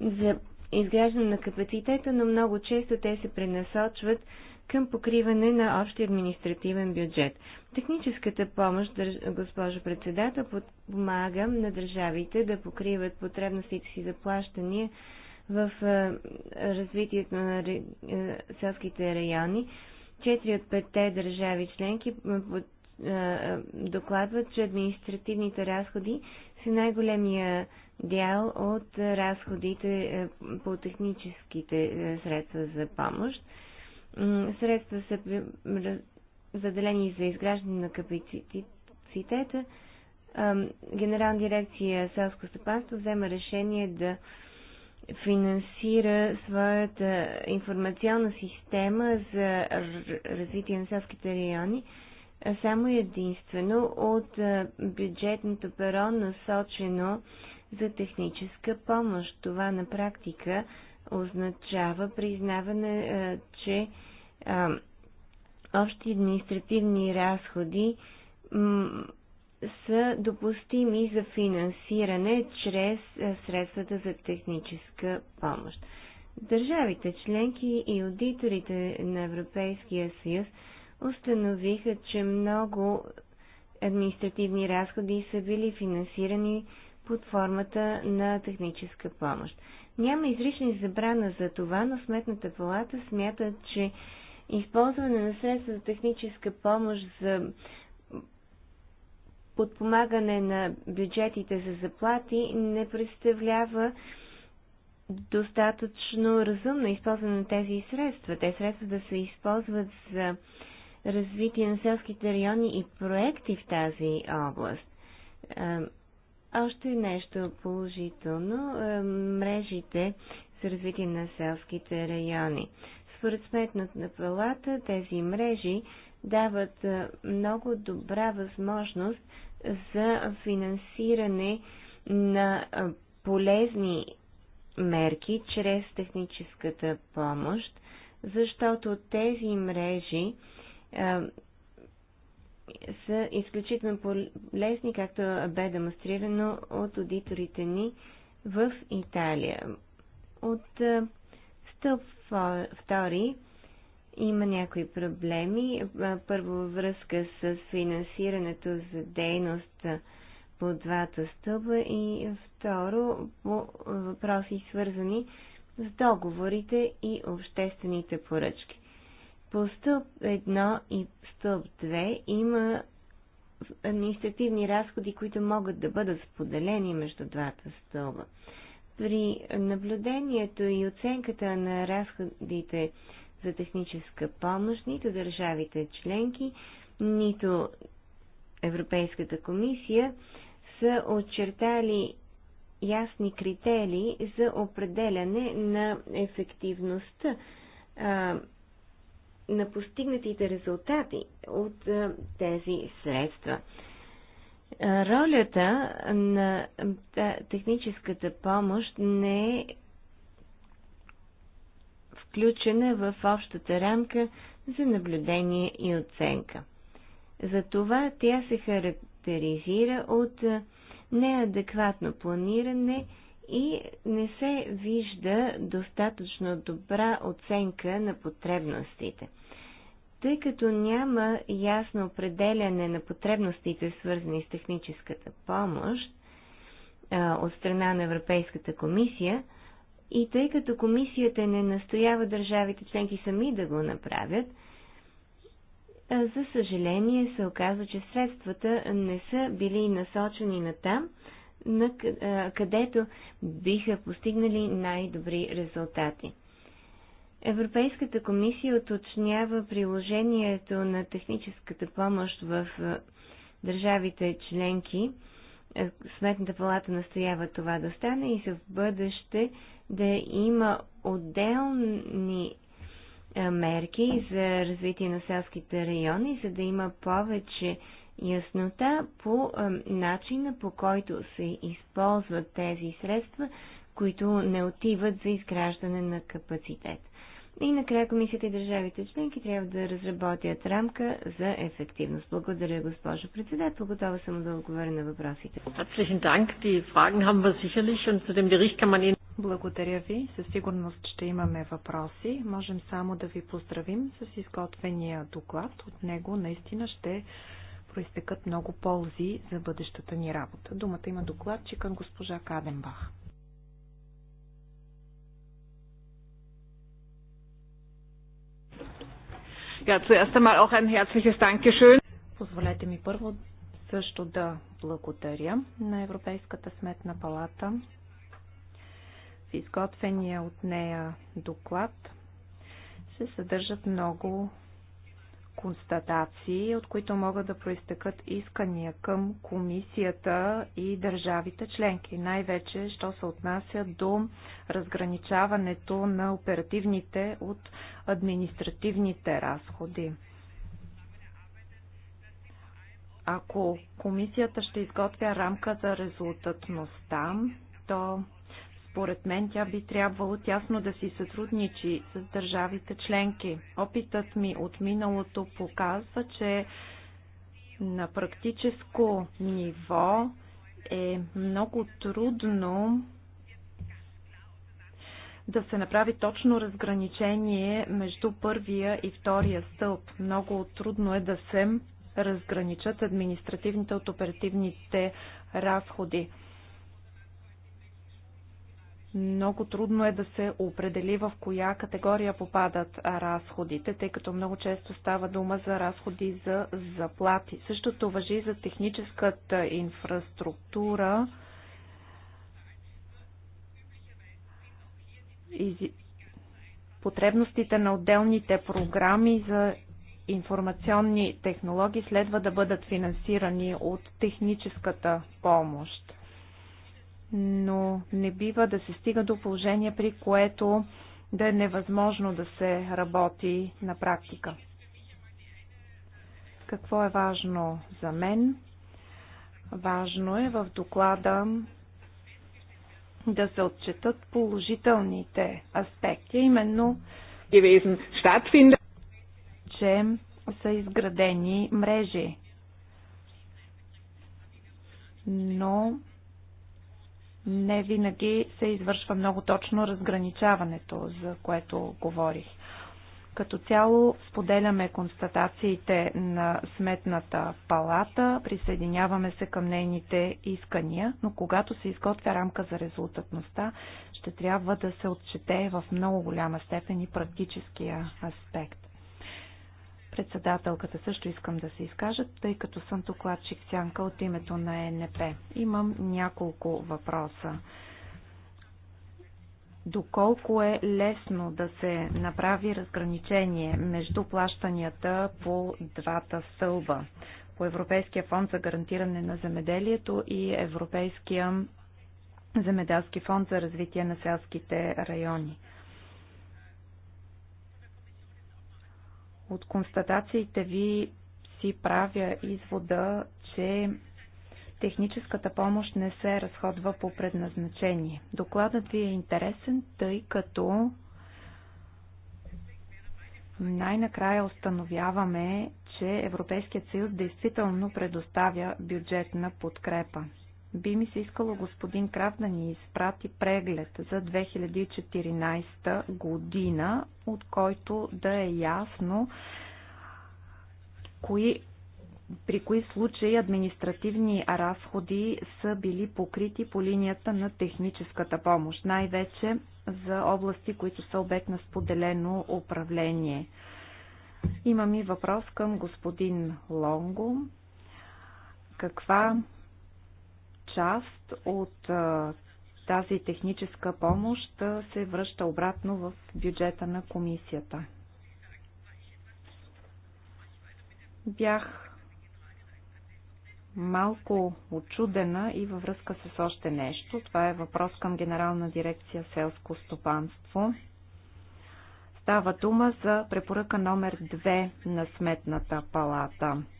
за изграждане на капацитета, но много често те се пренасочват към покриване на общия административен бюджет. Техническата помощ, госпожо председател, помага на държавите да покриват потребностите си за плащания в е, развитието на е, селските райони. Четири от петте държави членки е, докладват, че административните разходи са най-големия дял от разходите по техническите средства за помощ. Средства са заделени за изграждане на капацитета. Генерална дирекция селско стопанство взема решение да финансира своята информационна система за развитие на селските райони само единствено от бюджетното перо, насочено за техническа помощ. Това на практика означава признаване, е, че е, общи административни разходи са допустими за финансиране чрез е, средствата за техническа помощ. Държавите членки и аудиторите на Европейския съюз установиха, че много административни разходи са били финансирани под формата на техническа помощ. Няма изрична забрана за това, но Сметната палата смята, че използване на средства за техническа помощ за подпомагане на бюджетите за заплати не представлява достатъчно разумно използване на тези средства. Те средства да се използват за развитие на селските райони и проекти в тази област. Още нещо положително. Е, мрежите за развитие на селските райони. Според сметната палата тези мрежи дават е, много добра възможност за финансиране на е, полезни мерки чрез техническата помощ, защото тези мрежи са изключително полезни, както бе демонстрирано от аудиторите ни в Италия. От стъп втори има някои проблеми. Първо връзка с финансирането за дейност по двата стъпа и второ по въпроси свързани с договорите и обществените поръчки. По стълб 1 и стълб 2 има административни разходи, които могат да бъдат споделени между двата стълба. При наблюдението и оценката на разходите за техническа помощ, нито държавите членки, нито Европейската комисия са очертали ясни критерии за определяне на ефективността а, на постигнатите резултати от а, тези средства. Ролята на техническата помощ не е включена в общата рамка за наблюдение и оценка. Затова тя се характеризира от неадекватно планиране, и не се вижда достатъчно добра оценка на потребностите. Тъй като няма ясно определяне на потребностите, свързани с техническата помощ а, от страна на Европейската комисия, и тъй като комисията не настоява държавите членки сами да го направят, за съжаление се оказва, че средствата не са били насочени на там, на където биха постигнали най-добри резултати. Европейската комисия уточнява приложението на техническата помощ в държавите членки. Е, Сметната палата настоява това да стане и за в бъдеще да има отделни мерки за развитие на селските райони, за да има повече яснота по начина по който се използват тези средства, които не отиват за изграждане на капацитет. И накрая комисията и държавите членки трябва да разработят рамка за ефективност. Благодаря, госпожо председател. Готова съм да отговоря на въпросите. Благодаря ви. Със сигурност ще имаме въпроси. Можем само да ви поздравим с изготвения доклад. От него наистина ще проистекат много ползи за бъдещата ни работа. Думата има докладчик към госпожа Каденбах. Позволете ми първо също да благодаря на Европейската сметна палата в изготвения от нея доклад се съдържат много констатации, от които могат да проистекат искания към комисията и държавите членки, най-вече, що се отнася до разграничаването на оперативните от административните разходи. Ако комисията ще изготвя рамка за резултатността, то според мен тя би трябвало тясно да си сътрудничи с държавите членки. Опитът ми от миналото показва, че на практическо ниво е много трудно да се направи точно разграничение между първия и втория стълб. Много трудно е да се разграничат административните от оперативните разходи много трудно е да се определи в коя категория попадат разходите, тъй като много често става дума за разходи за заплати. Същото въжи за техническата инфраструктура. Потребностите на отделните програми за информационни технологии следва да бъдат финансирани от техническата помощ но не бива да се стига до положение, при което да е невъзможно да се работи на практика. Какво е важно за мен? Важно е в доклада да се отчетат положителните аспекти, именно че са изградени мрежи. Но не винаги се извършва много точно разграничаването, за което говорих. Като цяло споделяме констатациите на Сметната палата, присъединяваме се към нейните искания, но когато се изготвя рамка за резултатността, ще трябва да се отчете в много голяма степен и практическия аспект. Председателката също искам да се изкажат, тъй като съм докладчик Сянка от името на ЕНП. Имам няколко въпроса. Доколко е лесно да се направи разграничение между плащанията по двата стълба? По Европейския фонд за гарантиране на земеделието и Европейския земеделски фонд за развитие на селските райони. От констатациите ви си правя извода, че техническата помощ не се разходва по предназначение. Докладът ви е интересен, тъй като най-накрая установяваме, че Европейският съюз действително предоставя бюджетна подкрепа. Би ми се искало господин Крав да ни изпрати преглед за 2014 година, от който да е ясно кои при кои случаи административни разходи са били покрити по линията на техническата помощ, най-вече за области, които са обект на споделено управление. Имам и въпрос към господин Лонго. Каква част от тази техническа помощ се връща обратно в бюджета на комисията. Бях малко очудена и във връзка с още нещо. Това е въпрос към Генерална дирекция селско стопанство. Става дума за препоръка номер 2 на Сметната палата –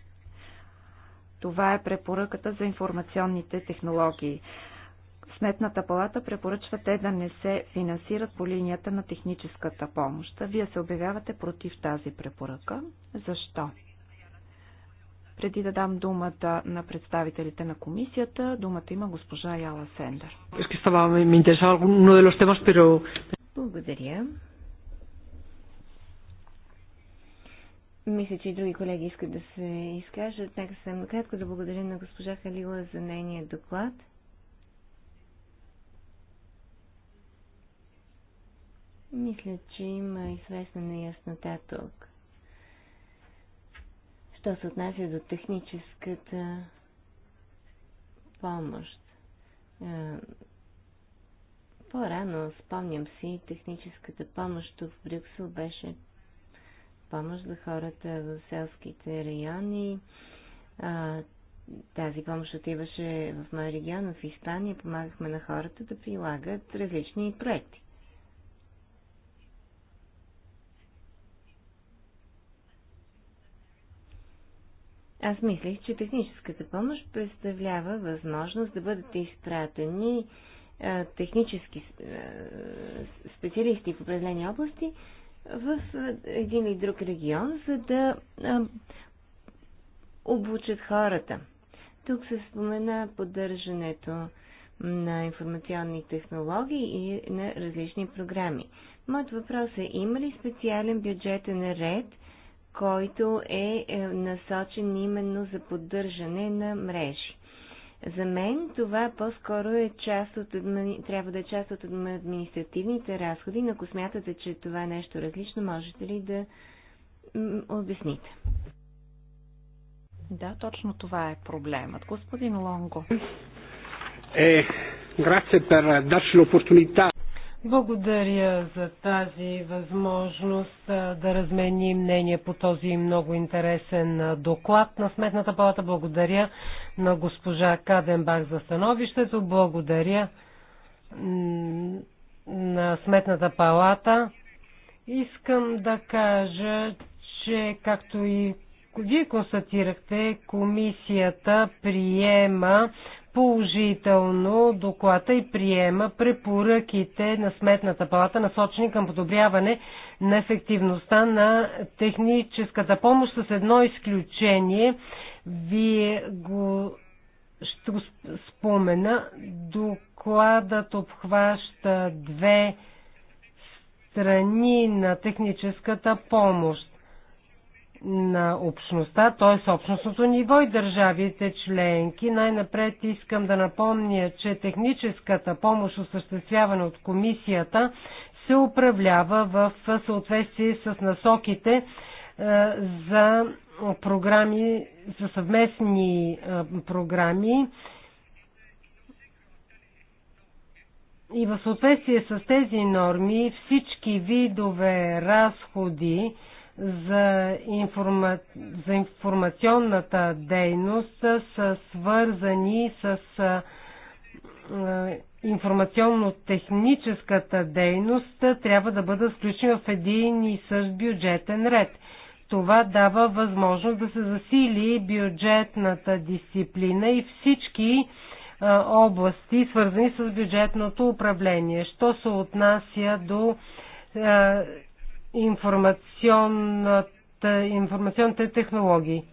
това е препоръката за информационните технологии. Сметната палата препоръчва те да не се финансират по линията на техническата помощ. вие се обявявате против тази препоръка. Защо? Преди да дам думата на представителите на комисията, думата има госпожа Яла Сендър. Благодаря. Мисля, че и други колеги искат да се изкажат. Нека съм кратко да благодаря на госпожа Халила за нейния доклад. Мисля, че има известна неяснота тук. Що се отнася до техническата помощ. Е, по-рано, спомням си, техническата помощ тук в Брюксел беше помощ за хората в селските райони. А, тази помощ отиваше в моя регион, в Испания. Помагахме на хората да прилагат различни проекти. Аз мислех, че техническата помощ представлява възможност да бъдат изпратени технически специалисти в определени области в един и друг регион, за да обучат хората. Тук се спомена поддържането на информационни технологии и на различни програми. Моят въпрос е, има ли специален бюджетен ред, който е, е насочен именно за поддържане на мрежи? За мен това по-скоро е част от, трябва да е част от административните разходи, но ако смятате, че това е нещо различно, можете ли да обясните? Да, точно това е проблемът. Господин Лонго. Е, грация per дачна l'opportunità. Благодаря за тази възможност да размени мнение по този много интересен доклад на Сметната палата. Благодаря на госпожа Каденбах за становището. Благодаря на Сметната палата. Искам да кажа, че както и вие констатирахте, комисията приема положително доклада и приема препоръките на Сметната палата, насочени към подобряване на ефективността на техническата помощ с едно изключение. Вие го ще го спомена. Докладът обхваща две страни на техническата помощ на общността, т.е. общностното ниво и държавите членки. Най-напред искам да напомня, че техническата помощ, осъществявана от комисията, се управлява в съответствие с насоките е, за програми, за съвместни е, програми и в съответствие с тези норми всички видове разходи, за, информа... за информационната дейност са свързани с информационно-техническата дейност, трябва да бъдат включени в един и същ бюджетен ред. Това дава възможност да се засили бюджетната дисциплина и всички области, свързани с бюджетното управление. Що се отнася до информационните технологии.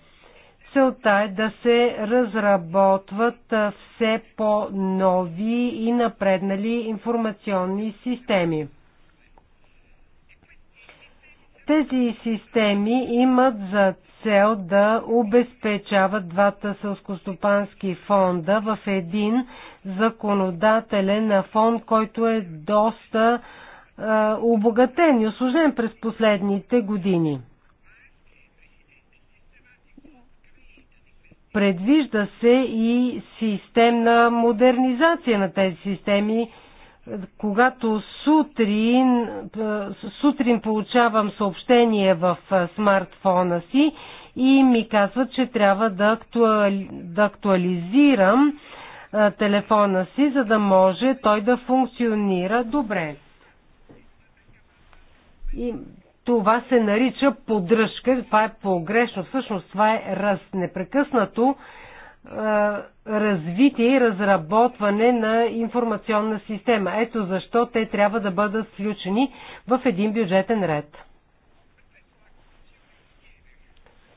Целта е да се разработват все по-нови и напреднали информационни системи. Тези системи имат за цел да обезпечават двата селскостопански фонда в един законодателен фонд, който е доста е, обогатен и осложнен през последните години. Предвижда се и системна модернизация на тези системи. Когато сутрин, е, сутрин получавам съобщение в е, смартфона си и ми казват, че трябва да, актуали, да актуализирам телефона си, за да може той да функционира добре. И това се нарича поддръжка. Това е погрешно. Всъщност това е раз, непрекъснато е, развитие и разработване на информационна система. Ето защо те трябва да бъдат включени в един бюджетен ред.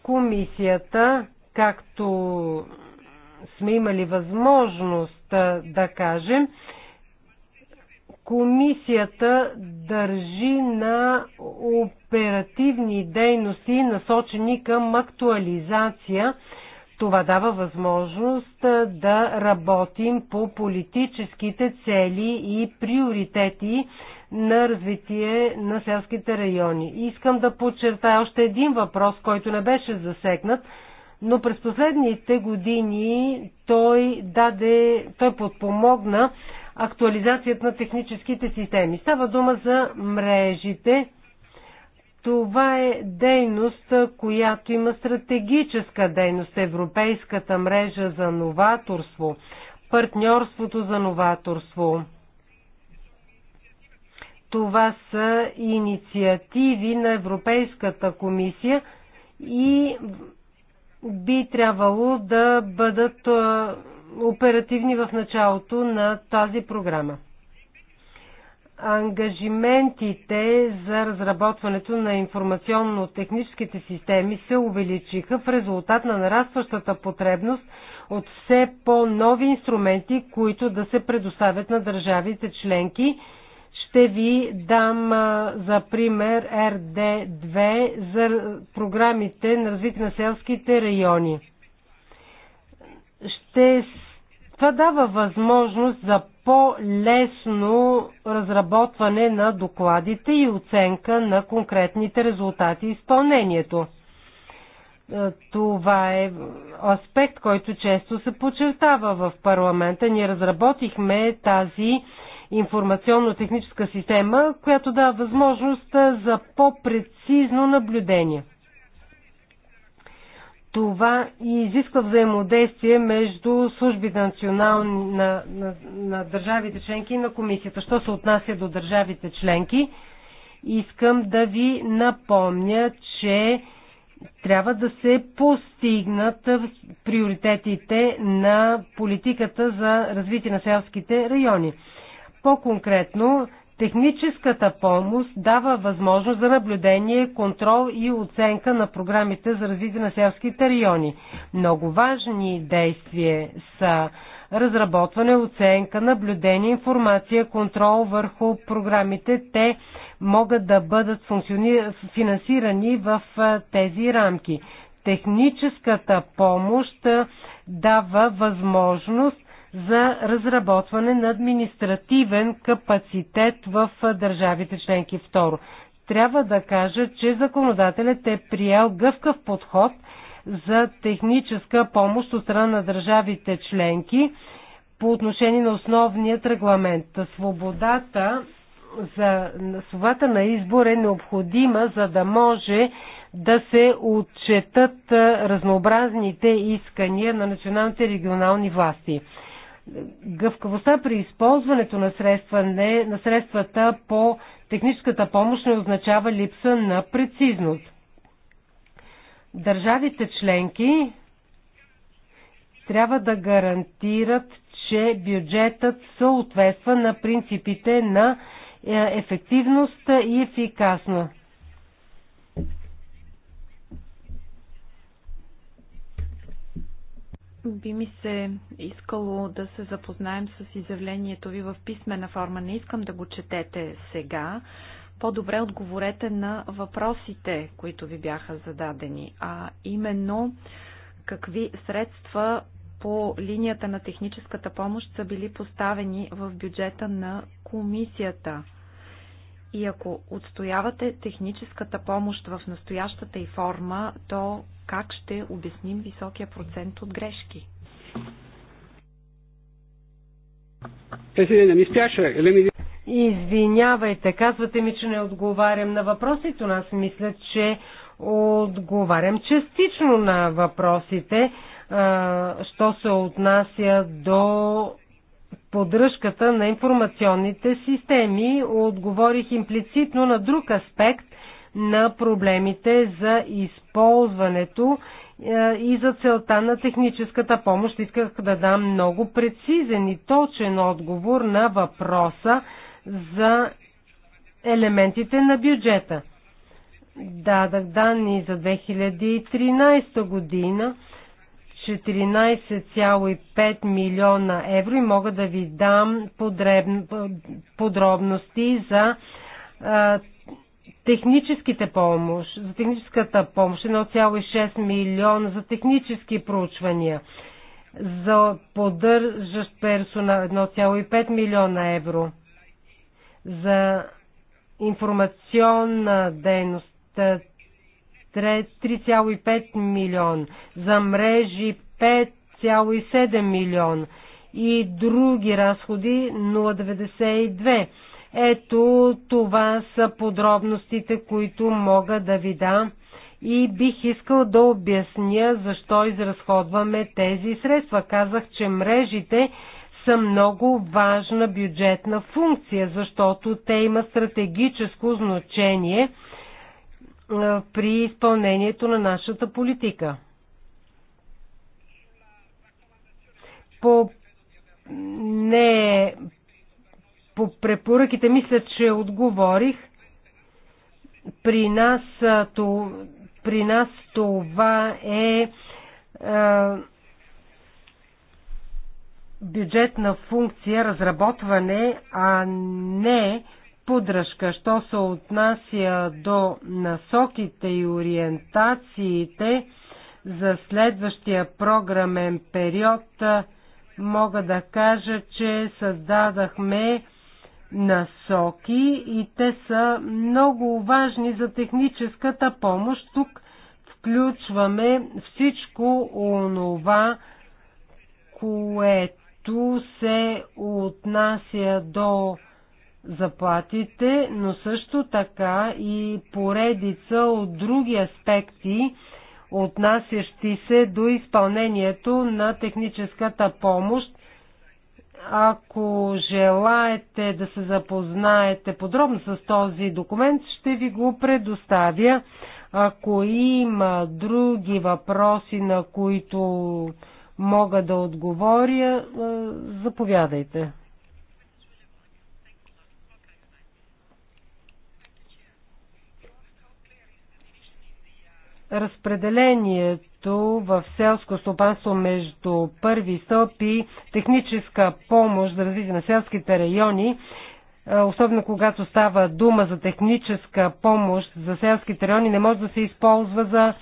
Комисията, както сме имали възможност е, да кажем, Комисията държи на оперативни дейности, насочени към актуализация. Това дава възможност да работим по политическите цели и приоритети на развитие на селските райони. Искам да подчертая още един въпрос, който не беше засегнат, но през последните години той даде, той подпомогна актуализацията на техническите системи. Става дума за мрежите. Това е дейност, която има стратегическа дейност. Европейската мрежа за новаторство, партньорството за новаторство. Това са инициативи на Европейската комисия и би трябвало да бъдат оперативни в началото на тази програма. Ангажиментите за разработването на информационно-техническите системи се увеличиха в резултат на нарастващата потребност от все по-нови инструменти, които да се предоставят на държавите членки. Ще ви дам за пример РД2 за програмите на развитие на селските райони ще това дава възможност за по-лесно разработване на докладите и оценка на конкретните резултати и изпълнението. Е, това е аспект, който често се подчертава в парламента. Ние разработихме тази информационно-техническа система, която дава възможност за по-прецизно наблюдение. Това изисква взаимодействие между службите национални, на, на, на държавите членки и на комисията. Що се отнася до държавите членки, искам да ви напомня, че трябва да се постигнат приоритетите на политиката за развитие на селските райони. По-конкретно, Техническата помощ дава възможност за наблюдение, контрол и оценка на програмите за развитие на селските райони. Много важни действия са разработване, оценка, наблюдение, информация, контрол върху програмите. Те могат да бъдат финансирани в тези рамки. Техническата помощ дава възможност за разработване на административен капацитет в държавите членки. Второ, трябва да кажа, че законодателят е приял гъвкав подход за техническа помощ от страна на държавите членки по отношение на основният регламент. Свободата за свободата на избор е необходима, за да може да се отчетат разнообразните искания на националните и регионални власти. Гъвкавостта при използването на, средства не, на средствата по техническата помощ не означава липса на прецизност. Държавите членки трябва да гарантират, че бюджетът съответства на принципите на е, ефективност и ефикасност. би ми се искало да се запознаем с изявлението ви в писмена форма. Не искам да го четете сега. По-добре отговорете на въпросите, които ви бяха зададени, а именно какви средства по линията на техническата помощ са били поставени в бюджета на комисията. И ако отстоявате техническата помощ в настоящата й форма, то как ще обясним високия процент от грешки? ми Извинявайте, казвате ми, че не отговарям на въпросите, аз мисля, че отговарям частично на въпросите, що се отнася до поддръжката на информационните системи. Отговорих имплицитно на друг аспект на проблемите за използването е, и за целта на техническата помощ. Исках да дам много прецизен и точен отговор на въпроса за елементите на бюджета. Дадах данни за 2013 година 14,5 милиона евро и мога да ви дам подреб... подробности за а, техническите помощ, за техническата помощ 1,6 милиона за технически проучвания, за поддържащ персонал 1,5 милиона евро, за информационна дейност 3,5 милион, за мрежи 5,7 милион и други разходи 0,92. Ето това са подробностите, които мога да ви дам и бих искал да обясня защо изразходваме тези средства. Казах, че мрежите са много важна бюджетна функция, защото те имат стратегическо значение – при изпълнението на нашата политика. По, не, по препоръките мисля, че отговорих. При нас, то, при нас това е, е бюджетна функция разработване, а не поддръжка. Що се отнася до насоките и ориентациите за следващия програмен период, мога да кажа, че създадахме насоки и те са много важни за техническата помощ. Тук включваме всичко онова, което се отнася до заплатите, но също така и поредица от други аспекти, отнасящи се до изпълнението на техническата помощ. Ако желаете да се запознаете подробно с този документ, ще ви го предоставя. Ако има други въпроси, на които мога да отговоря, е, заповядайте. разпределението в селско стопанство между първи стоп и техническа помощ за развитие на селските райони, е, особено когато става дума за техническа помощ за селските райони, не може да се използва за е,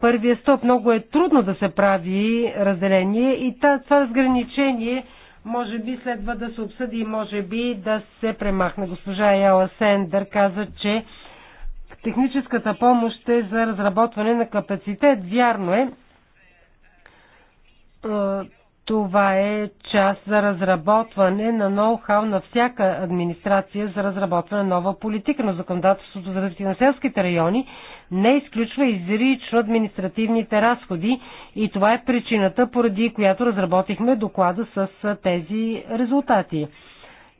първия стоп. Много е трудно да се прави разделение и това разграничение може би следва да се обсъди и може би да се премахне. Госпожа Яла Сендър каза, че Техническата помощ е за разработване на капацитет. Вярно е, това е част за разработване на ноу-хау на всяка администрация за разработване на нова политика, но законодателството за развитие на селските райони не изключва изрично административните разходи и това е причината, поради която разработихме доклада с тези резултати.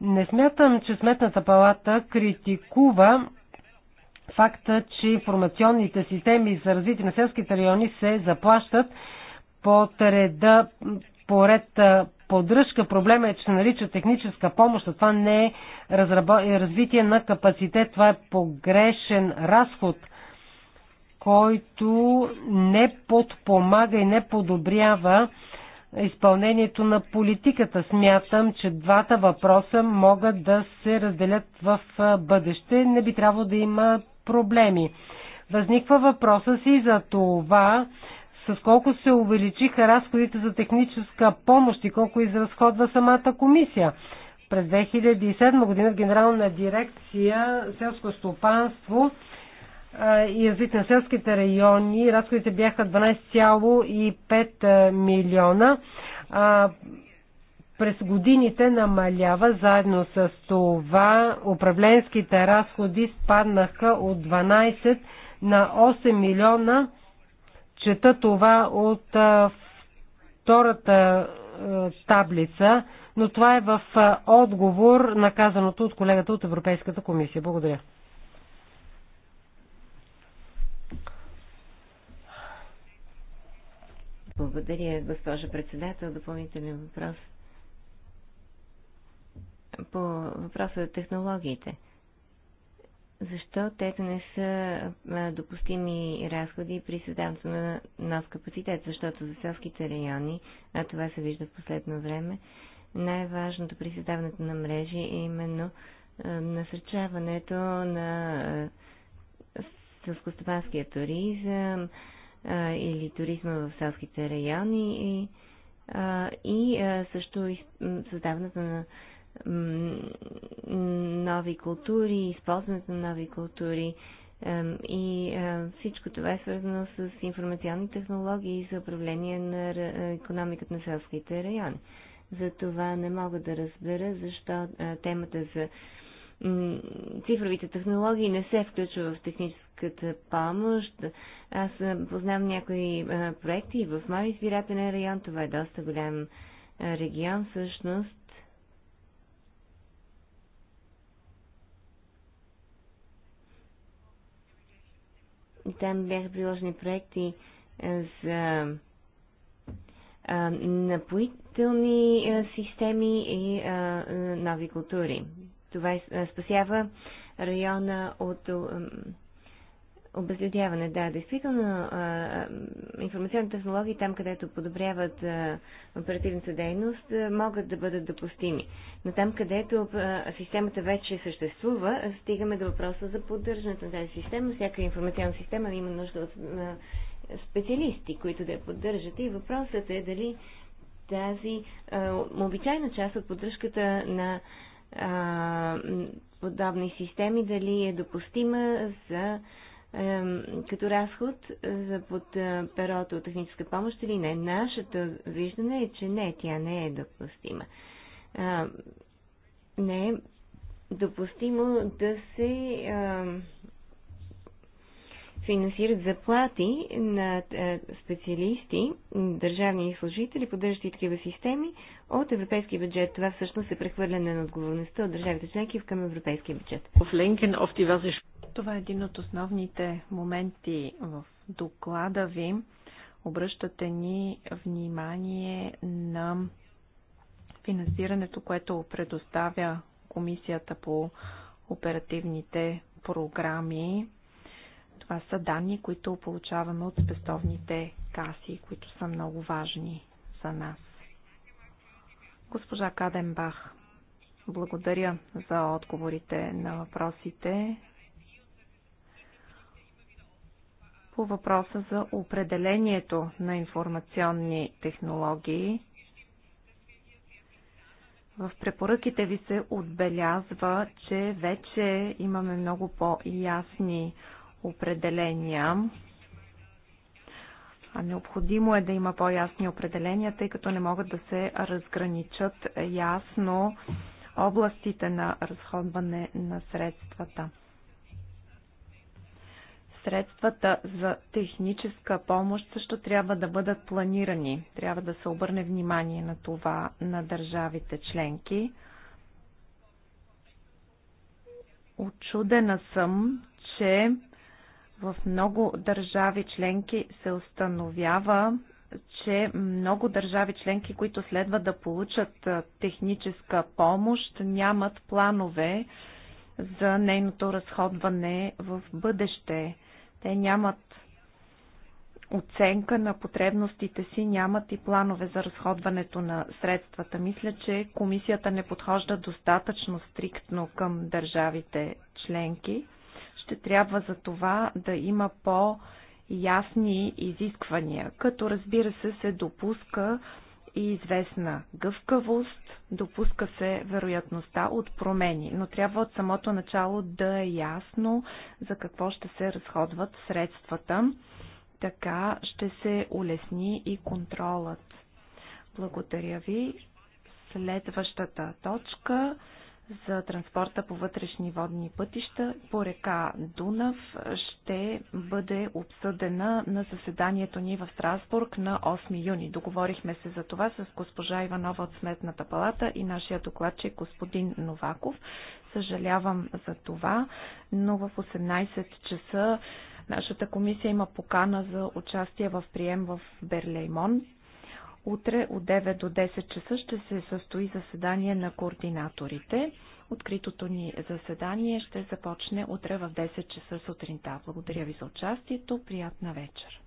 Не смятам, че Сметната палата критикува факта, че информационните системи за развитие на селските райони се заплащат по реда, по ред поддръжка. Проблема е, че се нарича техническа помощ, а това не е, е развитие на капацитет, това е погрешен разход, който не подпомага и не подобрява изпълнението на политиката. Смятам, че двата въпроса могат да се разделят в бъдеще. Не би трябвало да има проблеми. Възниква въпроса си за това, с колко се увеличиха разходите за техническа помощ и колко изразходва самата комисия. През 2007 година в Генерална дирекция селско стопанство и развит на селските райони разходите бяха 12,5 милиона, през годините намалява. Заедно с това управленските разходи спаднаха от 12 на 8 милиона. Чета това от втората таблица, но това е в отговор на казаното от колегата от Европейската комисия. Благодаря. Благодаря, госпожа председател. Допълнителен въпрос по въпроса за технологиите. Защо те не са допустими разходи при създаването на нов капацитет? Защото за селските райони, а това се вижда в последно време, най-важното при създаването на мрежи е именно насърчаването на селскостопанския туризъм или туризма в селските райони и, и също създаването на нови култури, използването на нови култури и е, всичко това е свързано с информационни технологии за управление на е, економиката на селските райони. За това не мога да разбера защо е, темата за цифровите технологии не се включва в техническата помощ. Аз познавам някои проекти в моят избирателен район. Това е доста голям регион всъщност Там бяха приложени проекти е, за е, напоителни е, системи и нови култури. Това спасява района от Обезлюдяване, да, действително информационни технологии там, където подобряват оперативната дейност, могат да бъдат допустими. Но там, където системата вече съществува, стигаме до въпроса за поддържането на тази система. Всяка информационна система има нужда от специалисти, които да я поддържат. И въпросът е дали тази обичайна част от поддръжката на подобни системи, дали е допустима за като разход е, за под е, перото от техническа помощ или не. Нашето виждане е, че не, тя не е допустима. Е, не е допустимо да се финансират заплати на специалисти, държавни служители, поддържащи такива системи от европейски бюджет. Това всъщност е прехвърляне на отговорността от държавите членки към европейския бюджет. Това е един от основните моменти в доклада ви. Обръщате ни внимание на финансирането, което предоставя Комисията по оперативните програми. Това са данни, които получаваме от спестовните каси, които са много важни за нас. Госпожа Каденбах, благодаря за отговорите на въпросите. по въпроса за определението на информационни технологии. В препоръките ви се отбелязва, че вече имаме много по-ясни определения. А необходимо е да има по-ясни определения, тъй като не могат да се разграничат ясно областите на разходване на средствата. Средствата за техническа помощ също трябва да бъдат планирани. Трябва да се обърне внимание на това на държавите членки. Очудена съм, че в много държави членки се установява, че много държави членки, които следва да получат техническа помощ, нямат планове за нейното разходване в бъдеще. Те нямат оценка на потребностите си, нямат и планове за разходването на средствата. Мисля, че комисията не подхожда достатъчно стриктно към държавите членки. Ще трябва за това да има по- ясни изисквания, като разбира се се допуска и известна гъвкавост, допуска се вероятността от промени, но трябва от самото начало да е ясно за какво ще се разходват средствата. Така ще се улесни и контролът. Благодаря ви. Следващата точка за транспорта по вътрешни водни пътища по река Дунав ще бъде обсъдена на заседанието ни в Страсбург на 8 юни. Договорихме се за това с госпожа Иванова от Сметната палата и нашия докладчик господин Новаков. Съжалявам за това, но в 18 часа Нашата комисия има покана за участие в прием в Берлеймон. Утре от 9 до 10 часа ще се състои заседание на координаторите. Откритото ни заседание ще започне утре в 10 часа сутринта. Благодаря ви за участието. Приятна вечер.